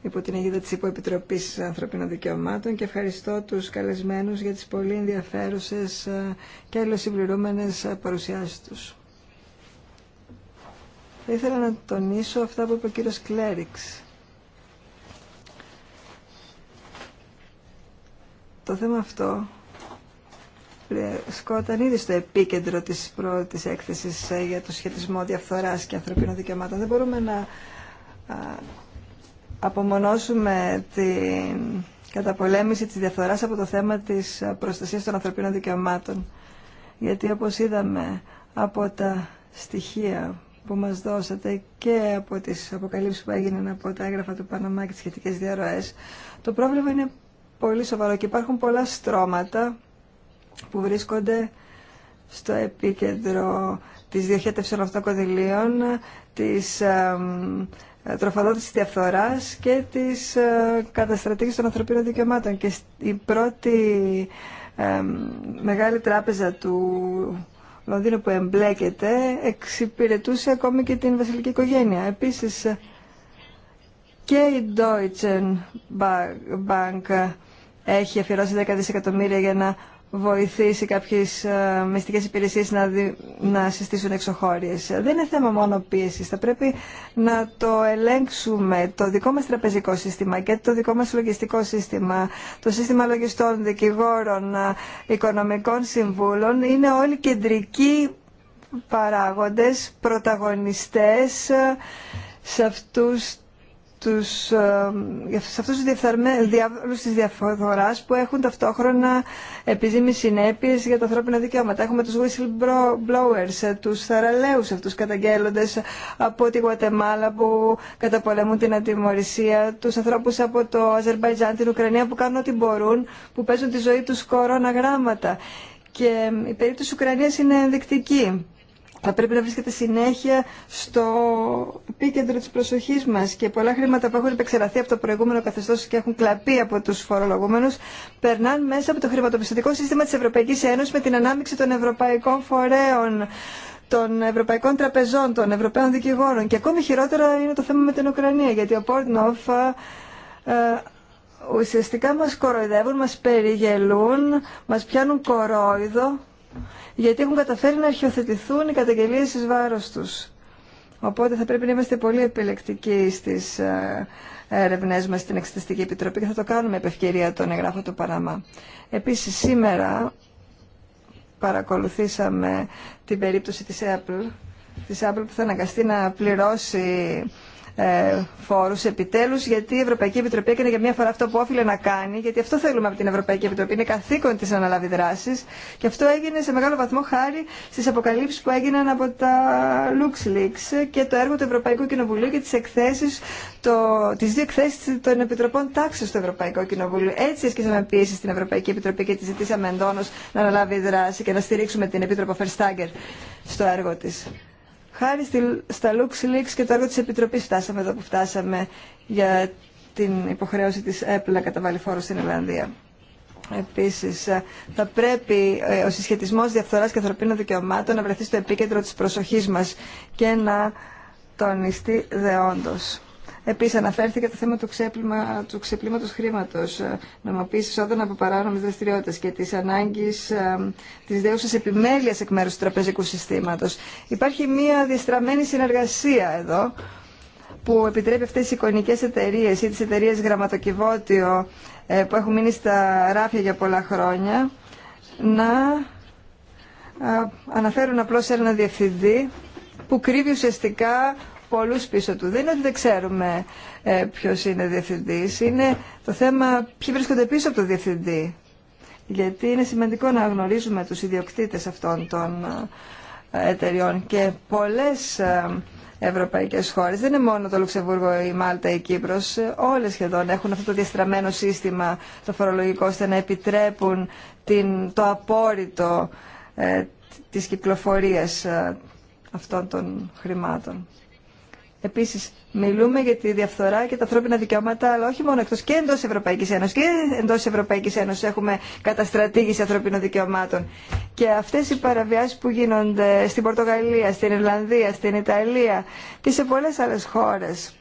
υπό την αιγύδα της Υποεπιτροπής Ανθρωπίνων Δικαιωμάτων και ευχαριστώ τους καλεσμένους για τις πολύ ενδιαφέρουσες ε, και αλληλοσυμπληρούμενες παρουσιάσεις τους. Θα ήθελα να τονίσω αυτά που είπε ο κύριος Κλέριξ. Το θέμα αυτό σκόταν ήδη στο επίκεντρο της πρώτης έκθεσης ε, για το σχετισμό διαφθοράς και ανθρωπίνων δικαιωμάτων. Δεν μπορούμε να απομονώσουμε την καταπολέμηση της διαφθοράς από το θέμα της προστασίας των ανθρωπίνων δικαιωμάτων. Γιατί όπως είδαμε από τα στοιχεία που μας δώσατε και από τις αποκαλύψεις που έγιναν από τα έγγραφα του Παναμά και τις σχετικές διαρροές, το πρόβλημα είναι πολύ σοβαρό και υπάρχουν πολλά στρώματα που βρίσκονται στο επίκεντρο της διοχέτευσης των αυτοκοδηλίων, της τροφοδότηση διαφθοράς και της ε, καταστρατήγησης των ανθρωπίνων δικαιωμάτων. Και η πρώτη μεγάλη τράπεζα του Λονδίνου που εμπλέκεται εξυπηρετούσε ακόμη και την βασιλική οικογένεια. Επίσης και η Deutsche Bank έχει αφιερώσει 10 δισεκατομμύρια για να βοηθήσει κάποιες ε, μυστικές υπηρεσίες να, να συστήσουν εξωχώριες. Δεν είναι θέμα μόνο πίεση. Θα πρέπει να το ελέγξουμε το δικό μας τραπεζικό σύστημα και το δικό μας λογιστικό σύστημα, το σύστημα λογιστών, δικηγόρων, ε, οικονομικών συμβούλων. Είναι όλοι κεντρικοί παράγοντες, πρωταγωνιστές ε, σε αυτούς τους, ε, σε αυτούς τους διάβλους της διαφοράς που έχουν ταυτόχρονα επιζήμιες συνέπειες για τα ανθρώπινα δικαιώματα. Έχουμε τους whistleblowers, ε, τους θαραλέους αυτούς καταγγέλλοντες από τη Γουατεμάλα που καταπολεμούν την ατιμορρησία, τους ανθρώπους από το Αζερμπαϊτζάν, την Ουκρανία που κάνουν ό,τι μπορούν, που παίζουν τη ζωή τους κορώνα γράμματα. Και η περίπτωση της Ουκρανίας είναι ενδεικτική θα πρέπει να βρίσκεται συνέχεια στο επίκεντρο της προσοχής μας και πολλά χρήματα που έχουν επεξεραθεί από το προηγούμενο καθεστώς και έχουν κλαπεί από τους φορολογούμενους περνάνε μέσα από το χρηματοπιστωτικό σύστημα της Ευρωπαϊκής Ένωσης με την ανάμειξη των ευρωπαϊκών φορέων των Ευρωπαϊκών Τραπεζών, των Ευρωπαίων Δικηγόρων και ακόμη χειρότερα είναι το θέμα με την Ουκρανία γιατί ο Πόρτνοφ ε, ουσιαστικά μας κοροϊδεύουν, μας περιγελούν, μας πιάνουν κορόιδο γιατί έχουν καταφέρει να αρχιοθετηθούν οι καταγγελίες εις βάρος τους. Οπότε θα πρέπει να είμαστε πολύ επιλεκτικοί στις ε, έρευνές μας στην Εξεταστική Επιτροπή και θα το κάνουμε επ' ευκαιρία τον εγγράφο του Παραμά. Επίσης σήμερα παρακολουθήσαμε την περίπτωση της Apple, της Apple που θα αναγκαστεί να πληρώσει ε, φόρους επιτέλους γιατί η Ευρωπαϊκή Επιτροπή έκανε για μια φορά αυτό που όφιλε να κάνει γιατί αυτό θέλουμε από την Ευρωπαϊκή Επιτροπή είναι καθήκον της να αναλάβει δράσεις και αυτό έγινε σε μεγάλο βαθμό χάρη στις αποκαλύψεις που έγιναν από τα LuxLeaks και το έργο του Ευρωπαϊκού Κοινοβουλίου και τις εκθέσεις το, δύο εκθέσεις των Επιτροπών Τάξης στο Ευρωπαϊκό Κοινοβούλιο. Έτσι ασκήσαμε πίεση στην Ευρωπαϊκή Επιτροπή και τη ζητήσαμε εντόνως να αναλάβει δράση και να στηρίξουμε την Επίτροπο στο έργο της. Χάρη στη, στα LuxLeaks και το έργο της Επιτροπής φτάσαμε εδώ που φτάσαμε για την υποχρέωση της Apple να καταβάλει φόρο στην Ιρλανδία. Επίσης, ε, θα πρέπει ε, ο συσχετισμός διαφθοράς και ανθρωπίνων δικαιωμάτων να βρεθεί στο επίκεντρο της προσοχής μας και να τονιστεί δεόντως. Επίση, αναφέρθηκε το θέμα του, ξέπλυμα, του ξεπλήματος χρήματος, ε, νομοποίησης εισόδων από παράνομε δραστηριότητε και τη ανάγκης ε, τη δέουσα επιμέλεια εκ μέρου του τραπεζικού συστήματο. Υπάρχει μια διεστραμμένη συνεργασία εδώ που επιτρέπει αυτές οι εικονικές εταιρείε ή τις εταιρείε γραμματοκιβώτιο ε, που έχουν μείνει στα ράφια για πολλά χρόνια να αναφέρουν απλώς ένα διευθυντή που κρύβει ουσιαστικά πολλούς πίσω του. Δεν είναι ότι δεν ξέρουμε ε, ποιος είναι διευθυντής, είναι το θέμα ποιοι βρίσκονται πίσω από το διευθυντή. Γιατί είναι σημαντικό να γνωρίζουμε τους ιδιοκτήτες αυτών των ε, εταιριών και πολλές ε, ευρωπαϊκές χώρες, δεν είναι μόνο το Λουξεμβούργο, η Μάλτα, η Κύπρος, ε, όλες σχεδόν έχουν αυτό το διαστραμμένο σύστημα το φορολογικό ώστε να επιτρέπουν το απόρριτο ε, της κυκλοφορίας αυτών των χρημάτων. Επίσης, μιλούμε για τη διαφθορά και τα ανθρώπινα δικαιώματα, αλλά όχι μόνο εκτός και εντός Ευρωπαϊκής Ένωσης. Και εντός Ευρωπαϊκής Ένωσης έχουμε καταστρατήγηση ανθρωπίνων δικαιωμάτων. Και αυτές οι παραβιάσεις που γίνονται στην Πορτογαλία, στην Ιρλανδία, στην Ιταλία και σε πολλές άλλες χώρες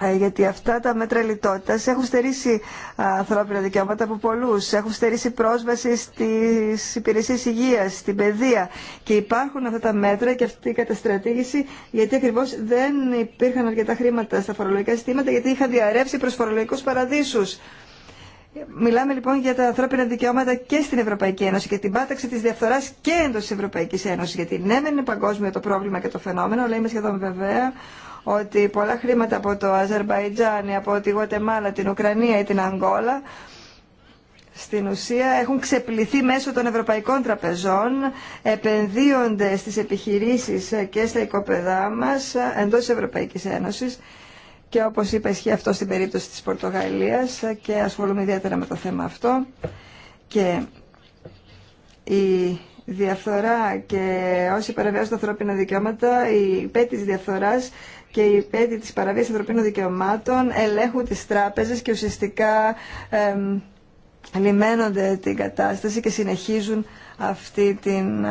ε, γιατί αυτά τα μέτρα λιτότητα έχουν στερήσει ανθρώπινα δικαιώματα από πολλού. έχουν στερήσει πρόσβαση στι υπηρεσίες υγεία, στην παιδεία και υπάρχουν αυτά τα μέτρα και αυτή η καταστρατήγηση γιατί ακριβώ δεν υπήρχαν αρκετά χρήματα στα φορολογικά συστήματα γιατί είχαν διαρρεύσει προς φορολογικού παραδείσους. Μιλάμε λοιπόν για τα ανθρώπινα δικαιώματα και στην Ευρωπαϊκή Ένωση και την πάταξη τη διαφθορά και εντό τη Ευρωπαϊκή Ένωση. Γιατί ναι, δεν είναι παγκόσμιο το πρόβλημα και το φαινόμενο, αλλά είμαι σχεδόν βεβαία ότι πολλά χρήματα από το Αζερβαϊτζάν, από τη Γουατεμάλα, την Ουκρανία ή την Αγγόλα στην ουσία έχουν ξεπληθεί μέσω των ευρωπαϊκών τραπεζών, επενδύονται στις επιχειρήσεις και στα οικοπεδά μας εντός της Ευρωπαϊκής Ένωσης και όπως είπα ισχύει αυτό στην περίπτωση της Πορτογαλίας και ασχολούμαι ιδιαίτερα με το θέμα αυτό και η διαφθορά και όσοι παραβιάζουν τα ανθρώπινα δικαιώματα, η της διαφθοράς και οι υπέτειοι της παραβίας ανθρωπίνων δικαιωμάτων ελέγχουν τις τράπεζες και ουσιαστικά ε, λιμένονται την κατάσταση και συνεχίζουν αυτή την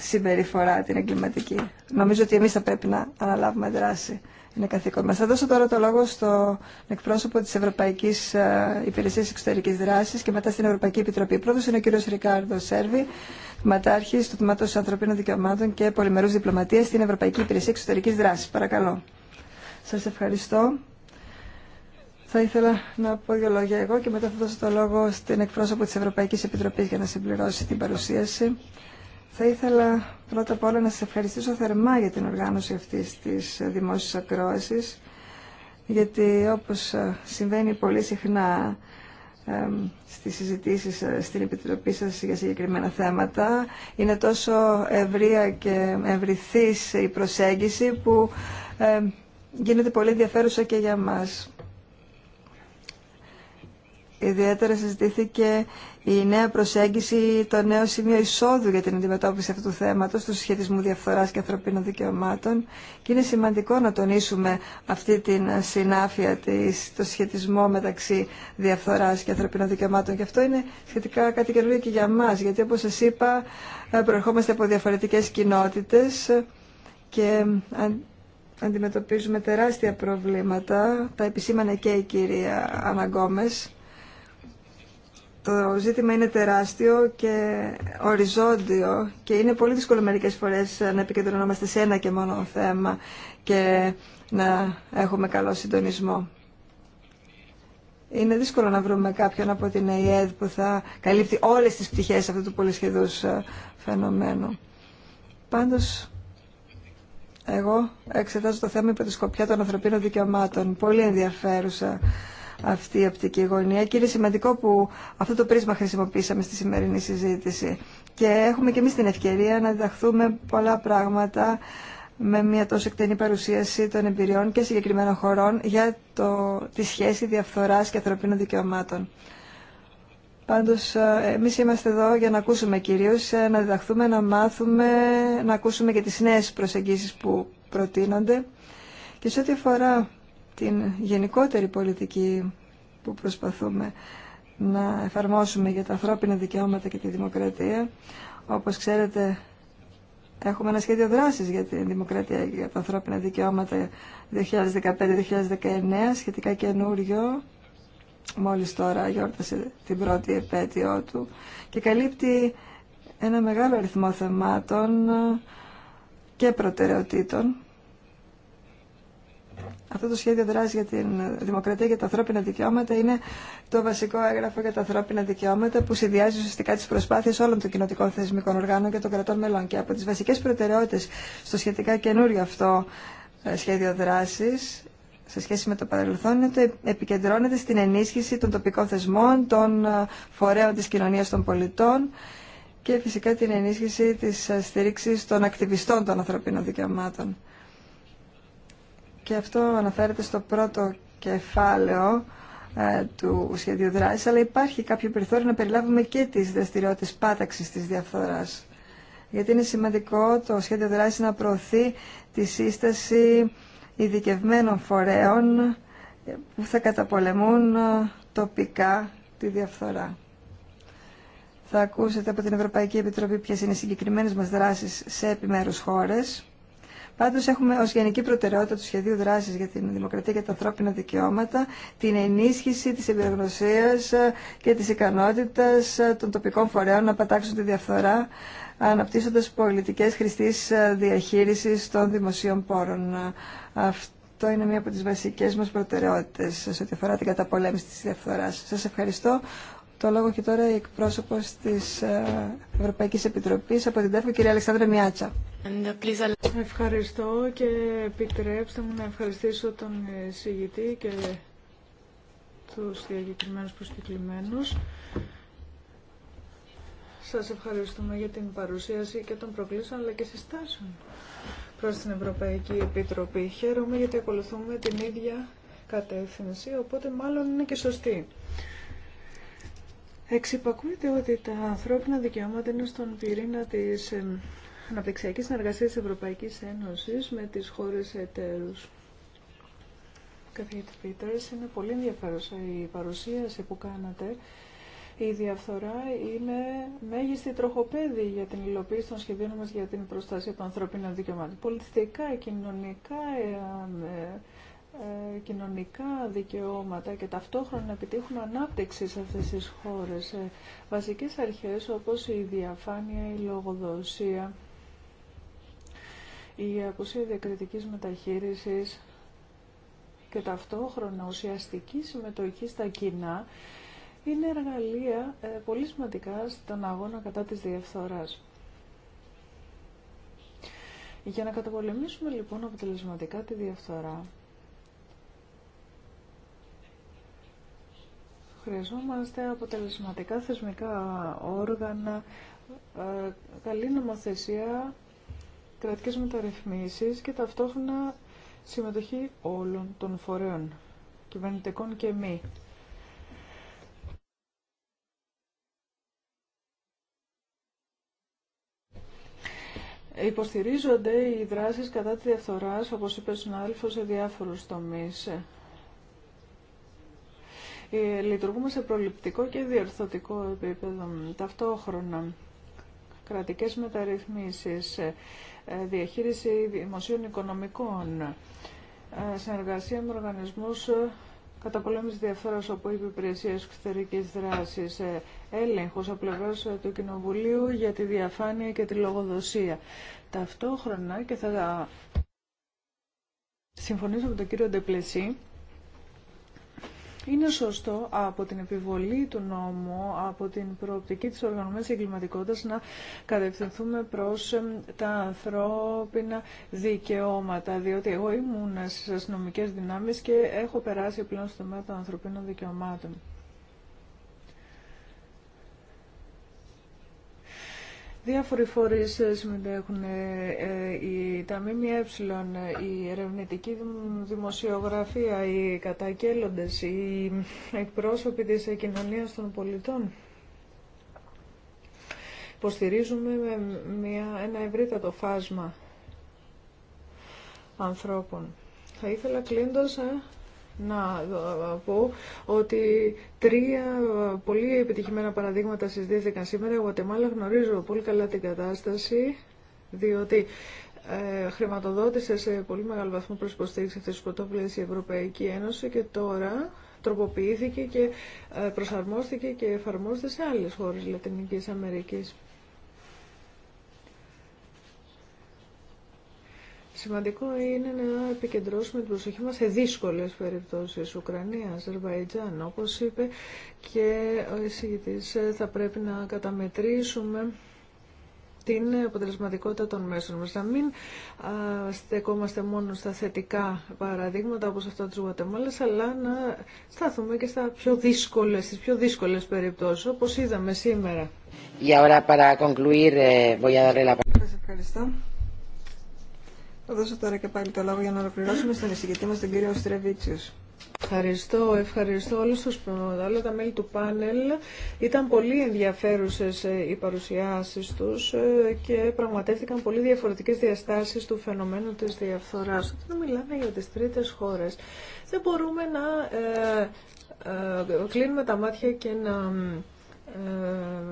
συμπεριφορά την εγκληματική. Νομίζω ότι εμείς θα πρέπει να αναλάβουμε δράση είναι καθήκον μας. Θα δώσω τώρα το λόγο στον εκπρόσωπο της Ευρωπαϊκής ε, Υπηρεσίας Εξωτερικής Δράσης και μετά στην Ευρωπαϊκή Επιτροπή. Πρώτος είναι ο κύριος Ρικάρδο Σέρβι, ματάρχης του Τμήματος Ανθρωπίνων Δικαιωμάτων και Πολυμερούς Διπλωματίας στην Ευρωπαϊκή Υπηρεσία Εξωτερικής Δράσης. Παρακαλώ. Σας ευχαριστώ. Θα ήθελα να πω δύο λόγια εγώ και μετά θα δώσω το λόγο στην εκπρόσωπο της Ευρωπαϊκής Επιτροπής για να συμπληρώσει την παρουσίαση. Θα ήθελα πρώτα απ' όλα να σας ευχαριστήσω θερμά για την οργάνωση αυτής της δημόσιας ακρόασης, γιατί όπως ε, συμβαίνει πολύ συχνά ε, στις συζητήσεις ε, στην Επιτροπή σας για συγκεκριμένα θέματα, είναι τόσο ευρεία και ευρυθής η προσέγγιση που γίνεται πολύ ενδιαφέρουσα και για μας. Ιδιαίτερα συζητήθηκε η νέα προσέγγιση, το νέο σημείο εισόδου για την αντιμετώπιση αυτού του θέματος, του σχετισμού διαφθοράς και ανθρωπίνων δικαιωμάτων. Και είναι σημαντικό να τονίσουμε αυτή την συνάφεια, της, το σχετισμό μεταξύ διαφθοράς και ανθρωπίνων δικαιωμάτων. Και αυτό είναι σχετικά κάτι καινούργιο και για μας, γιατί όπως σας είπα ε, προερχόμαστε από διαφορετικές κοινότητες και ε, αντιμετωπίζουμε τεράστια προβλήματα. Τα επισήμανε και η κυρία Αναγκόμε το ζήτημα είναι τεράστιο και οριζόντιο και είναι πολύ δύσκολο μερικέ φορές να επικεντρωνόμαστε σε ένα και μόνο θέμα και να έχουμε καλό συντονισμό. Είναι δύσκολο να βρούμε κάποιον από την ΕΕΔ που θα καλύπτει όλες τις πτυχέ αυτού του πολυσχεδούς ε, φαινομένου. Πάντως, εγώ εξετάζω το θέμα υπό τη σκοπιά των ανθρωπίνων δικαιωμάτων. Πολύ ενδιαφέρουσα αυτή η οπτική γωνία και είναι σημαντικό που αυτό το πρίσμα χρησιμοποίησαμε στη σημερινή συζήτηση. Και έχουμε και εμείς την ευκαιρία να διδαχθούμε πολλά πράγματα με μια τόσο εκτενή παρουσίαση των εμπειριών και συγκεκριμένων χωρών για το, τη σχέση διαφθοράς και ανθρωπίνων δικαιωμάτων. Πάντως, ε, εμείς είμαστε εδώ για να ακούσουμε κυρίως, ε, να διδαχθούμε, να μάθουμε, να ακούσουμε και τις νέες προσεγγίσεις που προτείνονται. Και σε ό,τι αφορά την γενικότερη πολιτική που προσπαθούμε να εφαρμόσουμε για τα ανθρώπινα δικαιώματα και τη δημοκρατία. Όπως ξέρετε, έχουμε ένα σχέδιο δράσης για τη δημοκρατία και για τα ανθρώπινα δικαιώματα 2015-2019, σχετικά καινούριο, μόλις τώρα γιόρτασε την πρώτη επέτειό του και καλύπτει ένα μεγάλο αριθμό θεμάτων και προτεραιοτήτων αυτό το σχέδιο δράση για την δημοκρατία και τα ανθρώπινα δικαιώματα είναι το βασικό έγγραφο για τα ανθρώπινα δικαιώματα που συνδυάζει ουσιαστικά τι προσπάθειε όλων των κοινοτικών θεσμικών οργάνων και των κρατών μελών. Και από τι βασικέ προτεραιότητε στο σχετικά καινούριο αυτό ε, σχέδιο δράση σε σχέση με το παρελθόν είναι ότι επικεντρώνεται στην ενίσχυση των τοπικών θεσμών, των ε, φορέων της κοινωνίας των πολιτών και φυσικά την ενίσχυση της ε, στήριξης των ακτιβιστών των ανθρωπίνων δικαιωμάτων και αυτό αναφέρεται στο πρώτο κεφάλαιο ε, του σχεδίου δράσης, αλλά υπάρχει κάποιο περιθώριο να περιλάβουμε και τις δραστηριότητες πάταξης της διαφθοράς. Γιατί είναι σημαντικό το σχέδιο δράσης να προωθεί τη σύσταση ειδικευμένων φορέων ε, που θα καταπολεμούν ε, τοπικά τη διαφθορά. Θα ακούσετε από την Ευρωπαϊκή Επιτροπή ποιες είναι οι συγκεκριμένες μας δράσεις σε επιμέρους χώρες Πάντω, έχουμε ω γενική προτεραιότητα του σχεδίου δράση για την δημοκρατία και τα ανθρώπινα δικαιώματα την ενίσχυση τη εμπειρογνωσία ε, και τη ικανότητα ε, των τοπικών φορέων να πατάξουν τη διαφθορά αναπτύσσοντα πολιτικέ χρηστή ε, διαχείριση των δημοσίων πόρων. Αυτό είναι μία από τι βασικέ μα προτεραιότητες σε ό,τι αφορά την καταπολέμηση τη διαφθορά. Σα ευχαριστώ. Το λόγο έχει τώρα η εκπρόσωπος της Ευρωπαϊκής Επιτροπής από την ΤΕΦΟ, κυρία Αλεξάνδρα Μιάτσα. Uh, Ευχαριστώ και επιτρέψτε μου να ευχαριστήσω τον ε, συγητή και τους διακεκριμένους προσκεκλημένους. Σας ευχαριστούμε για την παρουσίαση και των προκλήσεων αλλά και συστάσεων προς την Ευρωπαϊκή Επιτροπή. Χαίρομαι γιατί ακολουθούμε την ίδια κατεύθυνση, οπότε μάλλον είναι και σωστή. Εξυπακούεται ότι τα ανθρώπινα δικαιώματα είναι στον πυρήνα της ε, αναπτυξιακή συνεργασία τη Ευρωπαϊκή Ένωση με τι χώρε εταίρου. Καθηγητή Πίτερ, είναι πολύ ενδιαφέρουσα η παρουσίαση που κάνατε. Η διαφθορά είναι μέγιστη τροχοπέδη για την υλοποίηση των σχεδίων μας για την προστασία των ανθρώπινων δικαιωμάτων. Πολιτιστικά, κοινωνικά, ε, ε, ε, κοινωνικά δικαιώματα και ταυτόχρονα να επιτύχουν ανάπτυξη σε αυτές τις χώρες. βασικές αρχές όπως η διαφάνεια, η λογοδοσία, η απουσία διακριτικής μεταχείρισης και ταυτόχρονα ουσιαστική συμμετοχή στα κοινά είναι εργαλεία ε, πολύ σημαντικά στον αγώνα κατά της διαφθοράς. Για να καταπολεμήσουμε λοιπόν αποτελεσματικά τη διαφθορά, χρειαζόμαστε αποτελεσματικά θεσμικά όργανα, ε, καλή νομοθεσία κρατικές μεταρρυθμίσεις και ταυτόχρονα συμμετοχή όλων των φορέων, κυβερνητικών και μη. Υποστηρίζονται οι δράσεις κατά τη διαφθοράς, όπως είπε ο συνάδελφος, σε διάφορους τομείς. Ε, λειτουργούμε σε προληπτικό και διορθωτικό επίπεδο ταυτόχρονα. Κρατικές μεταρρυθμίσεις ε, διαχείριση δημοσίων οικονομικών, ε, συνεργασία με οργανισμούς ε, καταπολέμηση διαφθοράς όπου είπε υπηρεσία εξωτερική δράση, έλεγχος από πλευρά του Κοινοβουλίου για τη διαφάνεια και τη λογοδοσία. Ταυτόχρονα και θα συμφωνήσω με τον κύριο Ντεπλεσί, είναι σωστό από την επιβολή του νόμου, από την προοπτική της οργανωμένης εγκληματικότητας να κατευθυνθούμε προς τα ανθρώπινα δικαιώματα, διότι εγώ ήμουν στις αστυνομικές δυνάμεις και έχω περάσει πλέον στο τομέα των ανθρωπίνων δικαιωμάτων. Διάφοροι φορείς ε, συμμετέχουν, ε, ε, η, τα ΜΜΕ, η ερευνητική δημοσιογραφία, οι κατακέλλοντες, οι εκπρόσωποι της κοινωνίας των πολιτών. Υποστηρίζουμε με μια, ένα ευρύτατο φάσμα ανθρώπων. Θα ήθελα κλείνοντας να ε, πω ότι τρία πολύ επιτυχημένα παραδείγματα συζητήθηκαν σήμερα. Εγώ τεμάλα γνωρίζω πολύ καλά την κατάσταση, διότι ε, χρηματοδότησε σε πολύ μεγάλο βαθμό προς υποστήριξη αυτές τις πρωτόβουλες η Ευρωπαϊκή Ένωση και τώρα τροποποιήθηκε και ε, προσαρμόστηκε και εφαρμόστηκε σε άλλες χώρες Λατινικής Αμερικής. Σημαντικό είναι να επικεντρώσουμε την προσοχή μας σε δύσκολες περιπτώσεις Ουκρανία, Αζερβαϊτζάν. Όπως είπε και ο εισηγητής, θα πρέπει να καταμετρήσουμε την αποτελεσματικότητα των μέσων μας. Να μην α, στεκόμαστε μόνο στα θετικά παραδείγματα όπως αυτά της Γουατεμάλας, αλλά να σταθούμε και στα πιο δύσκολες, στις πιο δύσκολες περιπτώσεις, όπως είδαμε σήμερα. Ε, Σας ευχαριστώ. Θα δώσω τώρα και πάλι το λόγο για να ολοκληρώσουμε στον εισηγητή μας, τον κύριο Στρεβίτσιος. Ευχαριστώ, ευχαριστώ όλους τους, όλα τα μέλη του πάνελ. Ήταν πολύ ενδιαφέρουσες ε, οι παρουσιάσεις τους ε, και πραγματεύτηκαν πολύ διαφορετικές διαστάσεις του φαινομένου της διαφθοράς. Όταν μιλάμε για τις τρίτες χώρες, δεν μπορούμε να ε, ε, κλείνουμε τα μάτια και να ε,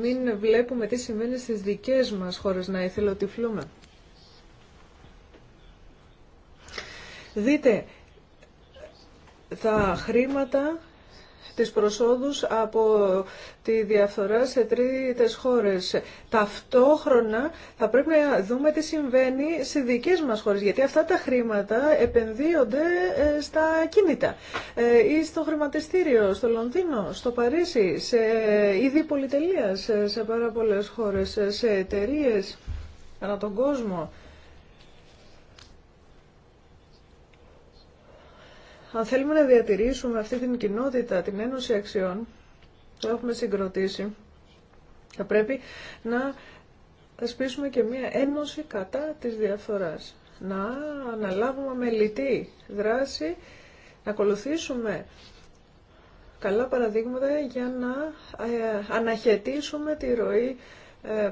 μην βλέπουμε τι συμβαίνει στις δικές μας χώρες, να εθελοτυφλούμε. Δείτε τα χρήματα της προσόδους από τη διαφθορά σε τρίτες χώρες. Ταυτόχρονα θα πρέπει να δούμε τι συμβαίνει σε δικές μας χώρες, γιατί αυτά τα χρήματα επενδύονται ε, στα κίνητα ε, ή στο χρηματιστήριο, στο Λονδίνο, στο Παρίσι, σε είδη πολυτελείας, σε πάρα πολλές χώρες, σε εταιρείε ανά τον κόσμο. αν θέλουμε να διατηρήσουμε αυτή την κοινότητα, την ένωση αξιών που έχουμε συγκροτήσει, θα πρέπει να ασπίσουμε και μία ένωση κατά της διαφθοράς. Να αναλάβουμε μελητή δράση, να ακολουθήσουμε καλά παραδείγματα για να ε, αναχαιτήσουμε τη ροή ε,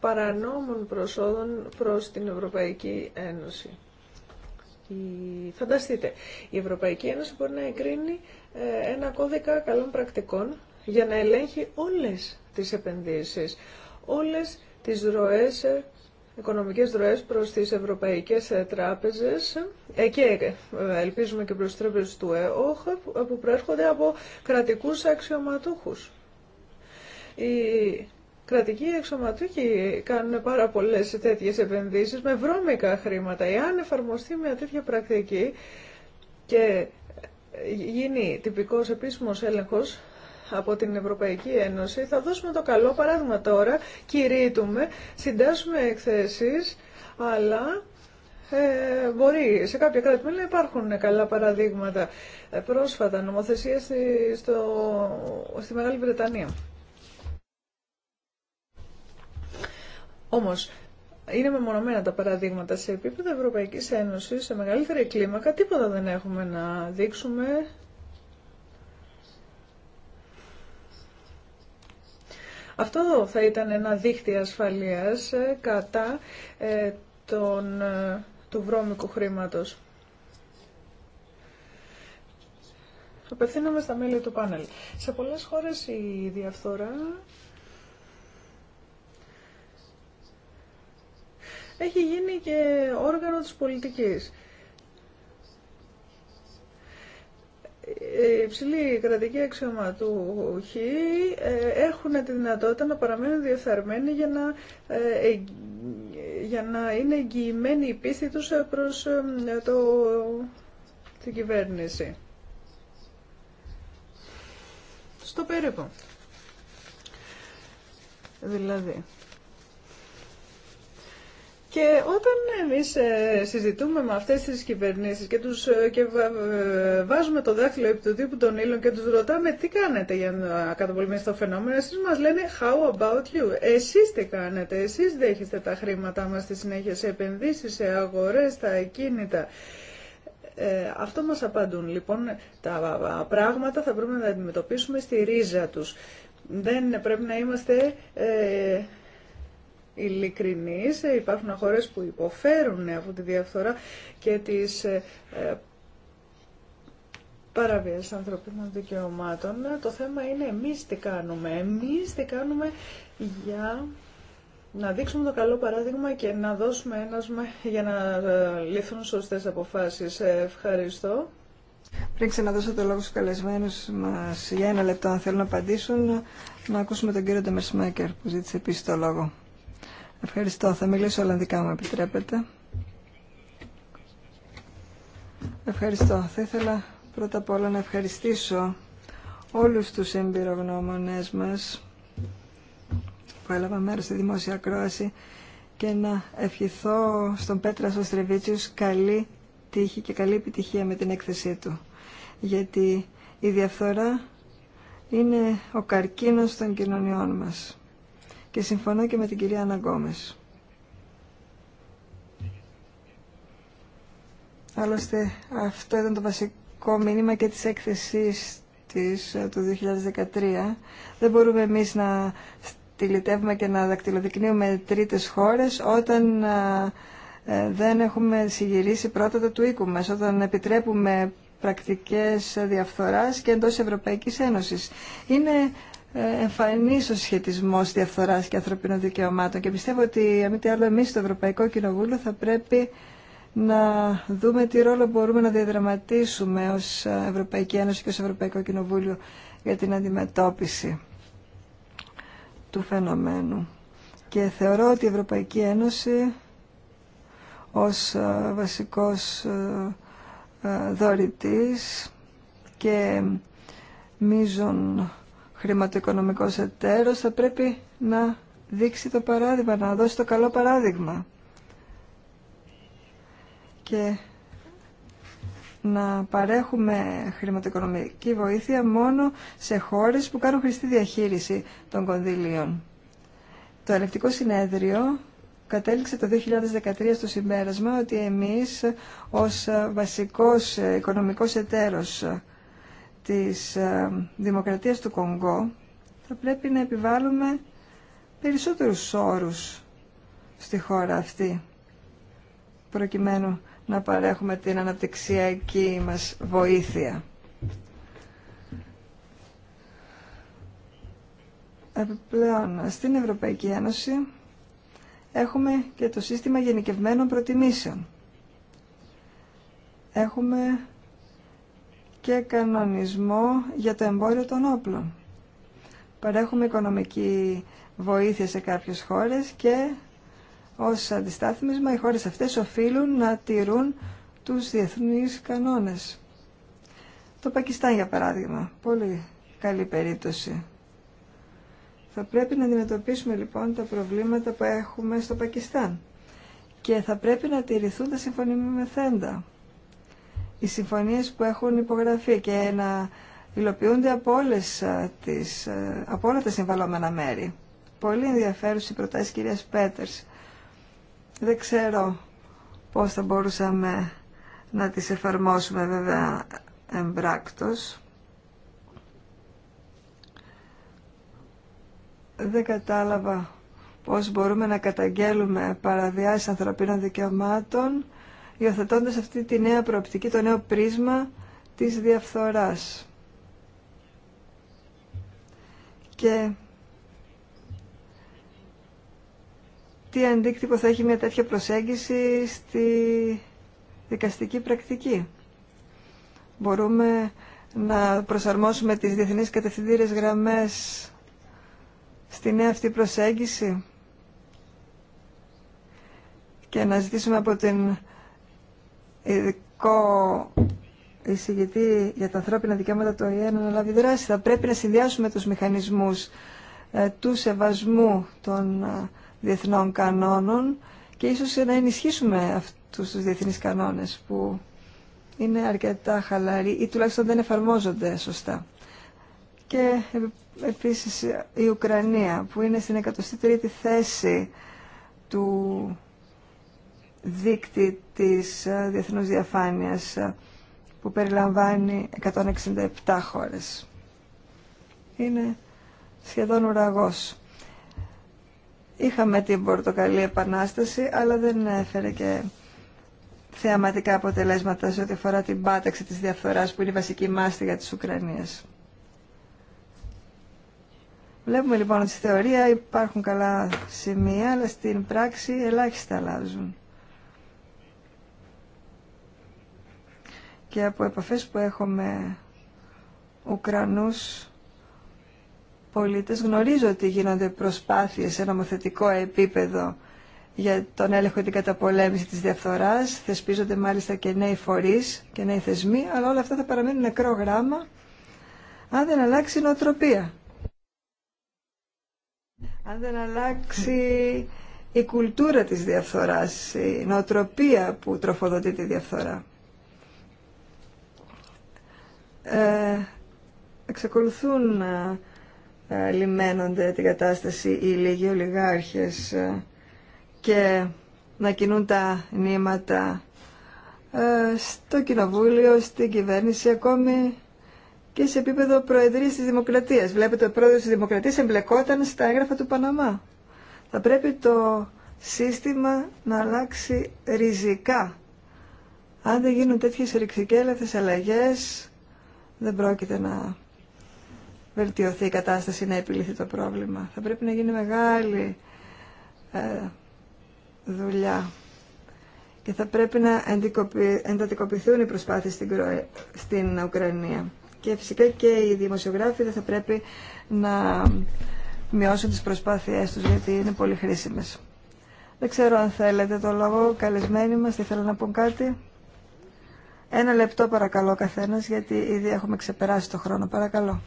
παρανόμων προσόδων προς την Ευρωπαϊκή Ένωση. Φανταστείτε, η Ευρωπαϊκή Ένωση μπορεί να εγκρίνει ε, ένα κώδικα καλών πρακτικών για να ελέγχει όλες τις επενδύσεις, όλες τις ροές, ε, οικονομικές ροές προς τις ευρωπαϊκές ε, τράπεζες και ελπίζουμε και προς τις τράπεζες του ΕΟΧ που προέρχονται από κρατικούς αξιωματούχους κρατικοί εξωματούχοι κάνουν πάρα πολλέ τέτοιε επενδύσει με βρώμικα χρήματα. Εάν εφαρμοστεί μια τέτοια πρακτική και γίνει τυπικό επίσημο έλεγχο από την Ευρωπαϊκή Ένωση, θα δώσουμε το καλό παράδειγμα τώρα. Κηρύττουμε, συντάσσουμε εκθέσει, αλλά ε, μπορεί σε κάποια κράτη να υπάρχουν καλά παραδείγματα. Ε, πρόσφατα νομοθεσία στο, στη Μεγάλη Βρετανία. Όμω, είναι μεμονωμένα τα παραδείγματα. Σε επίπεδο Ευρωπαϊκής Ένωση σε μεγαλύτερη κλίμακα, τίποτα δεν έχουμε να δείξουμε. Αυτό θα ήταν ένα δίχτυ ασφαλείας ε, κατά ε, τον, ε, του βρώμικου χρήματος. Απευθύνομαι στα μέλη του πάνελ. Σε πολλές χώρες η διαφθορά έχει γίνει και όργανο της πολιτικής. Οι ε, υψηλοί κρατικοί αξιωματούχοι ε, έχουν τη δυνατότητα να παραμένουν διεφθαρμένοι για να, ε, για να είναι εγγυημένη η πίστη τους προς το, την κυβέρνηση. Στο περίπου. Δηλαδή, και όταν εμείς ε, συζητούμε με αυτές τις κυβερνήσεις και, τους, ε, και ε, βάζουμε το δάχτυλο επί του τύπου των ήλων και τους ρωτάμε τι κάνετε για να καταπολεμήσετε το φαινόμενο, εσείς μας λένε how about you, εσείς τι κάνετε, εσείς δέχεστε τα χρήματά μας στη συνέχεια σε επενδύσεις, σε αγορές, στα ακίνητα. Ε, αυτό μας απαντούν λοιπόν τα πράγματα θα πρέπει να τα αντιμετωπίσουμε στη ρίζα τους. Δεν πρέπει να είμαστε ε, ειλικρινής. Υπάρχουν χώρες που υποφέρουν από τη διαφθορά και τις ε, ε, παραβίαση ανθρωπίνων δικαιωμάτων. Το θέμα είναι εμείς τι κάνουμε. Εμείς τι κάνουμε για να δείξουμε το καλό παράδειγμα και να δώσουμε με για να ε, λύθουν σωστές αποφάσεις. Ευχαριστώ. Πριν ξαναδώσω το λόγο στους καλεσμένους μας για ένα λεπτό αν θέλουν να απαντήσουν, να ακούσουμε τον κύριο Ντεμερσμέκερ που ζήτησε επίσης το λόγο. Ευχαριστώ. Θα μιλήσω Ολλανδικά, μου επιτρέπετε. Ευχαριστώ. Θα ήθελα πρώτα απ' όλα να ευχαριστήσω όλους τους εμπειρογνώμονες μας που έλαβα μέρος στη δημόσια ακρόαση και να ευχηθώ στον Πέτρα Σοστρεβίτσιους καλή τύχη και καλή επιτυχία με την έκθεσή του. Γιατί η διαφθορά είναι ο καρκίνος των κοινωνιών μας. Και συμφωνώ και με την κυρία Αναγκόμες. Άλλωστε αυτό ήταν το βασικό μήνυμα και της έκθεσης της ε, του 2013. Δεν μπορούμε εμείς να στυλιτεύουμε και να δακτυλοδεικνύουμε τρίτες χώρες όταν ε, ε, δεν έχουμε συγγυρίσει πρώτα το του οίκου μας, όταν επιτρέπουμε πρακτικές διαφθοράς και εντός Ευρωπαϊκής Ένωσης. Είναι εμφανή ο σχετισμός διαφθορά και ανθρωπίνων δικαιωμάτων και πιστεύω ότι αν άλλο εμείς στο Ευρωπαϊκό Κοινοβούλιο θα πρέπει να δούμε τι ρόλο μπορούμε να διαδραματίσουμε ως Ευρωπαϊκή Ένωση και ω Ευρωπαϊκό Κοινοβούλιο για την αντιμετώπιση του φαινομένου. Και θεωρώ ότι η Ευρωπαϊκή Ένωση ως ε, βασικός ε, ε, δωρητής και μίζων χρηματοοικονομικός εταίρος θα πρέπει να δείξει το παράδειγμα, να δώσει το καλό παράδειγμα και να παρέχουμε χρηματοοικονομική βοήθεια μόνο σε χώρες που κάνουν χρηστή διαχείριση των κονδυλίων. Το Ελεκτικό Συνέδριο κατέληξε το 2013 στο συμπέρασμα ότι εμείς ως βασικός οικονομικός εταίρος της ε, Δημοκρατίας του Κονγκό θα πρέπει να επιβάλλουμε περισσότερους όρους στη χώρα αυτή προκειμένου να παρέχουμε την αναπτυξιακή μας βοήθεια. Επιπλέον, στην Ευρωπαϊκή Ένωση έχουμε και το σύστημα γενικευμένων προτιμήσεων. Έχουμε και κανονισμό για το εμπόριο των όπλων. Παρέχουμε οικονομική βοήθεια σε κάποιες χώρες και ως αντιστάθμισμα οι χώρες αυτές οφείλουν να τηρούν τους διεθνείς κανόνες. Το Πακιστάν για παράδειγμα, πολύ καλή περίπτωση. Θα πρέπει να αντιμετωπίσουμε λοιπόν τα προβλήματα που έχουμε στο Πακιστάν και θα πρέπει να τηρηθούν τα συμφωνημένα θέντα οι συμφωνίες που έχουν υπογραφεί και να υλοποιούνται από, όλες ε, τις, ε, από όλα τα συμβαλώμενα μέρη. Πολύ ενδιαφέρουσα η προτάση κυρίας Πέτερς. Δεν ξέρω πώς θα μπορούσαμε να τις εφαρμόσουμε βέβαια εμπράκτος. Δεν κατάλαβα πώς μπορούμε να καταγγέλουμε παραβιάσεις ανθρωπίνων δικαιωμάτων υιοθετώντας αυτή τη νέα προοπτική, το νέο πρίσμα της διαφθοράς. Και τι αντίκτυπο θα έχει μια τέτοια προσέγγιση στη δικαστική πρακτική. Μπορούμε να προσαρμόσουμε τις διεθνείς κατευθυντήρες γραμμές στη νέα αυτή προσέγγιση και να ζητήσουμε από την ειδικό εισηγητή για τα ανθρώπινα δικαιώματα του ΟΗΕ να αναλάβει δράση. Θα πρέπει να συνδυάσουμε τους μηχανισμούς ε, του σεβασμού των ε, διεθνών κανόνων και ίσως να ενισχύσουμε αυτούς τους διεθνείς κανόνες που είναι αρκετά χαλαροί ή τουλάχιστον δεν εφαρμόζονται σωστά. Και ε, επίσης η Ουκρανία που είναι στην 103η θέση του δίκτυ της ε, διεθνούς διαφάνειας ε, που περιλαμβάνει 167 χώρες. Είναι σχεδόν ουραγός. Είχαμε την Πορτοκαλή Επανάσταση, αλλά δεν έφερε και θεαματικά αποτελέσματα σε ό,τι αφορά την πάταξη της διαφθοράς που είναι η βασική για της Ουκρανίας. Βλέπουμε λοιπόν ότι στη θεωρία υπάρχουν καλά σημεία, αλλά στην πράξη ελάχιστα αλλάζουν. και από επαφές που έχω με Ουκρανούς πολίτες γνωρίζω ότι γίνονται προσπάθειες σε νομοθετικό επίπεδο για τον έλεγχο και την καταπολέμηση της διαφθοράς, θεσπίζονται μάλιστα και νέοι φορείς και νέοι θεσμοί, αλλά όλα αυτά θα παραμείνουν νεκρό γράμμα αν δεν αλλάξει η νοοτροπία. Αν δεν αλλάξει η κουλτούρα της διαφθοράς, η νοοτροπία που τροφοδοτεί τη διαφθορά. Ε, εξακολουθούν να ε, ε, λιμένονται την κατάσταση οι λίγοι ολιγάρχες και να κινούν τα νήματα στο κοινοβούλιο, στην κυβέρνηση, ακόμη και σε επίπεδο προεδρίας της Δημοκρατίας. Βλέπετε, ο πρόεδρος της Δημοκρατίας εμπλεκόταν στα έγγραφα του Παναμά. Θα πρέπει το σύστημα να αλλάξει ριζικά. Αν δεν γίνουν τέτοιες ρηξικέλευτες αλλαγές, δεν πρόκειται να βελτιωθεί η κατάσταση, να επιλυθεί το πρόβλημα. Θα πρέπει να γίνει μεγάλη ε, δουλειά και θα πρέπει να εντατικοποιηθούν οι προσπάθειες στην, Ουκρανία. Και φυσικά και οι δημοσιογράφοι δεν θα πρέπει να μειώσουν τις προσπάθειές τους γιατί είναι πολύ χρήσιμες. Δεν ξέρω αν θέλετε το λόγο, καλεσμένοι μας, θα ήθελα να πω κάτι. Ένα λεπτό παρακαλώ καθένας, γιατί ήδη έχουμε ξεπεράσει το χρόνο. Παρακαλώ.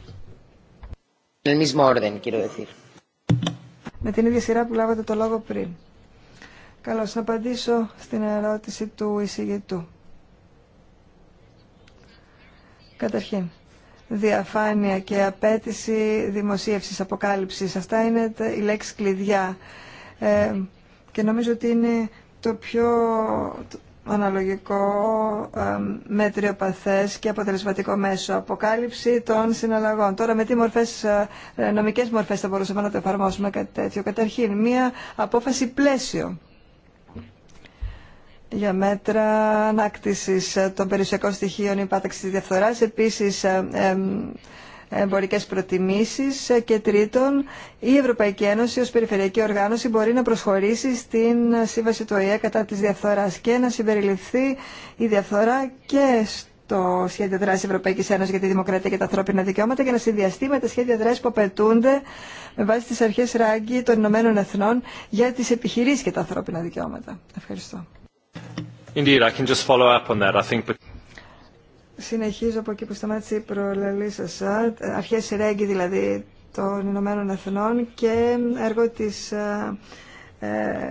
Με την ίδια σειρά που λάβατε το λόγο πριν. Καλώς να απαντήσω στην ερώτηση του εισηγητού. Καταρχήν, διαφάνεια και απέτηση δημοσίευσης, αποκάλυψης. Αυτά είναι οι λέξη κλειδιά. Ε, και νομίζω ότι είναι το πιο, αναλογικό, ε, μετριοπαθέ και αποτελεσματικό μέσο. Αποκάλυψη των συναλλαγών. Τώρα με τι μορφές, ε, ε, νομικές μορφές θα μπορούσαμε να το εφαρμόσουμε κάτι τέτοιο. Καταρχήν, μία απόφαση πλαίσιο για μέτρα ανάκτησης των περιουσιακών στοιχείων υπάταξης τη διαφθοράς. Επίσης, Εμπορικέ προτιμήσει ε, και τρίτον η Ευρωπαϊκή Ένωση ω περιφερειακή οργάνωση μπορεί να προσχωρήσει στην σύμβαση του ΟΗΕ κατά της διαφθοράς και να συμπεριληφθεί η διαφθορά και στο σχέδιο δράση Ευρωπαϊκή Ένωση για τη Δημοκρατία και τα ανθρώπινα δικαιώματα και να συνδυαστεί με τα σχέδια δράση που απαιτούνται με βάση τι αρχέ ράγκη των Ηνωμένων Εθνών για τι επιχειρήσει και τα ανθρώπινα δικαιώματα. Ευχαριστώ. Indeed, I can just Συνεχίζω από εκεί που σταμάτησε η προλαλή σα, Αρχές Ρέγγι δηλαδή των Ηνωμένων Εθνών και έργο της ε,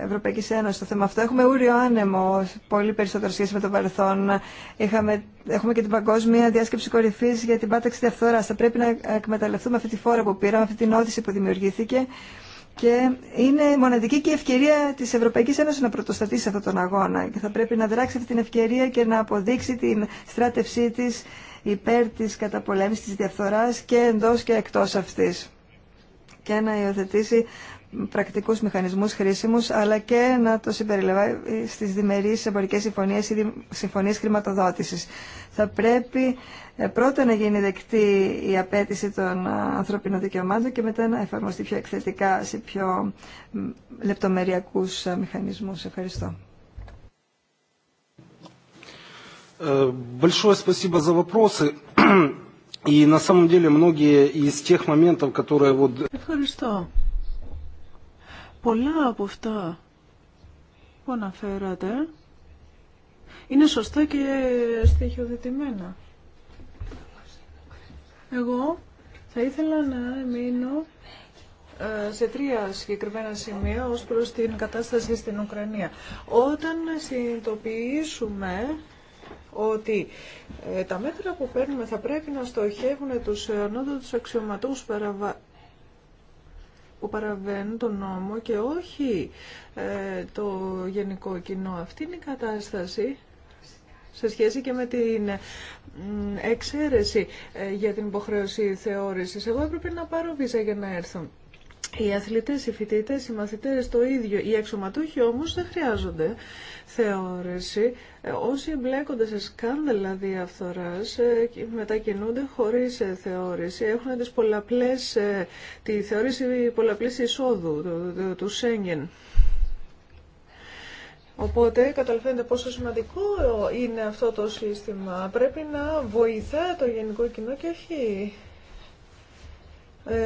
Ευρωπαϊκής Ένωσης στο θέμα αυτό. Έχουμε ούριο άνεμο, πολύ περισσότερο σχέση με τον παρελθόν. Είχαμε, έχουμε και την παγκόσμια διάσκεψη κορυφή για την πάταξη Διαφθορά. Θα πρέπει να εκμεταλλευτούμε αυτή τη φόρα που πήραμε, αυτή την όθηση που δημιουργήθηκε και είναι μοναδική και η ευκαιρία τη Ευρωπαϊκή Ένωση να πρωτοστατήσει αυτόν τον αγώνα. Και θα πρέπει να δράξει αυτή την ευκαιρία και να αποδείξει την στράτευσή τη υπέρ τη καταπολέμηση τη διαφθορά και εντό και εκτό αυτή. Και να υιοθετήσει πρακτικού μηχανισμού χρήσιμου, αλλά και να το συμπεριλαμβάνει στι διμερεί εμπορικέ συμφωνίε ή συμφωνίε χρηματοδότηση. Θα πρέπει ε, πρώτα να γίνει δεκτή η απέτηση των ανθρωπίνων δικαιωμάτων και μετά να εφαρμοστεί πιο εκθετικά σε πιο λεπτομεριακούς μηχανισμούς. Ευχαριστώ. Э, большое спасибо Ευχαριστώ. Πολλά από αυτά που αναφέρατε είναι σωστά και στοιχειοδετημένα. Εγώ θα ήθελα να μείνω ε, σε τρία συγκεκριμένα σημεία ως προς την κατάσταση στην Ουκρανία. Όταν συνειδητοποιήσουμε ότι ε, τα μέτρα που παίρνουμε θα πρέπει να στοχεύουν τους ανώτατους αξιωματούς παραβα... που παραβαίνουν τον νόμο και όχι ε, το γενικό κοινό. Αυτή είναι η κατάσταση σε σχέση και με την εξαίρεση ε, για την υποχρέωση θεώρηση. Εγώ έπρεπε να πάρω βίζα για να έρθω. Οι αθλητές, οι φοιτητές, οι μαθητές το ίδιο. Οι αξιωματούχοι όμως δεν χρειάζονται θεώρηση. Ε, όσοι εμπλέκονται σε σκάνδαλα διαφθοράς ε, μετακινούνται χωρίς θεώρηση. Έχουν τις πολλαπλές, τη θεώρηση πολλαπλής εισόδου του Σέγγεν. Οπότε καταλαβαίνετε πόσο σημαντικό είναι αυτό το σύστημα. Πρέπει να βοηθά το γενικό κοινό και όχι ε,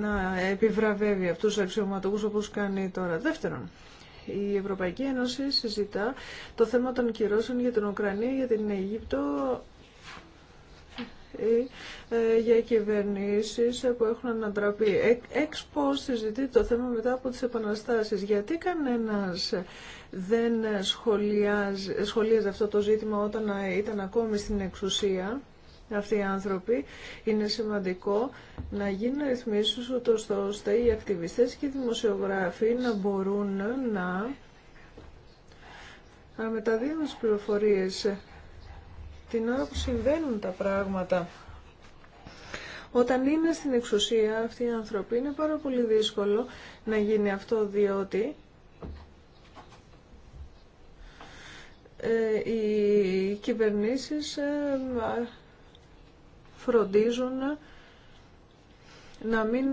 να επιβραβεύει αυτούς τους αξιωματικούς όπως κάνει τώρα. Δεύτερον, η Ευρωπαϊκή Ένωση συζητά το θέμα των κυρώσεων για την Ουκρανία, για την Αιγύπτο, ε, για κυβερνήσεις που έχουν ανατραπεί. Εξ πώς συζητεί το θέμα μετά από τις επαναστάσεις. Γιατί κανένας δεν σχολιάζει, σχολιάζει αυτό το ζήτημα όταν ήταν ακόμη στην εξουσία αυτοί οι άνθρωποι, είναι σημαντικό να γίνουν ρυθμίσεις ούτως ώστε οι ακτιβιστές και οι δημοσιογράφοι να μπορούν να, να μεταδίδουν τις πληροφορίες την ώρα που συμβαίνουν τα πράγματα. Όταν είναι στην εξουσία αυτή η άνθρωποι είναι πάρα πολύ δύσκολο να γίνει αυτό διότι ε, οι κυβερνήσεις ε, φροντίζουν να μην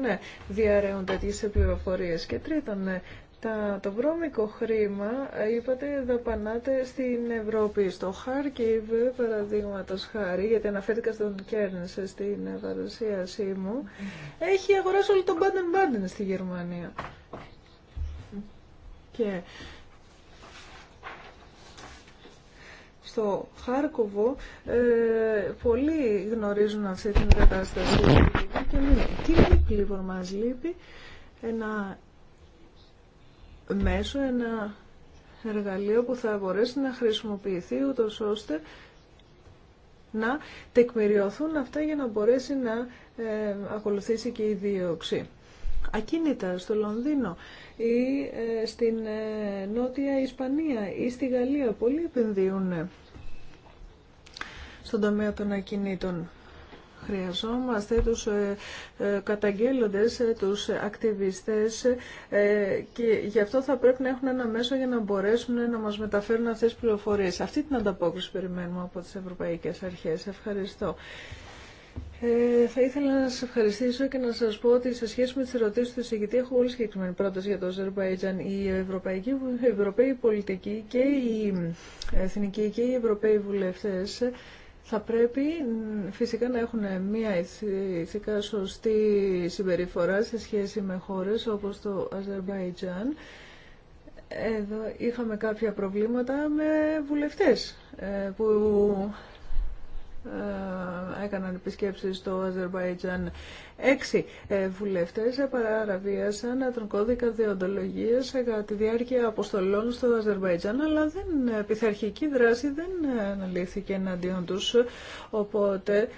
διαρρέουν τις επιβαφορίες. Και τρίτον, ε, τα, το βρώμικο χρήμα, ε, είπατε, δαπανάτε στην Ευρώπη. Στο Χάρκιβ, παραδείγματος χάρη, γιατί αναφέρθηκα στον Κέρνς στην παρουσίασή μου, έχει αγοράσει όλο τον Μπάντεν Μπάντεν στη Γερμανία. Και στο Χάρκοβο ε, πολλοί γνωρίζουν αυτή την κατάσταση τι λείπει λοιπόν μας λείπει ένα μέσο, ένα εργαλείο που θα μπορέσει να χρησιμοποιηθεί ούτω ώστε να τεκμηριωθούν αυτά για να μπορέσει να ε, ακολουθήσει και η δίωξη. Ακίνητα στο Λονδίνο ή ε, στην ε, Νότια Ισπανία ή στη Γαλλία πολλοί επενδύουν στον τομέα των ακινήτων. Χρειαζόμαστε τους ε, ε, καταγγέλλοντες, ε, τους ακτιβιστές και γι' αυτό θα πρέπει να έχουν ένα μέσο για να μπορέσουν να μας μεταφέρουν αυτές τις πληροφορίες. Αυτή την ανταπόκριση περιμένουμε από τις Ευρωπαϊκές Αρχές. Ευχαριστώ. Ε, θα ήθελα να σα ευχαριστήσω και να σα πω ότι σε σχέση με τι ερωτήσει του εισηγητή έχω πολύ συγκεκριμένη πρόταση για το Αζερβαϊτζάν. Η ευρωπαϊκή, η ευρωπαϊκή πολιτική και οι εθνικοί και οι ευρωπαίοι βουλευτέ θα πρέπει φυσικά να έχουν μια φυσικά σωστή συμπεριφορά σε σχέση με χώρες όπως το Αζερβαϊτζάν. Εδώ είχαμε κάποια προβλήματα με βουλευτές ε, που ε, έκαναν επισκέψεις στο Αζερβαϊτζάν. Έξι ε, βουλευτές παραβίασαν τον κώδικα διοντολογίας κατά τη διάρκεια αποστολών στο Αζερβαϊτζάν, αλλά δεν, πειθαρχική δράση δεν αναλύθηκε εναντίον τους, οπότε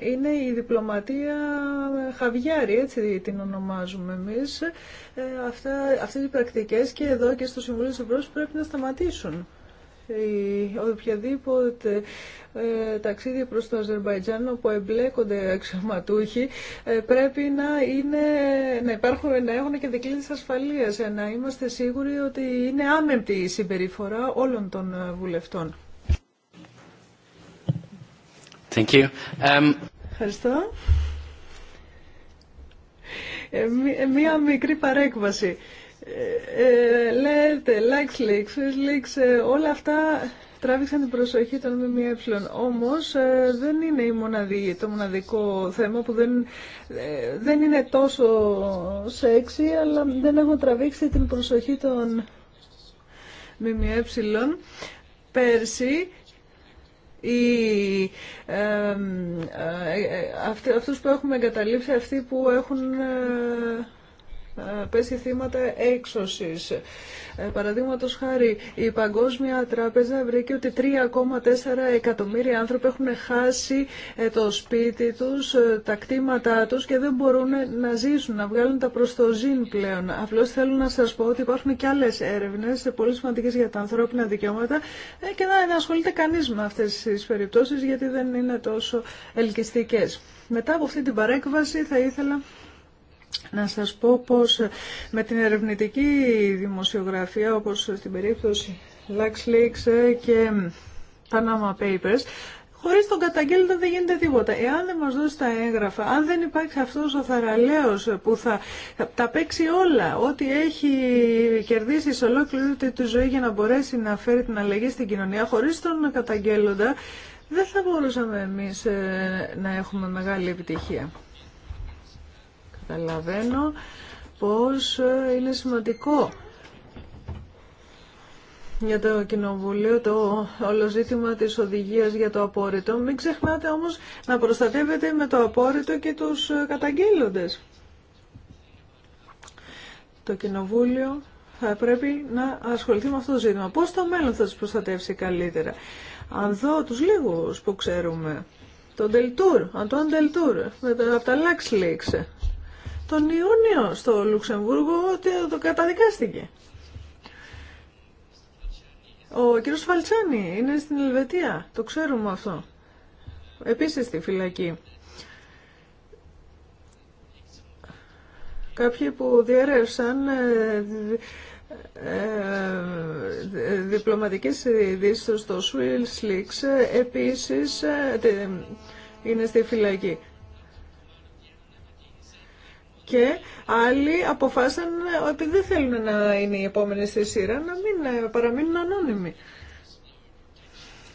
είναι η διπλωματία χαβιάρη, έτσι την ονομάζουμε εμείς. Ε, αυτά, αυτές οι πρακτικές και εδώ και στο Συμβούλιο της Ευρώπης πρέπει να σταματήσουν οποιαδήποτε ε, ταξίδι προς το Αζερβαϊτζάν που εμπλέκονται αξιωματούχοι ε, πρέπει να, είναι, να, υπάρχουν, να έχουν και δικλείδες ασφαλείας, ε, να είμαστε σίγουροι ότι είναι άμεμπτη η συμπεριφορά όλων των ε, βουλευτών. Thank you. Um, Ευχαριστώ. Ε, μία μικρή παρέκβαση. Ε, ε, λέτε, Lux Leaks, ε, όλα αυτά τράβηξαν την προσοχή των ΜΜΕ. Όμως δεν είναι η το μοναδικό θέμα που δεν, δεν είναι τόσο σεξι, αλλά δεν έχουν τραβήξει την προσοχή των ΜΜΕ. Πέρσι οι, αυτούς που έχουμε εγκαταλείψει, αυτοί που έχουν ε, πέσει θύματα έξωσης. Ε, Παραδείγματο χάρη, η Παγκόσμια Τράπεζα βρήκε ότι 3,4 εκατομμύρια άνθρωποι έχουν χάσει ε, το σπίτι τους, τα κτήματά τους και δεν μπορούν να ζήσουν, να βγάλουν τα προστοζήν πλέον. Απλώς θέλω να σας πω ότι υπάρχουν και άλλες έρευνες πολύ σημαντικέ για τα ανθρώπινα δικαιώματα και δεν ασχολείται κανείς με αυτές τις περιπτώσεις γιατί δεν είναι τόσο ελκυστικές. Μετά από αυτή την παρέκβαση θα ήθελα να σας πω πως με την ερευνητική δημοσιογραφία, όπως στην περίπτωση LuxLeaks και Panama Papers, Χωρί τον καταγγέλλοντα δεν γίνεται τίποτα. Εάν δεν μα δώσει τα έγγραφα, αν δεν υπάρχει αυτό ο θαραλέο που θα τα παίξει όλα, ό,τι έχει κερδίσει σε ολόκληρη τη ζωή για να μπορέσει να φέρει την αλλαγή στην κοινωνία, χωρί τον καταγγέλλοντα, δεν θα μπορούσαμε εμεί ε, να έχουμε μεγάλη επιτυχία. Καταλαβαίνω πως ε, είναι σημαντικό για το Κοινοβουλίο το όλο ζήτημα της οδηγίας για το απόρριτο. Μην ξεχνάτε όμως να προστατεύετε με το απόρριτο και τους ε, καταγγέλλοντες. Το Κοινοβούλιο θα πρέπει να ασχοληθεί με αυτό το ζήτημα. Πώς το μέλλον θα τους προστατεύσει καλύτερα. Αν δω τους λίγους που ξέρουμε, τον Τελτούρ, Αντών Τελτούρ, από τα Λάξ τον Ιούνιο στο Λουξεμβούργο ότι το καταδικάστηκε. Ο κύριος Φαλτσάνη είναι στην Ελβετία, το ξέρουμε αυτό. Επίσης στη φυλακή. Κάποιοι που διέρευσαν ε, ε, ε διπλωματικές ειδήσεις στο Swiss Leaks ε, επίσης ε, είναι στη φυλακή και άλλοι αποφάσισαν, επειδή δεν θέλουν να είναι οι επόμενοι στη σειρά, να μην παραμείνουν ανώνυμοι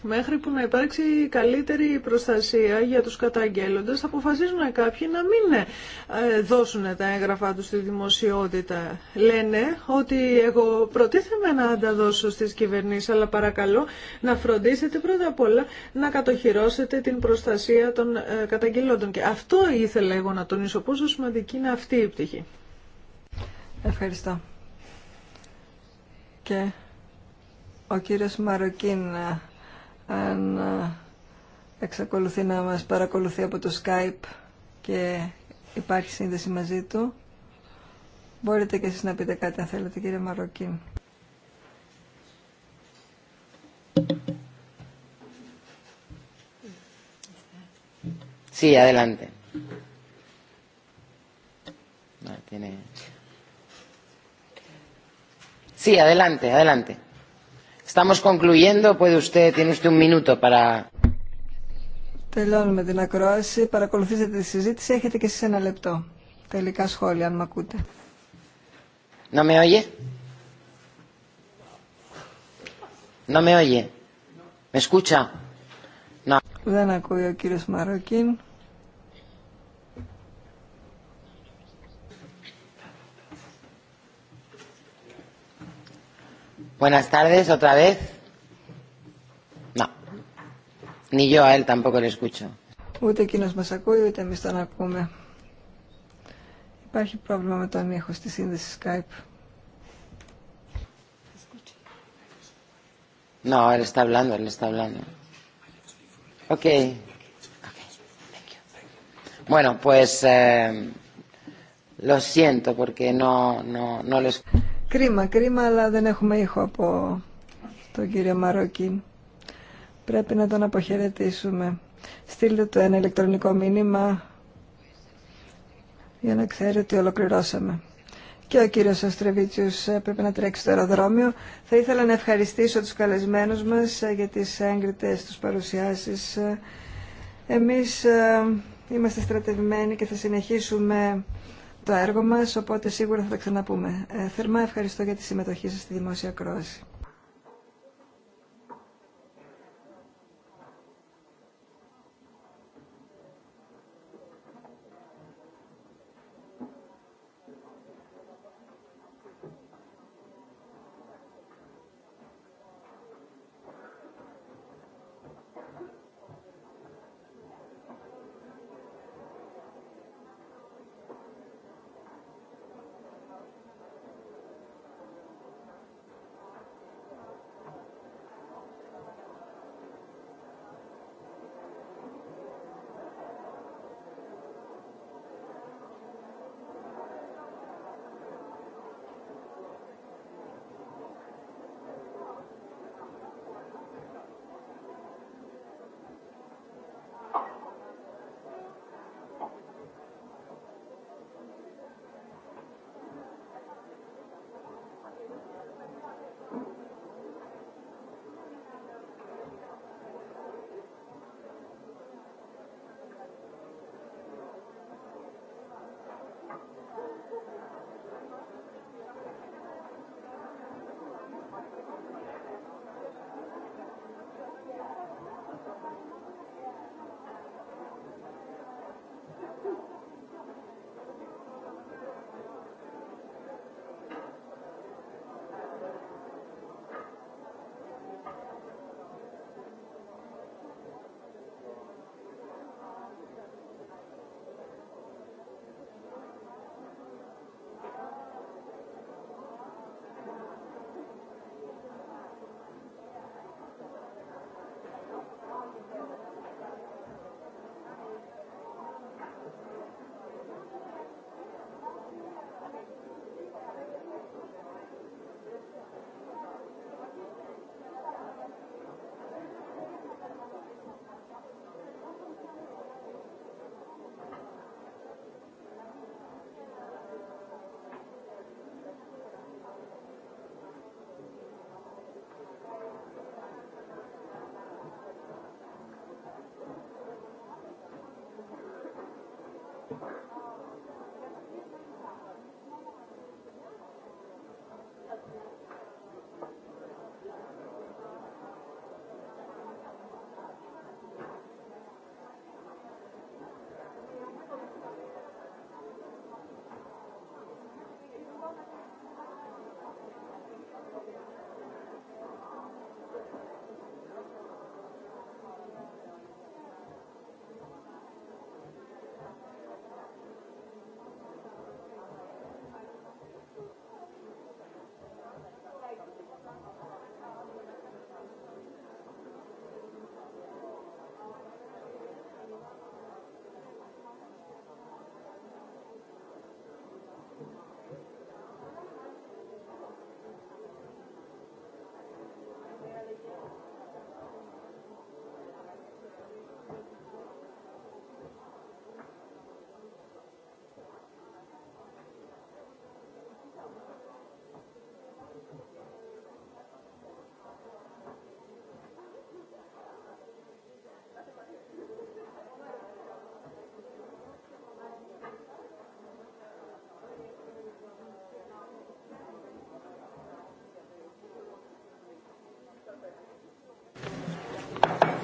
μέχρι που να υπάρξει καλύτερη προστασία για τους καταγγέλλοντες, αποφασίζουν κάποιοι να μην ε, δώσουν τα έγγραφά τους στη δημοσιότητα. Λένε ότι εγώ προτίθεμαι να ανταδώσω δώσω στις κυβερνήσεις, αλλά παρακαλώ να φροντίσετε πρώτα απ' όλα να κατοχυρώσετε την προστασία των ε, καταγγελόντων. Και αυτό ήθελα εγώ να τονίσω, πόσο σημαντική είναι αυτή η πτυχή. Ευχαριστώ. Και ο κύριος Μαροκίνα. Ε, αν ε, εξακολουθεί να μας παρακολουθεί από το Skype και υπάρχει σύνδεση μαζί του. Μπορείτε και εσείς να πείτε κάτι αν θέλετε κύριε Μαροκή. Sí, adelante. Sí, adelante, adelante. Estamos concluyendo. Puede usted, tiene usted un minuto para... Τελειώνουμε την ακρόαση. Παρακολουθήσετε τη συζήτηση. Έχετε και εσείς ένα λεπτό. Τελικά σχόλια, αν με ακούτε. Να με όγε. Να με όγε. Με σκούτσα. Να. Δεν ακούει ο κύριος Μαροκίν. Buenas tardes, otra vez. No. Ni yo a él tampoco le escucho. Ούτε εκείνο μα ακούει, ούτε εμεί τον ακούμε. Υπάρχει πρόβλημα με τον ήχο στη σύνδεση Skype. No, él está hablando, él está hablando. Ok. okay. Thank you. Bueno, pues eh, lo siento porque no, no, no les. Κρίμα, κρίμα, αλλά δεν έχουμε ήχο από τον κύριο Μαρόκιν. Πρέπει να τον αποχαιρετήσουμε. Στείλτε του ένα ηλεκτρονικό μήνυμα για να ξέρει ότι ολοκληρώσαμε. Και ο κύριος Αστρεβίτσιος πρέπει να τρέξει στο αεροδρόμιο. Θα ήθελα να ευχαριστήσω τους καλεσμένους μας για τις έγκριτες τους παρουσιάσεις. Εμείς ε, είμαστε στρατευμένοι και θα συνεχίσουμε το έργο μας, οπότε σίγουρα θα τα ξαναπούμε. Ε, θερμά ευχαριστώ για τη συμμετοχή σας στη Δημόσια Κρόαση.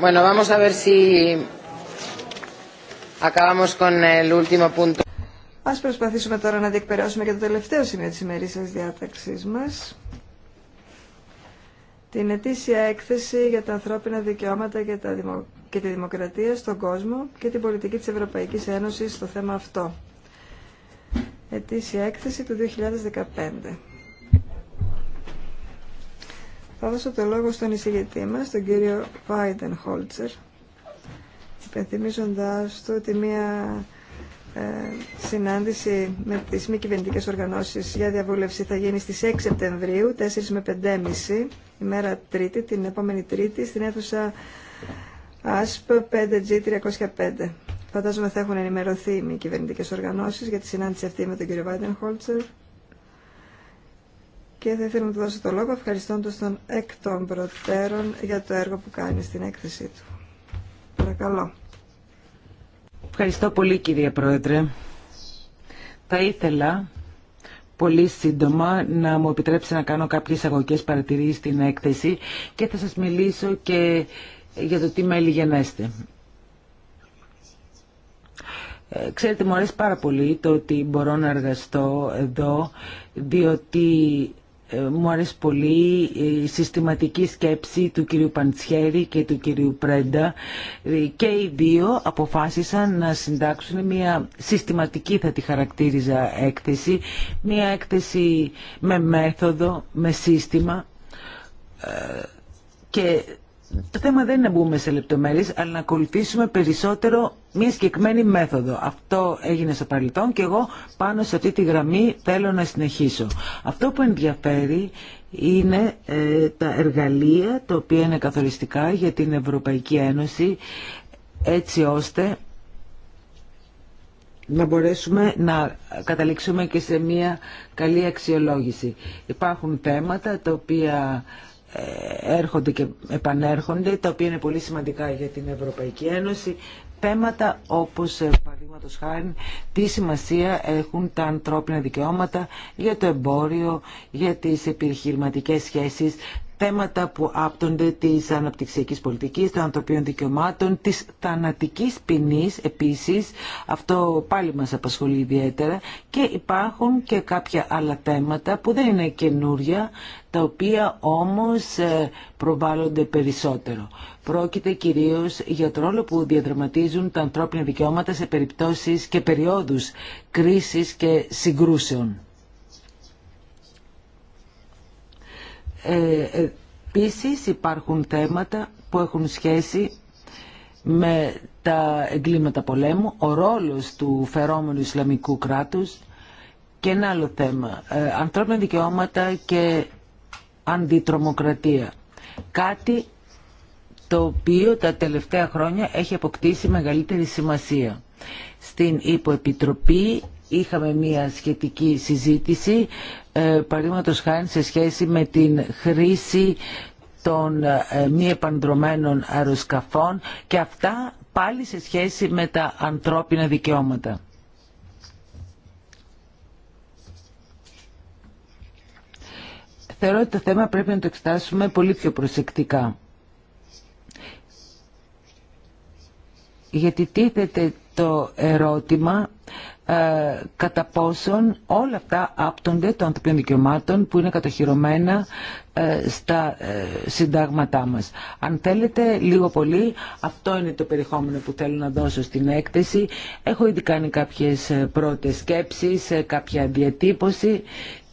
Bueno, vamos a ver si acabamos con el último punto. Ας προσπαθήσουμε τώρα να διεκπαιρεώσουμε και το τελευταίο σημείο της ημερήσιας διάταξης μας. Την ετήσια έκθεση για τα ανθρώπινα δικαιώματα και, τα και τη δημοκρατία στον κόσμο και την πολιτική της Ευρωπαϊκής Ένωσης στο θέμα αυτό. Ετήσια έκθεση του 2015. Θα δώσω το λόγο στον εισηγητή μας, τον κύριο Βάιντεν Χόλτσερ, υπενθυμίζοντάς του ότι μία ε, συνάντηση με τις μη κυβερνητικέ οργανώσεις για διαβούλευση θα γίνει στις 6 Σεπτεμβρίου, 4 με 5.30, ημέρα Τρίτη, την επόμενη Τρίτη, στην αίθουσα ΑΣΠ 5G305. Φαντάζομαι θα έχουν ενημερωθεί οι μη κυβερνητικέ οργανώσεις για τη συνάντηση αυτή με τον κύριο Βάιντεν Χόλτσερ και θα ήθελα να του δώσω το λόγο ευχαριστώντας τον εκ των προτέρων για το έργο που κάνει στην έκθεσή του. Παρακαλώ. Ευχαριστώ πολύ κύριε Πρόεδρε. Θα ήθελα πολύ σύντομα να μου επιτρέψει να κάνω κάποιες αγωγικές παρατηρήσεις στην έκθεση και θα σας μιλήσω και για το τι μέλη γενέστε. Ε, ξέρετε, μου αρέσει πάρα πολύ το ότι μπορώ να εργαστώ εδώ, διότι μου αρέσει πολύ η συστηματική σκέψη του κυρίου Παντσιέρη και του κυρίου Πρέντα και οι δύο αποφάσισαν να συντάξουν μια συστηματική θα τη χαρακτήριζα έκθεση μια έκθεση με μέθοδο, με σύστημα ε, και το θέμα δεν είναι να μπούμε σε λεπτομέρειε, αλλά να ακολουθήσουμε περισσότερο μια συγκεκριμένη μέθοδο. Αυτό έγινε στο παρελθόν και εγώ πάνω σε αυτή τη γραμμή θέλω να συνεχίσω. Αυτό που ενδιαφέρει είναι ε, τα εργαλεία τα οποία είναι καθοριστικά για την Ευρωπαϊκή Ένωση έτσι ώστε να μπορέσουμε να καταλήξουμε και σε μια καλή αξιολόγηση. Υπάρχουν θέματα τα οποία έρχονται και επανέρχονται, τα οποία είναι πολύ σημαντικά για την Ευρωπαϊκή Ένωση. Θέματα όπως, ε, παραδείγματο χάρη, τι σημασία έχουν τα ανθρώπινα δικαιώματα για το εμπόριο, για τις επιχειρηματικές σχέσεις θέματα που άπτονται της αναπτυξιακής πολιτικής, των ανθρωπιών δικαιωμάτων, της θανατικής ποινή επίσης, αυτό πάλι μας απασχολεί ιδιαίτερα και υπάρχουν και κάποια άλλα θέματα που δεν είναι καινούρια, τα οποία όμως ε, προβάλλονται περισσότερο. Πρόκειται κυρίως για το ρόλο που διαδραματίζουν τα ανθρώπινα δικαιώματα σε περιπτώσεις και περιόδους κρίσης και συγκρούσεων. Ε, επίσης υπάρχουν θέματα που έχουν σχέση με τα εγκλήματα πολέμου, ο ρόλος του φερόμενου Ισλαμικού κράτους και ένα άλλο θέμα, ε, ανθρώπινα δικαιώματα και αντιτρομοκρατία. Κάτι το οποίο τα τελευταία χρόνια έχει αποκτήσει μεγαλύτερη σημασία. Στην Υποεπιτροπή είχαμε μια σχετική συζήτηση ε, παραδείγματος χάρη σε σχέση με την χρήση των ε, μη επανδρομένων αεροσκαφών και αυτά πάλι σε σχέση με τα ανθρώπινα δικαιώματα. Θεωρώ ότι το θέμα πρέπει να το εξετάσουμε πολύ πιο προσεκτικά. Γιατί τίθεται το ερώτημα ε, κατά πόσον όλα αυτά άπτονται των ανθρωπίνων δικαιωμάτων που είναι κατοχυρωμένα ε, στα ε, συντάγματά μας. Αν θέλετε, λίγο πολύ, αυτό είναι το περιεχόμενο που θέλω να δώσω στην έκθεση. Έχω ήδη κάνει κάποιες ε, πρώτες σκέψεις, κάποια διατύπωση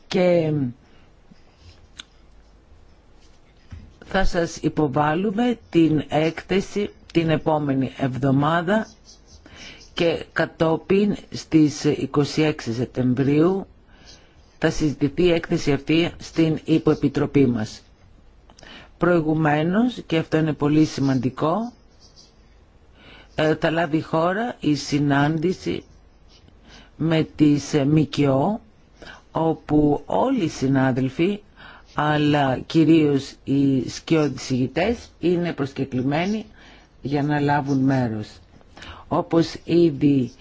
και... Θα σας υποβάλουμε την έκθεση την επόμενη εβδομάδα και κατόπιν στις 26 Σεπτεμβρίου θα συζητηθεί η έκθεση αυτή στην υποεπιτροπή μας. Προηγουμένως, και αυτό είναι πολύ σημαντικό, ε, θα λάβει η χώρα η συνάντηση με τις ε, ΜΚΟ, όπου όλοι οι συνάδελφοι, αλλά κυρίως οι ηγητές είναι προσκεκλημένοι για να λάβουν μέρος. Όπως ήδη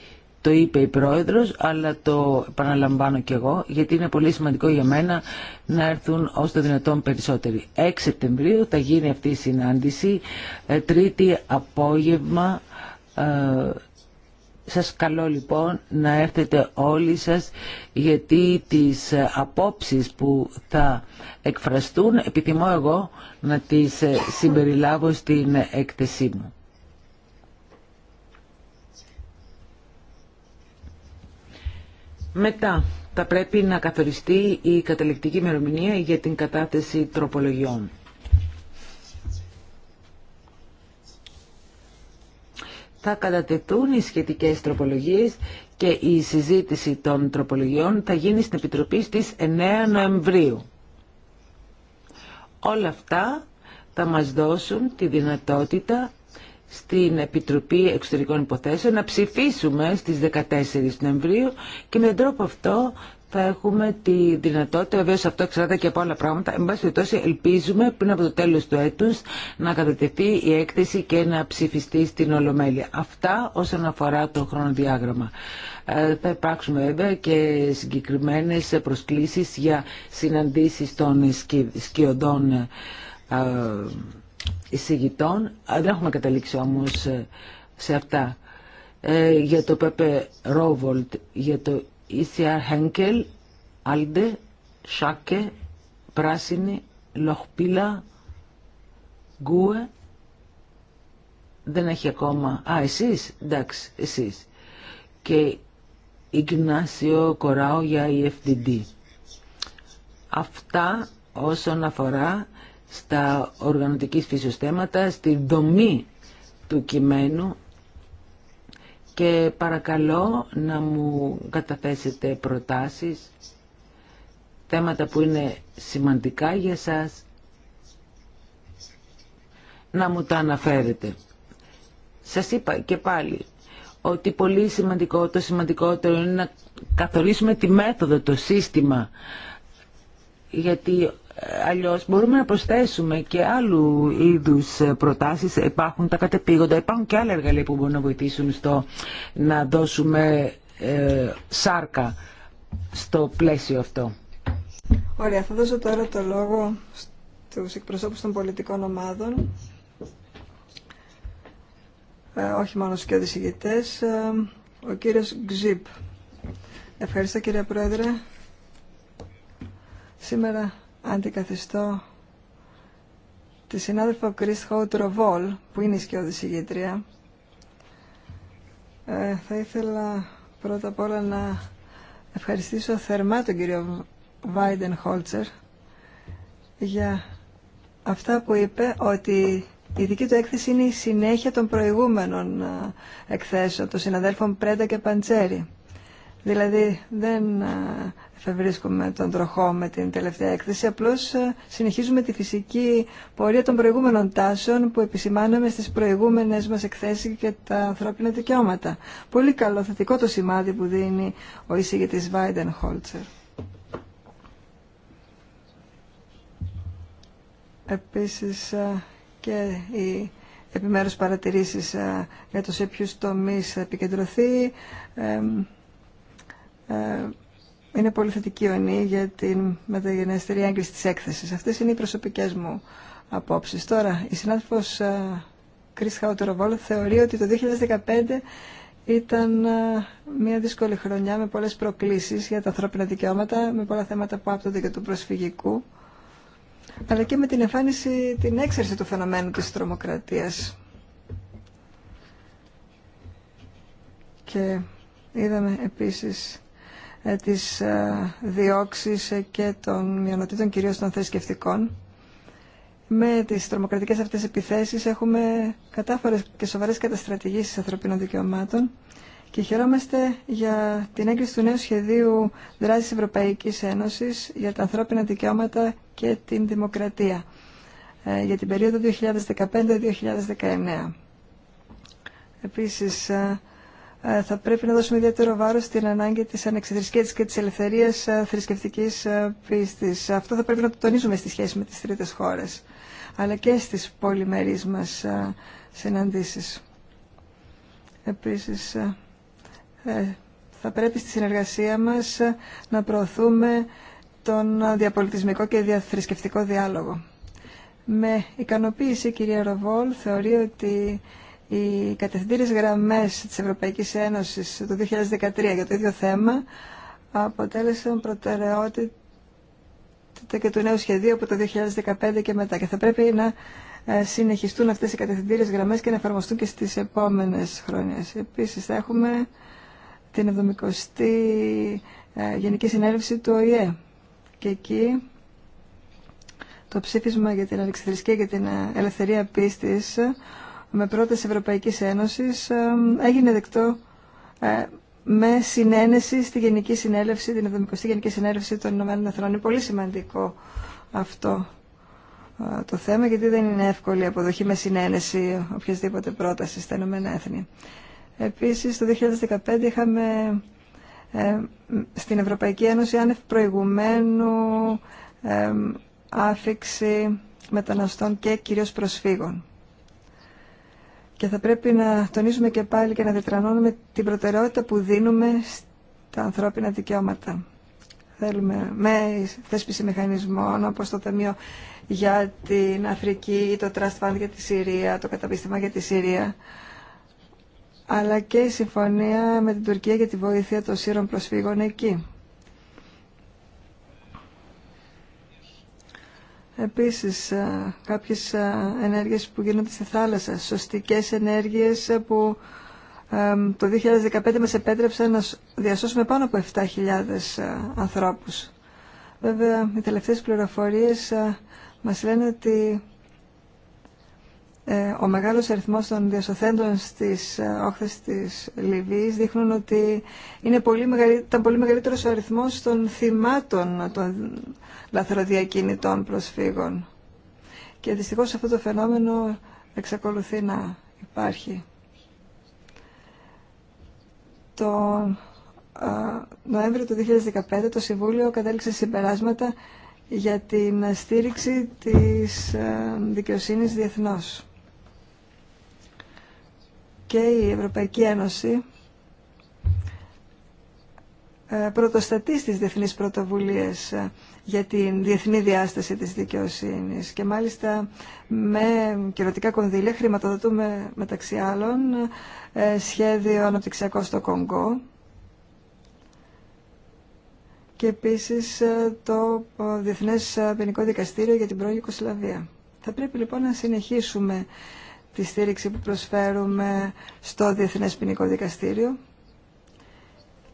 το είπε η Πρόεδρος, αλλά το επαναλαμβάνω και εγώ, γιατί είναι πολύ σημαντικό για μένα να έρθουν όσο το δυνατόν περισσότεροι. 6 Σεπτεμβρίου θα γίνει αυτή η συνάντηση, ε, τρίτη απόγευμα. Ε, σας καλώ λοιπόν να έρθετε όλοι σας, γιατί τις ε, απόψεις που θα εκφραστούν, επιθυμώ εγώ να τις συμπεριλάβω στην έκθεσή μου. Μετά θα πρέπει να καθοριστεί η καταληκτική ημερομηνία για την κατάθεση τροπολογιών. Θα κατατεθούν οι σχετικές τροπολογίες και η συζήτηση των τροπολογιών θα γίνει στην Επιτροπή στις 9 Νοεμβρίου. Όλα αυτά θα μας δώσουν τη δυνατότητα στην Επιτροπή Εξωτερικών Υποθέσεων να ψηφίσουμε στις 14 Νοεμβρίου και με τον τρόπο αυτό θα έχουμε τη δυνατότητα, βεβαίω αυτό εξαρτάται και από άλλα πράγματα. Εν πάση περιπτώσει, ελπίζουμε πριν από το τέλο του έτου να κατατεθεί η έκθεση και να ψηφιστεί στην Ολομέλεια. Αυτά όσον αφορά το χρονοδιάγραμμα. Ε, θα υπάρξουν βέβαια και συγκεκριμένε προσκλήσει για συναντήσει των σκιωδών. Ε, εισηγητών. Δεν έχουμε καταλήξει όμως ε, σε αυτά. Ε, για το Πέπε Ρόβολτ, για το Ίσιαρ ΧΕΝΚΕΛ, Άλντε, Σάκε, Πράσινη, Λοχπίλα, Γκούε. Δεν έχει ακόμα. Α, εσείς. Εντάξει, εσείς. Και Ιγνάσιο Κοράο για EFDD. Αυτά όσον αφορά στα οργανωτικής φύσεως θέματα, στη δομή του κειμένου και παρακαλώ να μου καταθέσετε προτάσεις, θέματα που είναι σημαντικά για σας, να μου τα αναφέρετε. Σας είπα και πάλι ότι πολύ σημαντικό, το σημαντικότερο είναι να καθορίσουμε τη μέθοδο, το σύστημα, γιατί Αλλιώς μπορούμε να προσθέσουμε και άλλου είδους προτάσεις. Υπάρχουν τα κατεπήγοντα, υπάρχουν και άλλα εργαλεία που μπορούν να βοηθήσουν στο να δώσουμε ε, σάρκα στο πλαίσιο αυτό. Ωραία, θα δώσω τώρα το λόγο στους εκπροσώπους των πολιτικών ομάδων. Ε, όχι μόνο στους και ηγητές. Ε, ο κύριος Γκζιπ. Ευχαριστώ κύριε Πρόεδρε. Σήμερα αντικαθιστώ τη συνάδελφο Κριστ Τροβόλ, που είναι η σκιώδης ε, θα ήθελα πρώτα απ' όλα να ευχαριστήσω θερμά τον κύριο Βάιντεν Χόλτσερ για αυτά που είπε ότι η δική του έκθεση είναι η συνέχεια των προηγούμενων ε, εκθέσεων των συναδέλφων Πρέντα και Παντσέρη. Δηλαδή δεν θα ε, βρίσκουμε τον τροχό με την τελευταία έκθεση, απλώς ε, συνεχίζουμε τη φυσική πορεία των προηγούμενων τάσεων που επισημάναμε στις προηγούμενες μας εκθέσεις και τα ανθρώπινα δικαιώματα. Πολύ καλό θετικό το σημάδι που δίνει ο εισηγητής Βάιντεν Χόλτσερ. Επίσης ε, και η επιμέρους παρατηρήσεις για το σε ποιους τομείς επικεντρωθεί ε, είναι πολύ θετική ονή για την μεταγενέστερη έγκριση της έκθεσης. Αυτές είναι οι προσωπικές μου απόψεις. Τώρα, η συνάδελφος Κρίς ε, Χαουτεροβόλ θεωρεί ότι το 2015 ήταν ε, μια δύσκολη χρονιά με πολλές προκλήσεις για τα ανθρώπινα δικαιώματα, με πολλά θέματα που άπτονται και του προσφυγικού, αλλά και με την εμφάνιση, την έξαρση του φαινομένου της τρομοκρατίας. Και είδαμε επίσης ε, τις ε, διώξεις ε, και των μειονοτήτων κυρίως των θρησκευτικών. Με τις τρομοκρατικές αυτές επιθέσεις έχουμε κατάφορες και σοβαρές καταστρατηγήσεις ανθρωπίνων δικαιωμάτων και χαιρόμαστε για την έγκριση του νέου σχεδίου δράσης Ευρωπαϊκής Ένωσης για τα ανθρώπινα δικαιώματα και την δημοκρατία για την περίοδο 2015-2019. Επίσης, ε, θα πρέπει να δώσουμε ιδιαίτερο βάρος στην ανάγκη της ανεξιθρησκείας και της ελευθερίας ε, θρησκευτικής ε, πίστης. Αυτό θα πρέπει να το τονίζουμε στη σχέση με τις τρίτες χώρες, αλλά και στις πολυμερείς μας συναντήσεις. Επίσης, θα πρέπει στη συνεργασία μας να προωθούμε τον διαπολιτισμικό και διαθρησκευτικό διάλογο. Με ικανοποίηση η κυρία Ροβόλ θεωρεί ότι οι κατευθυντήριες γραμμές της Ευρωπαϊκής Ένωσης το 2013 για το ίδιο θέμα αποτέλεσαν προτεραιότητα και του νέου σχεδίου από το 2015 και μετά. Και θα πρέπει να ε, συνεχιστούν αυτές οι κατευθυντήριες γραμμές και να εφαρμοστούν και στις επόμενες χρόνιες. Επίσης θα έχουμε την 70η ε, Γενική Συνέλευση του ΟΗΕ και εκεί το ψήφισμα για την αλεξιθρησκεία και την ε, ελευθερία πίστης με πρόταση Ευρωπαϊκής Ένωσης έγινε δεκτό ε, με συνένεση στη Γενική Συνέλευση, την 70η Γενική Συνέλευση των Ηνωμένων Εθνών. Είναι πολύ σημαντικό αυτό ε, το θέμα, γιατί δεν είναι εύκολη αποδοχή με συνένεση οποιασδήποτε πρόταση στα Ηνωμένα Έθνη. Επίσης, το 2015 είχαμε ε, στην Ευρωπαϊκή Ένωση άνευ προηγουμένου άφηξη μεταναστών και κυρίως προσφύγων. Και θα πρέπει να τονίζουμε και πάλι και να διετρανώνουμε την προτεραιότητα που δίνουμε στα ανθρώπινα δικαιώματα. Θέλουμε με θέσπιση μηχανισμών όπως το Ταμείο για την Αφρική το Trust Fund για τη Συρία, το Καταπίστημα για τη Συρία, αλλά και η συμφωνία με την Τουρκία για τη βοήθεια των σύρων προσφύγων εκεί. Επίσης, ε, κάποιες ε, ενέργειες που γίνονται στη θάλασσα, σωστικές ενέργειες που το 2015 μας επέτρεψαν να διασώσουμε πάνω από 7.000 ε, ανθρώπους. Βέβαια, οι τελευταίες πληροφορίες μας λένε ότι ε, ο μεγάλος αριθμός των διασωθέντων στις ε, όχθες της Λιβύης δείχνουν ότι είναι πολύ ήταν πολύ μεγαλύτερος ο αριθμός των θυμάτων των λαθροδιακίνητων προσφύγων. Και δυστυχώς αυτό το φαινόμενο εξακολουθεί να υπάρχει. Το ε, Νοέμβριο του 2015 το Συμβούλιο κατέληξε συμπεράσματα για την στήριξη της δικαιοσύνης διεθνώς και η Ευρωπαϊκή Ένωση ε, πρωτοστατεί στις διεθνείς πρωτοβουλίες ε, για την διεθνή διάσταση της δικαιοσύνης και μάλιστα με κυρωτικά κονδύλια χρηματοδοτούμε μεταξύ άλλων ε, σχέδιο αναπτυξιακό στο Κονγκό και επίσης το Διεθνές Ποινικό Δικαστήριο για την πρώην Ιουκοσλαβία. Θα πρέπει λοιπόν να συνεχίσουμε τη στήριξη που προσφέρουμε στο Διεθνές Ποινικό Δικαστήριο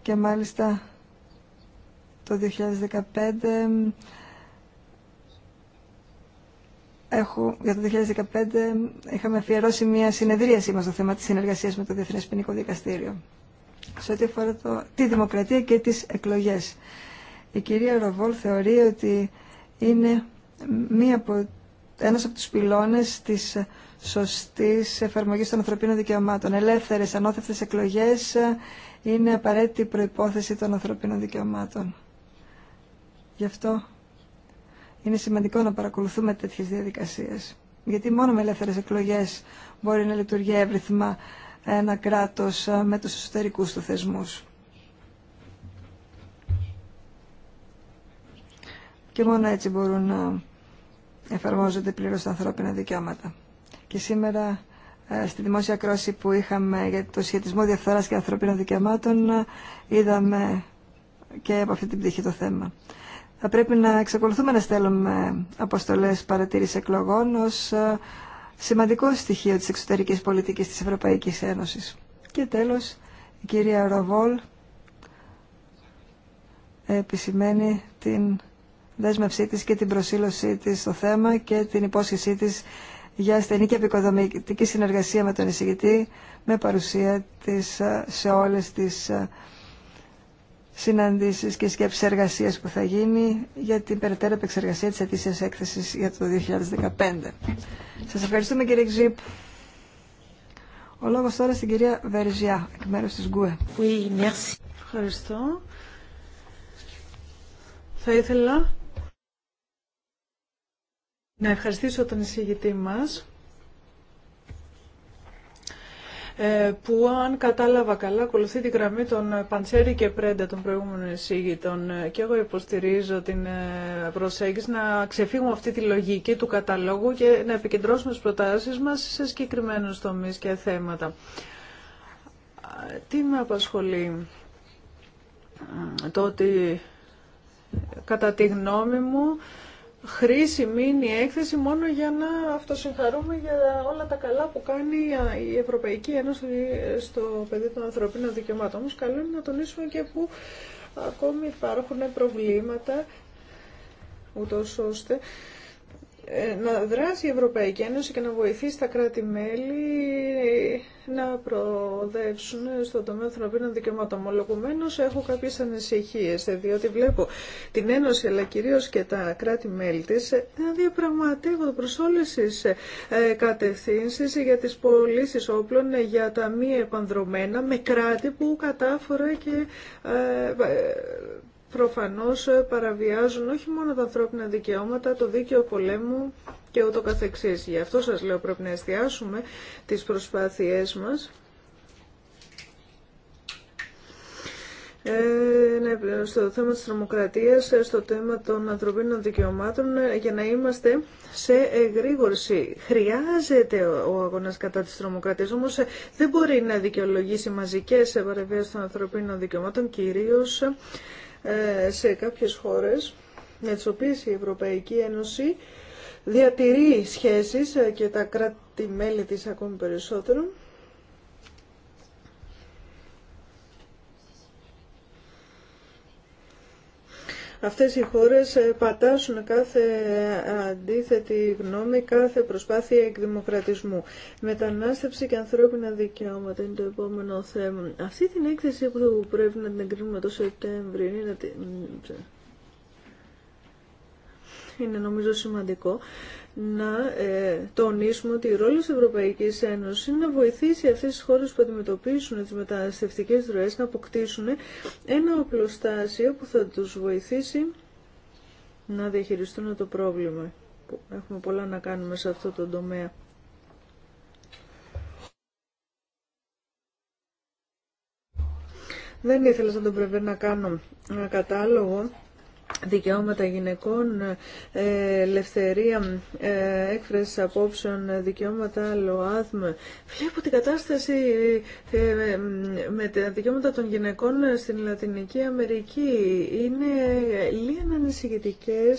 και μάλιστα το 2015 έχω, για το 2015 είχαμε αφιερώσει μια συνεδρίαση μας στο θέμα της συνεργασίας με το Διεθνές Ποινικό Δικαστήριο σε ό,τι αφορά το, τη δημοκρατία και τις εκλογές. Η κυρία Ροβόλ θεωρεί ότι είναι μία από, ένας από τους πυλώνες της Σωστή εφαρμογή των ανθρωπίνων δικαιωμάτων. Ελεύθερε ανώθευτε εκλογές είναι απαραίτητη προϋπόθεση των ανθρωπίνων δικαιωμάτων. Γι' αυτό είναι σημαντικό να παρακολουθούμε τέτοιε διαδικασίες. Γιατί μόνο με ελεύθερες εκλογές μπορεί να λειτουργεί εύρυθμα ένα κράτος με τους εσωτερικού του θεσμού. Και μόνο έτσι μπορούν να εφαρμόζονται πλήρως τα ανθρώπινα δικαιώματα. Και σήμερα ε, στη δημόσια κρόση που είχαμε για το σχετισμό διαφθοράς και ανθρωπίνων δικαιωμάτων ε, είδαμε και από αυτή την πτυχή το θέμα. Θα πρέπει να εξακολουθούμε να στέλνουμε αποστολές παρατήρηση εκλογών ως ε, σημαντικό στοιχείο της εξωτερικής πολιτικής της Ευρωπαϊκής Ένωσης. Και τέλος, η κυρία Ροβόλ επισημαίνει την δέσμευσή της και την προσήλωσή της στο θέμα και την υπόσχεσή της για στενή και επικοδομητική συνεργασία με τον εισηγητή με παρουσία της ε, σε όλες τις ε, συναντήσεις και σκέψεις εργασίας που θα γίνει για την περαιτέρω επεξεργασία της ετήσιας έκθεσης για το 2015. Σας ευχαριστούμε κύριε Ξύπ. Ο λόγος τώρα στην κυρία Βεριζιά εκ μέρους της ΓΚΟΕ. Oui, merci. Ευχαριστώ. Θα ήθελα να ευχαριστήσω τον εισηγητή μας ε, που αν κατάλαβα καλά ακολουθεί τη γραμμή των Παντσέρη και Πρέντα των προηγούμενων εισήγητων και εγώ υποστηρίζω την ε, προσέγγιση να ξεφύγουμε αυτή τη λογική του καταλόγου και να επικεντρώσουμε τις προτάσεις μας σε συγκεκριμένους τομείς και θέματα. Τι με απασχολεί το ότι κατά τη γνώμη μου χρήσιμη είναι η έκθεση μόνο για να αυτοσυγχαρούμε για όλα τα καλά που κάνει η Ευρωπαϊκή Ένωση στο πεδίο των ανθρωπίνων δικαιωμάτων. Όμως καλό είναι να τονίσουμε και που ακόμη υπάρχουν προβλήματα ούτως ώστε ε, να δράσει η Ευρωπαϊκή Ένωση και να βοηθήσει τα κράτη-μέλη να προοδεύσουν στον τομέα των οποίων δικαιωμάτων. Ομολογουμένως έχω κάποιες ανησυχίες, ε, διότι βλέπω την Ένωση αλλά κυρίως και τα κράτη-μέλη της ε, να διαπραγματεύονται προς όλες τις κατευθύνσεις για τις πωλήσει όπλων για τα μη επανδρομένα με κράτη που κατάφορα και προφανώς παραβιάζουν όχι μόνο τα ανθρώπινα δικαιώματα, το δίκαιο πολέμου και ούτω καθεξής. Γι' αυτό σας λέω πρέπει να εστιάσουμε τις προσπάθειές μας Ε, ναι, στο θέμα της τρομοκρατίας, στο θέμα των ανθρωπίνων δικαιωμάτων, ε, για να είμαστε σε εγρήγορση. Χρειάζεται ο αγώνας κατά της τρομοκρατίας, όμως ε, δεν μπορεί να δικαιολογήσει μαζικές παρεμβίες των ανθρωπίνων δικαιωμάτων, κυρίως ε, σε κάποιες χώρες με τις οποίες η Ευρωπαϊκή Ένωση διατηρεί σχέσεις ε, και τα κράτη-μέλη της ακόμη περισσότερο. Αυτές οι χώρες ε, πατάσουν κάθε ε, αντίθετη γνώμη, κάθε προσπάθεια εκδημοκρατισμού. Μετανάστευση και ανθρώπινα δικαιώματα είναι το επόμενο θέμα. Αυτή την έκθεση που πρέπει να την εγκρίνουμε το Σεπτέμβριο είναι, είναι νομίζω σημαντικό να ε, τονίσουμε ότι η ρόλος της Ευρωπαϊκής Ένωσης είναι να βοηθήσει αυτές τις χώρες που αντιμετωπίσουν τις μεταναστευτικές δροές να αποκτήσουν ένα οπλοστάσιο που θα τους βοηθήσει να διαχειριστούν το πρόβλημα. Έχουμε πολλά να κάνουμε σε αυτό το τομέα. Δεν ήθελα σαν τον Πρεβέρ να κάνω ένα κατάλογο δικαιώματα γυναικών, ε, ελευθερία ε, έκφραση απόψεων, δικαιώματα ΛΟΑΔΜ. Βλέπω την κατάσταση ε, με τα δικαιώματα των γυναικών στην Λατινική Αμερική. Είναι λίγα ανησυχητικέ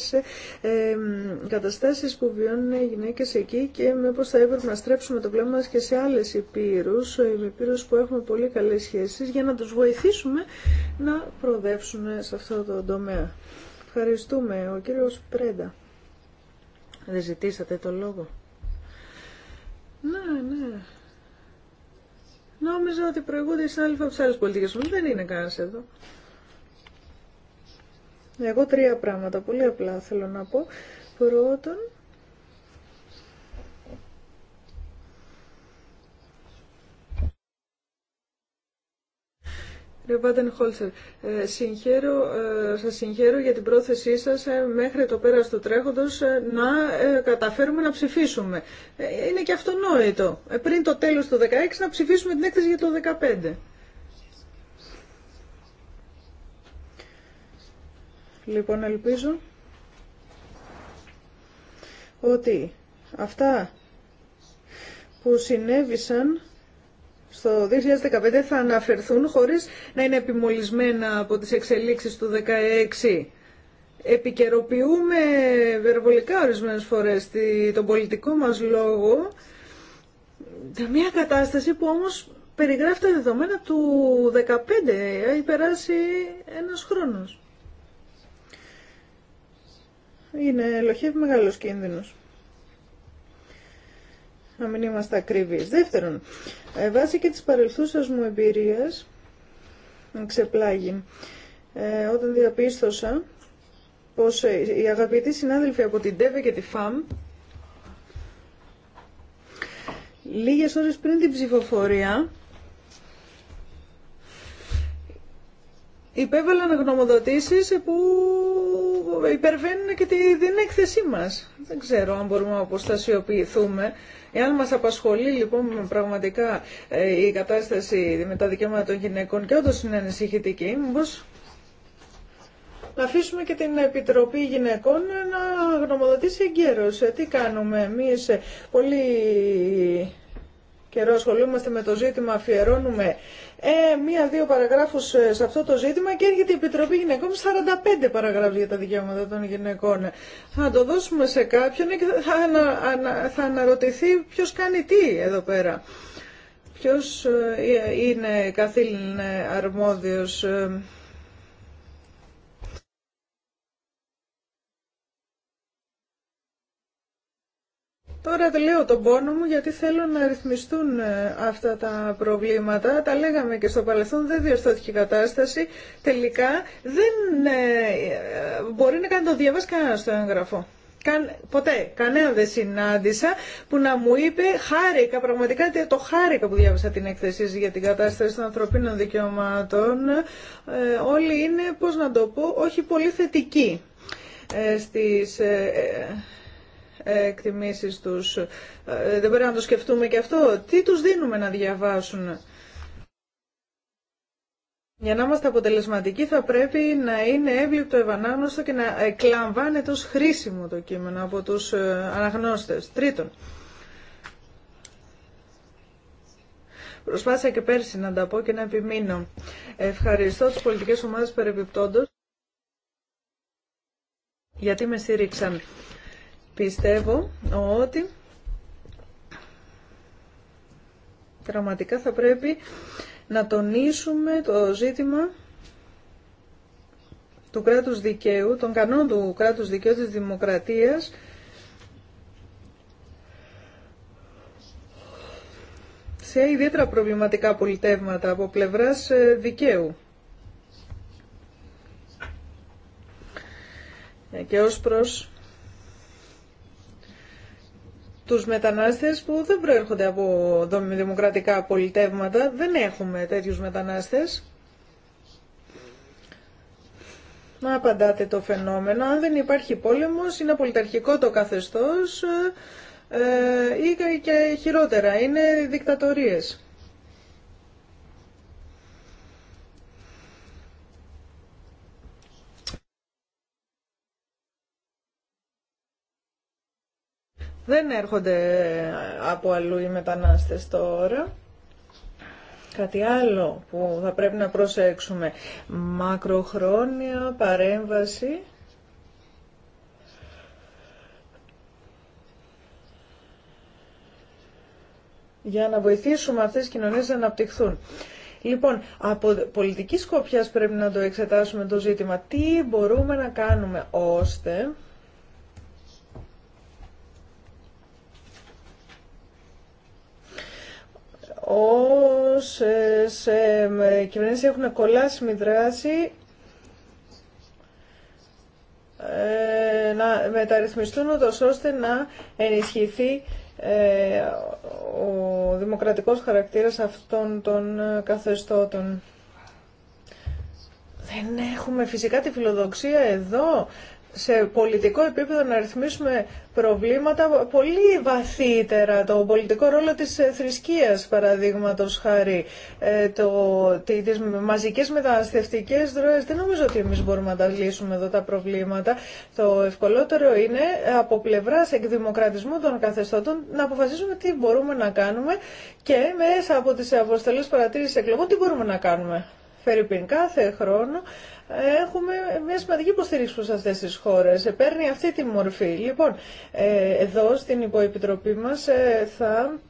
καταστάσεις που βιώνουν οι γυναίκες εκεί και μήπως θα έπρεπε να στρέψουμε το πλέον μας και σε άλλες υπήρους, υπήρους που έχουμε πολύ καλές σχέσεις, για να τους βοηθήσουμε να προοδεύσουν σε αυτό το τομέα. Ευχαριστούμε. Ο κύριος Πρέντα. Δεν ζητήσατε το λόγο. Ναι, ναι. Νόμιζα ότι προηγούνται οι συνάδελφοι από τι άλλε Δεν είναι κανένας εδώ. Εγώ τρία πράγματα πολύ απλά θέλω να πω. Πρώτον, Κύριε Χόλσερ, ε, ε, σας συγχαίρω για την πρόθεσή σας ε, μέχρι το πέρας του τρέχοντος να καταφέρουμε να ψηφίσουμε. Είναι και αυτονόητο. Πριν το τέλος του 16 να ψηφίσουμε την έκθεση για το 15. Λοιπόν, ελπίζω ότι αυτά που συνέβησαν στο 2015 θα αναφερθούν χωρίς να είναι επιμολυσμένα από τις εξελίξεις του 2016. Επικαιροποιούμε βερβολικά ορισμένες φορές τον πολιτικό μας λόγο μια κατάσταση που όμως περιγράφει τα δεδομένα του 2015, έχει περάσει ένας χρόνος. Είναι ελοχεύει μεγάλος κίνδυνος να μην είμαστε ακριβείς. Δεύτερον, ε, βάσει και της παρελθούσας μου εμπειρίας, ξεπλάγει, ε, όταν διαπίστωσα πως ε, οι αγαπητοί συνάδελφοι από την ΤΕΒΕ και τη ΦΑΜ λίγες ώρες πριν την ψηφοφορία υπέβαλαν γνωμοδοτήσεις που υπερβαίνουν και την έκθεσή μας. Δεν ξέρω αν μπορούμε να αποστασιοποιηθούμε. Εάν μας απασχολεί λοιπόν πραγματικά ε, η κατάσταση με τα δικαιώματα των γυναικών και όντως είναι ανησυχητική, μήπως να αφήσουμε και την Επιτροπή Γυναικών να γνωμοδοτήσει εγκαίρως. Ε, τι κάνουμε εμείς ε, πολύ καιρό ασχολούμαστε με το ζήτημα, αφιερώνουμε ε, μία-δύο παραγράφου ε, σε αυτό το ζήτημα και έρχεται η Επιτροπή Γυναικών με 45 παραγράφου για τα δικαιώματα των γυναικών. Θα το δώσουμε σε κάποιον και θα, θα αναρωτηθεί ποιο κάνει τι εδώ πέρα. Ποιο ε, ε, είναι καθήλυν αρμόδιο. Τώρα λέω τον πόνο μου γιατί θέλω να ρυθμιστούν ε, αυτά τα προβλήματα. Τα λέγαμε και στο παρελθόν, δεν διορθώθηκε η κατάσταση. Τελικά δεν ε, μπορεί να κάνει το διαβάσει κανένα στο έγγραφο. Καν, ποτέ, κανένα δεν συνάντησα που να μου είπε χάρηκα, πραγματικά το χάρηκα που διάβασα την έκθεση για την κατάσταση των ανθρωπίνων δικαιωμάτων. Ε, όλοι είναι, πώς να το πω, όχι πολύ θετικοί ε, στις... Ε, εκτιμήσεις τους. Ε, δεν πρέπει να το σκεφτούμε και αυτό. Τι τους δίνουμε να διαβάσουν. Για να είμαστε αποτελεσματικοί θα πρέπει να είναι εύληπτο, ευανάγνωστο και να εκλαμβάνεται ως χρήσιμο το κείμενο από τους ε, αναγνώστες. Τρίτον, προσπάθησα και πέρσι να τα πω και να επιμείνω. Ευχαριστώ τις πολιτικές ομάδες περιπτώντος γιατί με στήριξαν. Πιστεύω ότι πραγματικά θα πρέπει να τονίσουμε το ζήτημα του κράτους δικαίου, των κανόνα του κράτους δικαίου της δημοκρατίας σε ιδιαίτερα προβληματικά πολιτεύματα από πλευράς ε, δικαίου. Ε, και ως προς τους μετανάστες που δεν προέρχονται από δημοκρατικά πολιτεύματα. Δεν έχουμε τέτοιους μετανάστες. Να απαντάτε το φαινόμενο. Αν δεν υπάρχει πόλεμος, είναι πολιταρχικό το καθεστώς ε, ε, ή και χειρότερα, είναι δικτατορίες. Δεν έρχονται από αλλού οι μετανάστες τώρα. Κάτι άλλο που θα πρέπει να προσέξουμε. Μακροχρόνια παρέμβαση για να βοηθήσουμε αυτές τις κοινωνίες να αναπτυχθούν. Λοιπόν, από πολιτική σκοπιάς πρέπει να το εξετάσουμε το ζήτημα. Τι μπορούμε να κάνουμε ώστε όσες κυβερνήσεις έχουν κολλάσιμη δράση ε, να μεταρρυθμιστούν ώστε να ενισχυθεί ε, ο δημοκρατικός χαρακτήρας αυτών των ε, καθεστώτων. Δεν έχουμε φυσικά τη φιλοδοξία εδώ σε πολιτικό επίπεδο να ρυθμίσουμε προβλήματα πολύ βαθύτερα. Το πολιτικό ρόλο της ε, θρησκείας, παραδείγματος χάρη, ε, το, τις μαζικές μεταναστευτικές δροές. Δεν νομίζω ότι εμείς μπορούμε να τα λύσουμε εδώ τα προβλήματα. Το ευκολότερο είναι από πλευρά εκδημοκρατισμού των καθεστώτων να αποφασίσουμε τι μπορούμε να κάνουμε και μέσα από τις αποστολές παρατήρησης εκλογών τι μπορούμε να κάνουμε. Φερρυπίν. Κάθε χρόνο ε, έχουμε μια σημαντική υποστήριξη προς αυτές τις χώρες. Ε, παίρνει αυτή τη μορφή. Λοιπόν, ε, εδώ στην υποεπιτροπή μας θα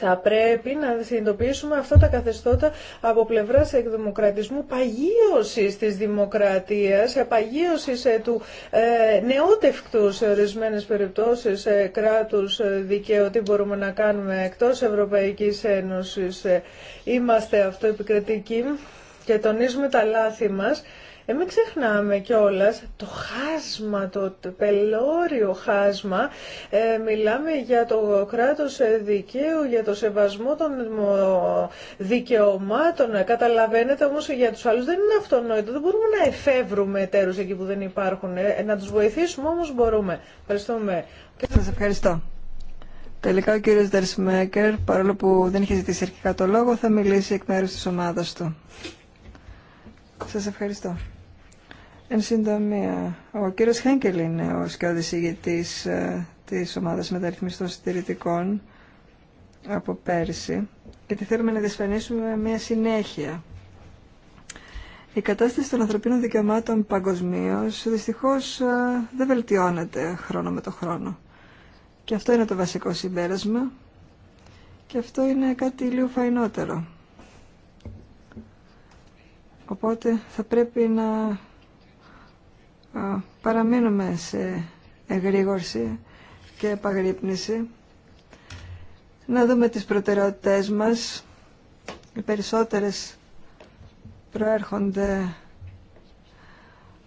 θα πρέπει να συνειδητοποιήσουμε αυτά τα καθεστώτα από πλευρά εκδημοκρατισμού, παγίωσης της δημοκρατία, ε, παγίωση ε, του ε, νεότευκτου σε ορισμένες περιπτώσεις κράτους δικαίου, τι μπορούμε να κάνουμε εκτός Ευρωπαϊκής Ένωσης. Είμαστε αυτοεπικρατικοί και τονίζουμε τα λάθη μας. Ε, μην ξεχνάμε κιόλα το χάσμα, το πελώριο χάσμα. Ε, μιλάμε για το κράτος ε, δικαίου, για το σεβασμό των ε, δικαιωμάτων. Ε, καταλαβαίνετε όμως για τους άλλους δεν είναι αυτονόητο. Δεν μπορούμε να εφεύρουμε εταίρου εκεί που δεν υπάρχουν. να τους βοηθήσουμε όμως μπορούμε. Ευχαριστούμε. Σας ευχαριστώ. Τελικά ο κύριος Δερσμέκερ, παρόλο που δεν είχε ζητήσει αρχικά το λόγο, θα μιλήσει εκ μέρους της ομάδας του. Σας ευχαριστώ. Εν συντομία, ο κύριος Χέγκελ είναι ο σκιώδης ηγητής ε, της ομάδας μεταρρυθμιστών συντηρητικών από πέρσι γιατί θέλουμε να διασφανίσουμε μια συνέχεια. Η κατάσταση των ανθρωπίνων δικαιωμάτων παγκοσμίω δυστυχώς ε, δεν βελτιώνεται χρόνο με το χρόνο. Και αυτό είναι το βασικό συμπέρασμα και αυτό είναι κάτι λίγο φαϊνότερο. Οπότε θα πρέπει να παραμείνουμε σε εγρήγορση και επαγρύπνηση, να δούμε τις προτεραιότητές μας. Οι περισσότερες προέρχονται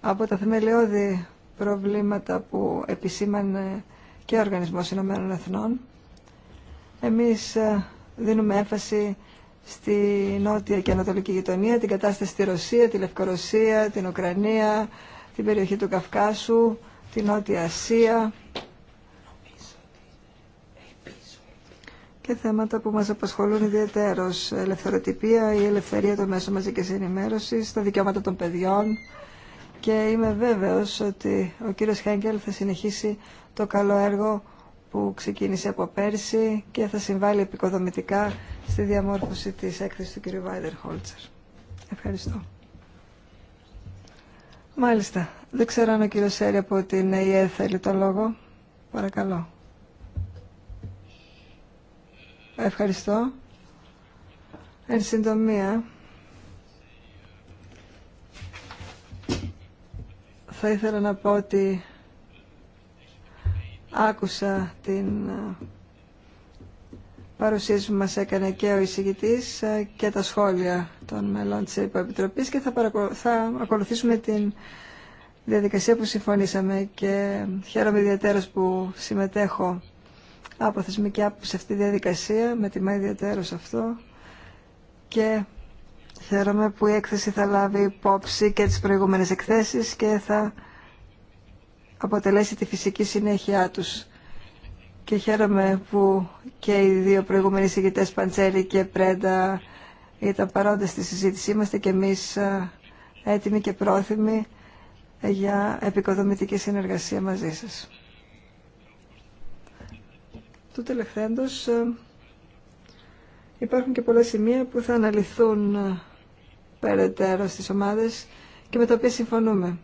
από τα θεμελιώδη προβλήματα που επισήμανε και ο Οργανισμός Ηνωμένων Εθνών. Εμείς ε, δίνουμε έμφαση στη νότια και ανατολική γειτονία, την κατάσταση στη Ρωσία, τη Λευκορωσία, την Ουκρανία, την περιοχή του Καυκάσου, τη Νότια Ασία και θέματα που μας απασχολούν ιδιαίτερως, ελευθεροτυπία, η ελευθερία των μέσων μαζικής ενημέρωσης, τα δικαιώματα των παιδιών και είμαι βέβαιος ότι ο κύριος Χέγκελ θα συνεχίσει το καλό έργο που ξεκίνησε από πέρσι και θα συμβάλλει επικοδομητικά στη διαμόρφωση της έκθεσης του κ. Βάιντερ Χόλτσερ. Ευχαριστώ. Μάλιστα. Δεν ξέρω αν ο κ. Σέρι από την ΕΕ θέλει το λόγο. Παρακαλώ. Ευχαριστώ. Εν συντομία, θα ήθελα να πω ότι Άκουσα την ε, παρουσίαση που μας έκανε και ο εισηγητής ε, και τα σχόλια των μελών της Επιτροπής και θα, ακολουθήσουμε την διαδικασία που συμφωνήσαμε και χαίρομαι ιδιαίτερα που συμμετέχω από θεσμική άποψη σε αυτή τη διαδικασία, με τιμά ιδιαίτερως αυτό και χαίρομαι που η έκθεση θα λάβει υπόψη και τις προηγούμενες εκθέσεις και θα αποτελέσει τη φυσική συνέχειά τους. Και χαίρομαι που και οι δύο προηγούμενοι συγκητές Παντσέλη και Πρέντα ήταν παρόντες στη συζήτηση. Είμαστε και εμείς έτοιμοι και πρόθυμοι για επικοδομητική συνεργασία μαζί σας. Του τελευταίντος υπάρχουν και πολλά σημεία που θα αναλυθούν περαιτέρω στις ομάδες και με τα οποία συμφωνούμε.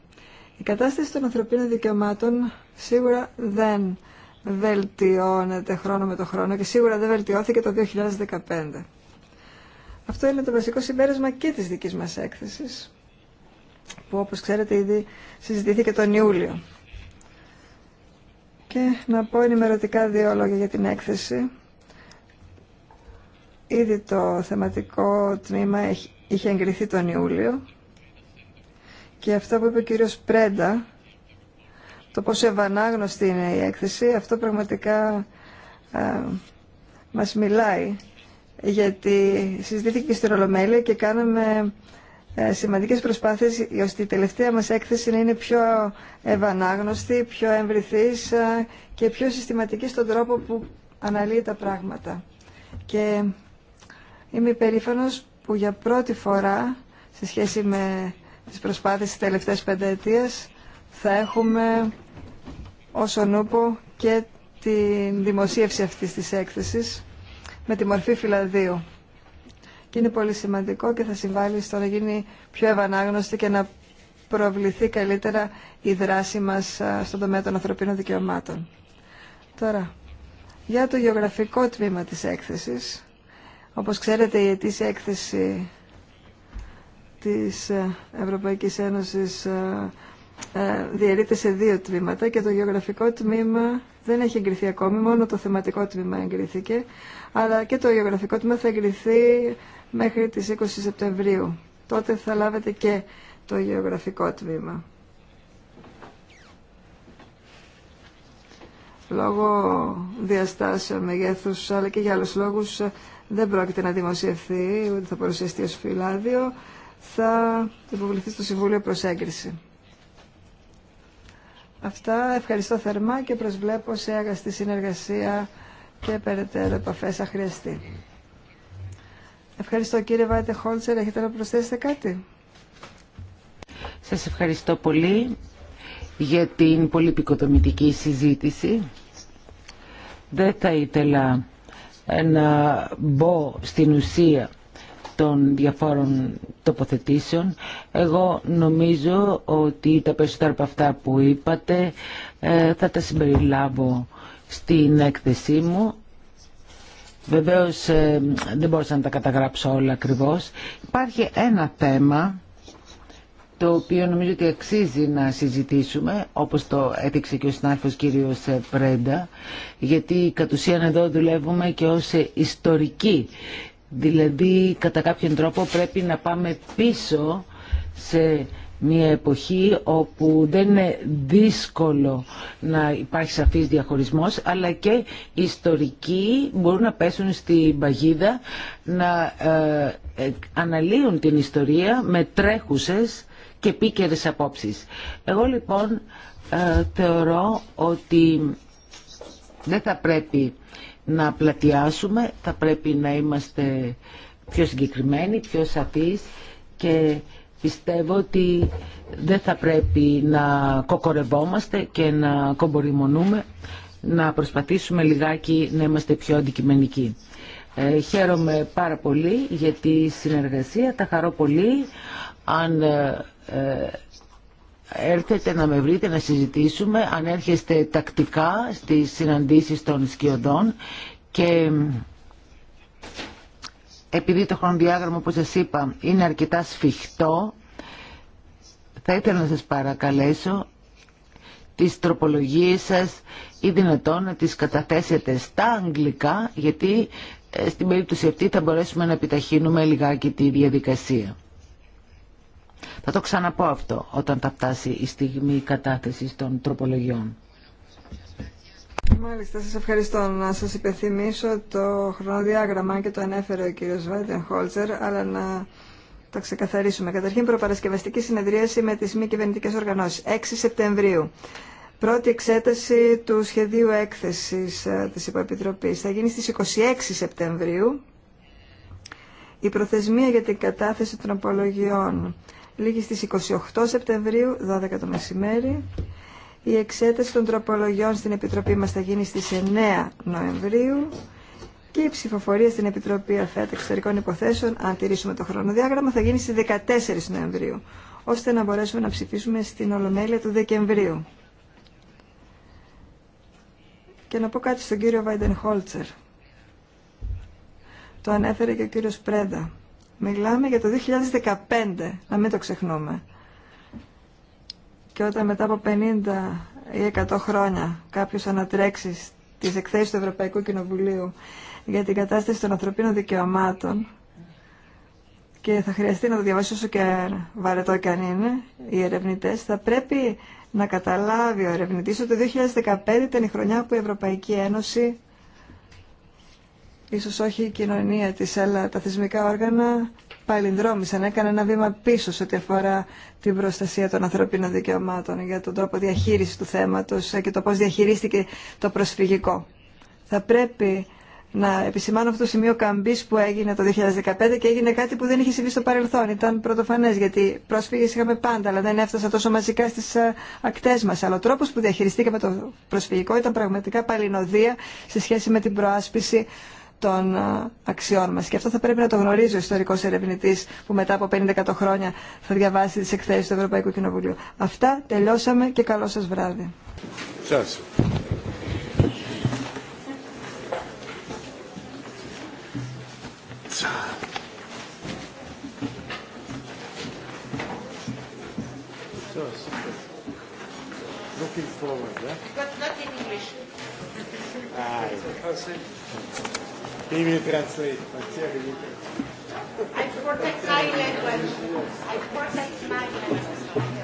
Η κατάσταση των ανθρωπίνων δικαιωμάτων σίγουρα δεν βελτιώνεται χρόνο με το χρόνο και σίγουρα δεν βελτιώθηκε το 2015. Αυτό είναι το βασικό συμπέρασμα και της δικής μας έκθεσης, που όπως ξέρετε ήδη συζητήθηκε τον Ιούλιο. Και να πω ενημερωτικά δύο λόγια για την έκθεση. Ήδη το θεματικό τμήμα είχε εγκριθεί τον Ιούλιο και αυτό που είπε ο κύριος Πρέντα, το πόσο ευανάγνωστη είναι η έκθεση, αυτό πραγματικά α, ε, μας μιλάει. Γιατί συζητήθηκε στην Ολομέλεια και κάναμε ε, σημαντικές προσπάθειες ώστε η τελευταία μας έκθεση να είναι πιο ευανάγνωστη, πιο εμβριθής ε, και πιο συστηματική στον τρόπο που αναλύει τα πράγματα. Και είμαι υπερήφανος που για πρώτη φορά σε σχέση με τις προσπάθειες της τελευταίας πενταετίας θα έχουμε όσον νούπο και τη δημοσίευση αυτής της έκθεσης με τη μορφή φυλαδίου. Και είναι πολύ σημαντικό και θα συμβάλλει στο να γίνει πιο ευανάγνωστη και να προβληθεί καλύτερα η δράση μας στον τομέα των ανθρωπίνων δικαιωμάτων. Τώρα, για το γεωγραφικό τμήμα της έκθεσης, όπως ξέρετε η ετήσια έκθεση της ε, Ευρωπαϊκής Ένωσης ε, ε, διαιρείται σε δύο τμήματα και το γεωγραφικό τμήμα δεν έχει εγκριθεί ακόμη, μόνο το θεματικό τμήμα εγκρίθηκε, αλλά και το γεωγραφικό τμήμα θα εγκριθεί μέχρι τις 20 Σεπτεμβρίου. Τότε θα λάβετε και το γεωγραφικό τμήμα. Λόγω διαστάσεων μεγέθους, αλλά και για άλλους λόγους, δεν πρόκειται να δημοσιευθεί, ούτε θα παρουσιαστεί ως φυλάδιο θα υποβληθεί στο Συμβούλιο προς έγκριση. Αυτά ευχαριστώ θερμά και προσβλέπω σε αγαστή συνεργασία και περαιτέρω επαφές αν Ευχαριστώ κύριε Βάιτε Χόλτσερ. Έχετε να προσθέσετε κάτι. Σας ευχαριστώ πολύ για την πολύ επικοδομητική συζήτηση. Δεν θα ήθελα να μπω στην ουσία των διαφόρων τοποθετήσεων. Εγώ νομίζω ότι τα περισσότερα από αυτά που είπατε ε, θα τα συμπεριλάβω στην έκθεσή μου. Βεβαίως ε, δεν μπορούσα να τα καταγράψω όλα ακριβώς. Υπάρχει ένα θέμα το οποίο νομίζω ότι αξίζει να συζητήσουμε, όπως το έδειξε και ο συνάρφος κύριος ε, Πρέντα, γιατί κατ' ουσίαν εδώ δουλεύουμε και ως ιστορική Δηλαδή, κατά κάποιον τρόπο πρέπει να πάμε πίσω σε μια εποχή όπου δεν είναι δύσκολο να υπάρχει σαφής διαχωρισμός αλλά και ιστορικοί μπορούν να πέσουν στην παγίδα να ε, ε, αναλύουν την ιστορία με τρέχουσες και πίκερες απόψεις. Εγώ λοιπόν ε, θεωρώ ότι δεν θα πρέπει να πλατιάσουμε, θα πρέπει να είμαστε πιο συγκεκριμένοι, πιο σαφείς και πιστεύω ότι δεν θα πρέπει να κοκορευόμαστε και να κομπορημονούμε, να προσπαθήσουμε λιγάκι να είμαστε πιο αντικειμενικοί. Ε, χαίρομαι πάρα πολύ για τη συνεργασία, τα χαρώ πολύ αν ε, ε, έρθετε να με βρείτε να συζητήσουμε αν έρχεστε τακτικά στις συναντήσεις των σκιωδών και επειδή το χρονοδιάγραμμα όπως σας είπα είναι αρκετά σφιχτό θα ήθελα να σας παρακαλέσω τις τροπολογίες σας ή δυνατόν να τις καταθέσετε στα αγγλικά γιατί ε, στην περίπτωση αυτή θα μπορέσουμε να επιταχύνουμε λιγάκι τη διαδικασία. Θα το ξαναπώ αυτό όταν θα φτάσει η στιγμή κατάθεση των τροπολογιών. Μάλιστα, σας ευχαριστώ. Να σας υπενθυμίσω το χρονοδιάγραμμα και το ανέφερε ο κύριος Βάιντεν Χόλτσερ, αλλά να τα ξεκαθαρίσουμε. Καταρχήν, προπαρασκευαστική συνεδρίαση με τις μη κυβερνητικές οργανώσεις, 6 Σεπτεμβρίου. Πρώτη εξέταση του σχεδίου έκθεσης ε, της Υποεπιτροπής θα γίνει στις 26 Σεπτεμβρίου. Η προθεσμία για την κατάθεση των απολογιών Λίγη στις 28 Σεπτεμβρίου, 12 το μεσημέρι. Η εξέταση των τροπολογιών στην Επιτροπή μας θα γίνει στις 9 Νοεμβρίου και η ψηφοφορία στην Επιτροπή ΑΦΕΤ Εξωτερικών Υποθέσεων, αν τηρήσουμε το χρονοδιάγραμμα, θα γίνει στις 14 Νοεμβρίου, ώστε να μπορέσουμε να ψηφίσουμε στην Ολομέλεια του Δεκεμβρίου. Και να πω κάτι στον κύριο Βάιντεν Χόλτσερ. Το ανέφερε και ο κύριος Πρέντα. Μιλάμε για το 2015, να μην το ξεχνούμε. Και όταν μετά από 50 ή 100 χρόνια κάποιος ανατρέξει τις εκθέσεις του Ευρωπαϊκού Κοινοβουλίου για την κατάσταση των ανθρωπίνων δικαιωμάτων και θα χρειαστεί να το διαβάσει όσο και βαρετό και αν είναι οι ερευνητέ, θα πρέπει να καταλάβει ο ερευνητή ότι το 2015 ήταν η χρονιά που η Ευρωπαϊκή Ένωση Ίσως όχι η κοινωνία της, αλλά τα θεσμικά όργανα παλινδρόμησαν, έκαναν ένα βήμα πίσω σε ό,τι αφορά την προστασία των ανθρωπίνων δικαιωμάτων για τον τρόπο διαχείριση του θέματος και το πώς διαχειρίστηκε το προσφυγικό. Θα πρέπει να επισημάνω αυτό το σημείο καμπής που έγινε το 2015 και έγινε κάτι που δεν είχε συμβεί στο παρελθόν. Ήταν πρωτοφανέ, γιατί πρόσφυγες είχαμε πάντα, αλλά δεν έφτασαν τόσο μαζικά στι ε, ακτέ μα. Αλλά ο τρόπο που διαχειριστήκαμε το προσφυγικό ήταν πραγματικά παλινοδία σε σχέση με την προάσπιση των αξιών μας. Και αυτό θα πρέπει να το γνωρίζει ο ιστορικός ερευνητής που μετά από χρόνια θα διαβάσει τις εκθέσεις του Ευρωπαϊκού Κοινοβουλίου. Αυτά, τελειώσαμε και καλό σας βράδυ. Σας. Looking forward, yeah? But not in English will I protect my language. I protect my language.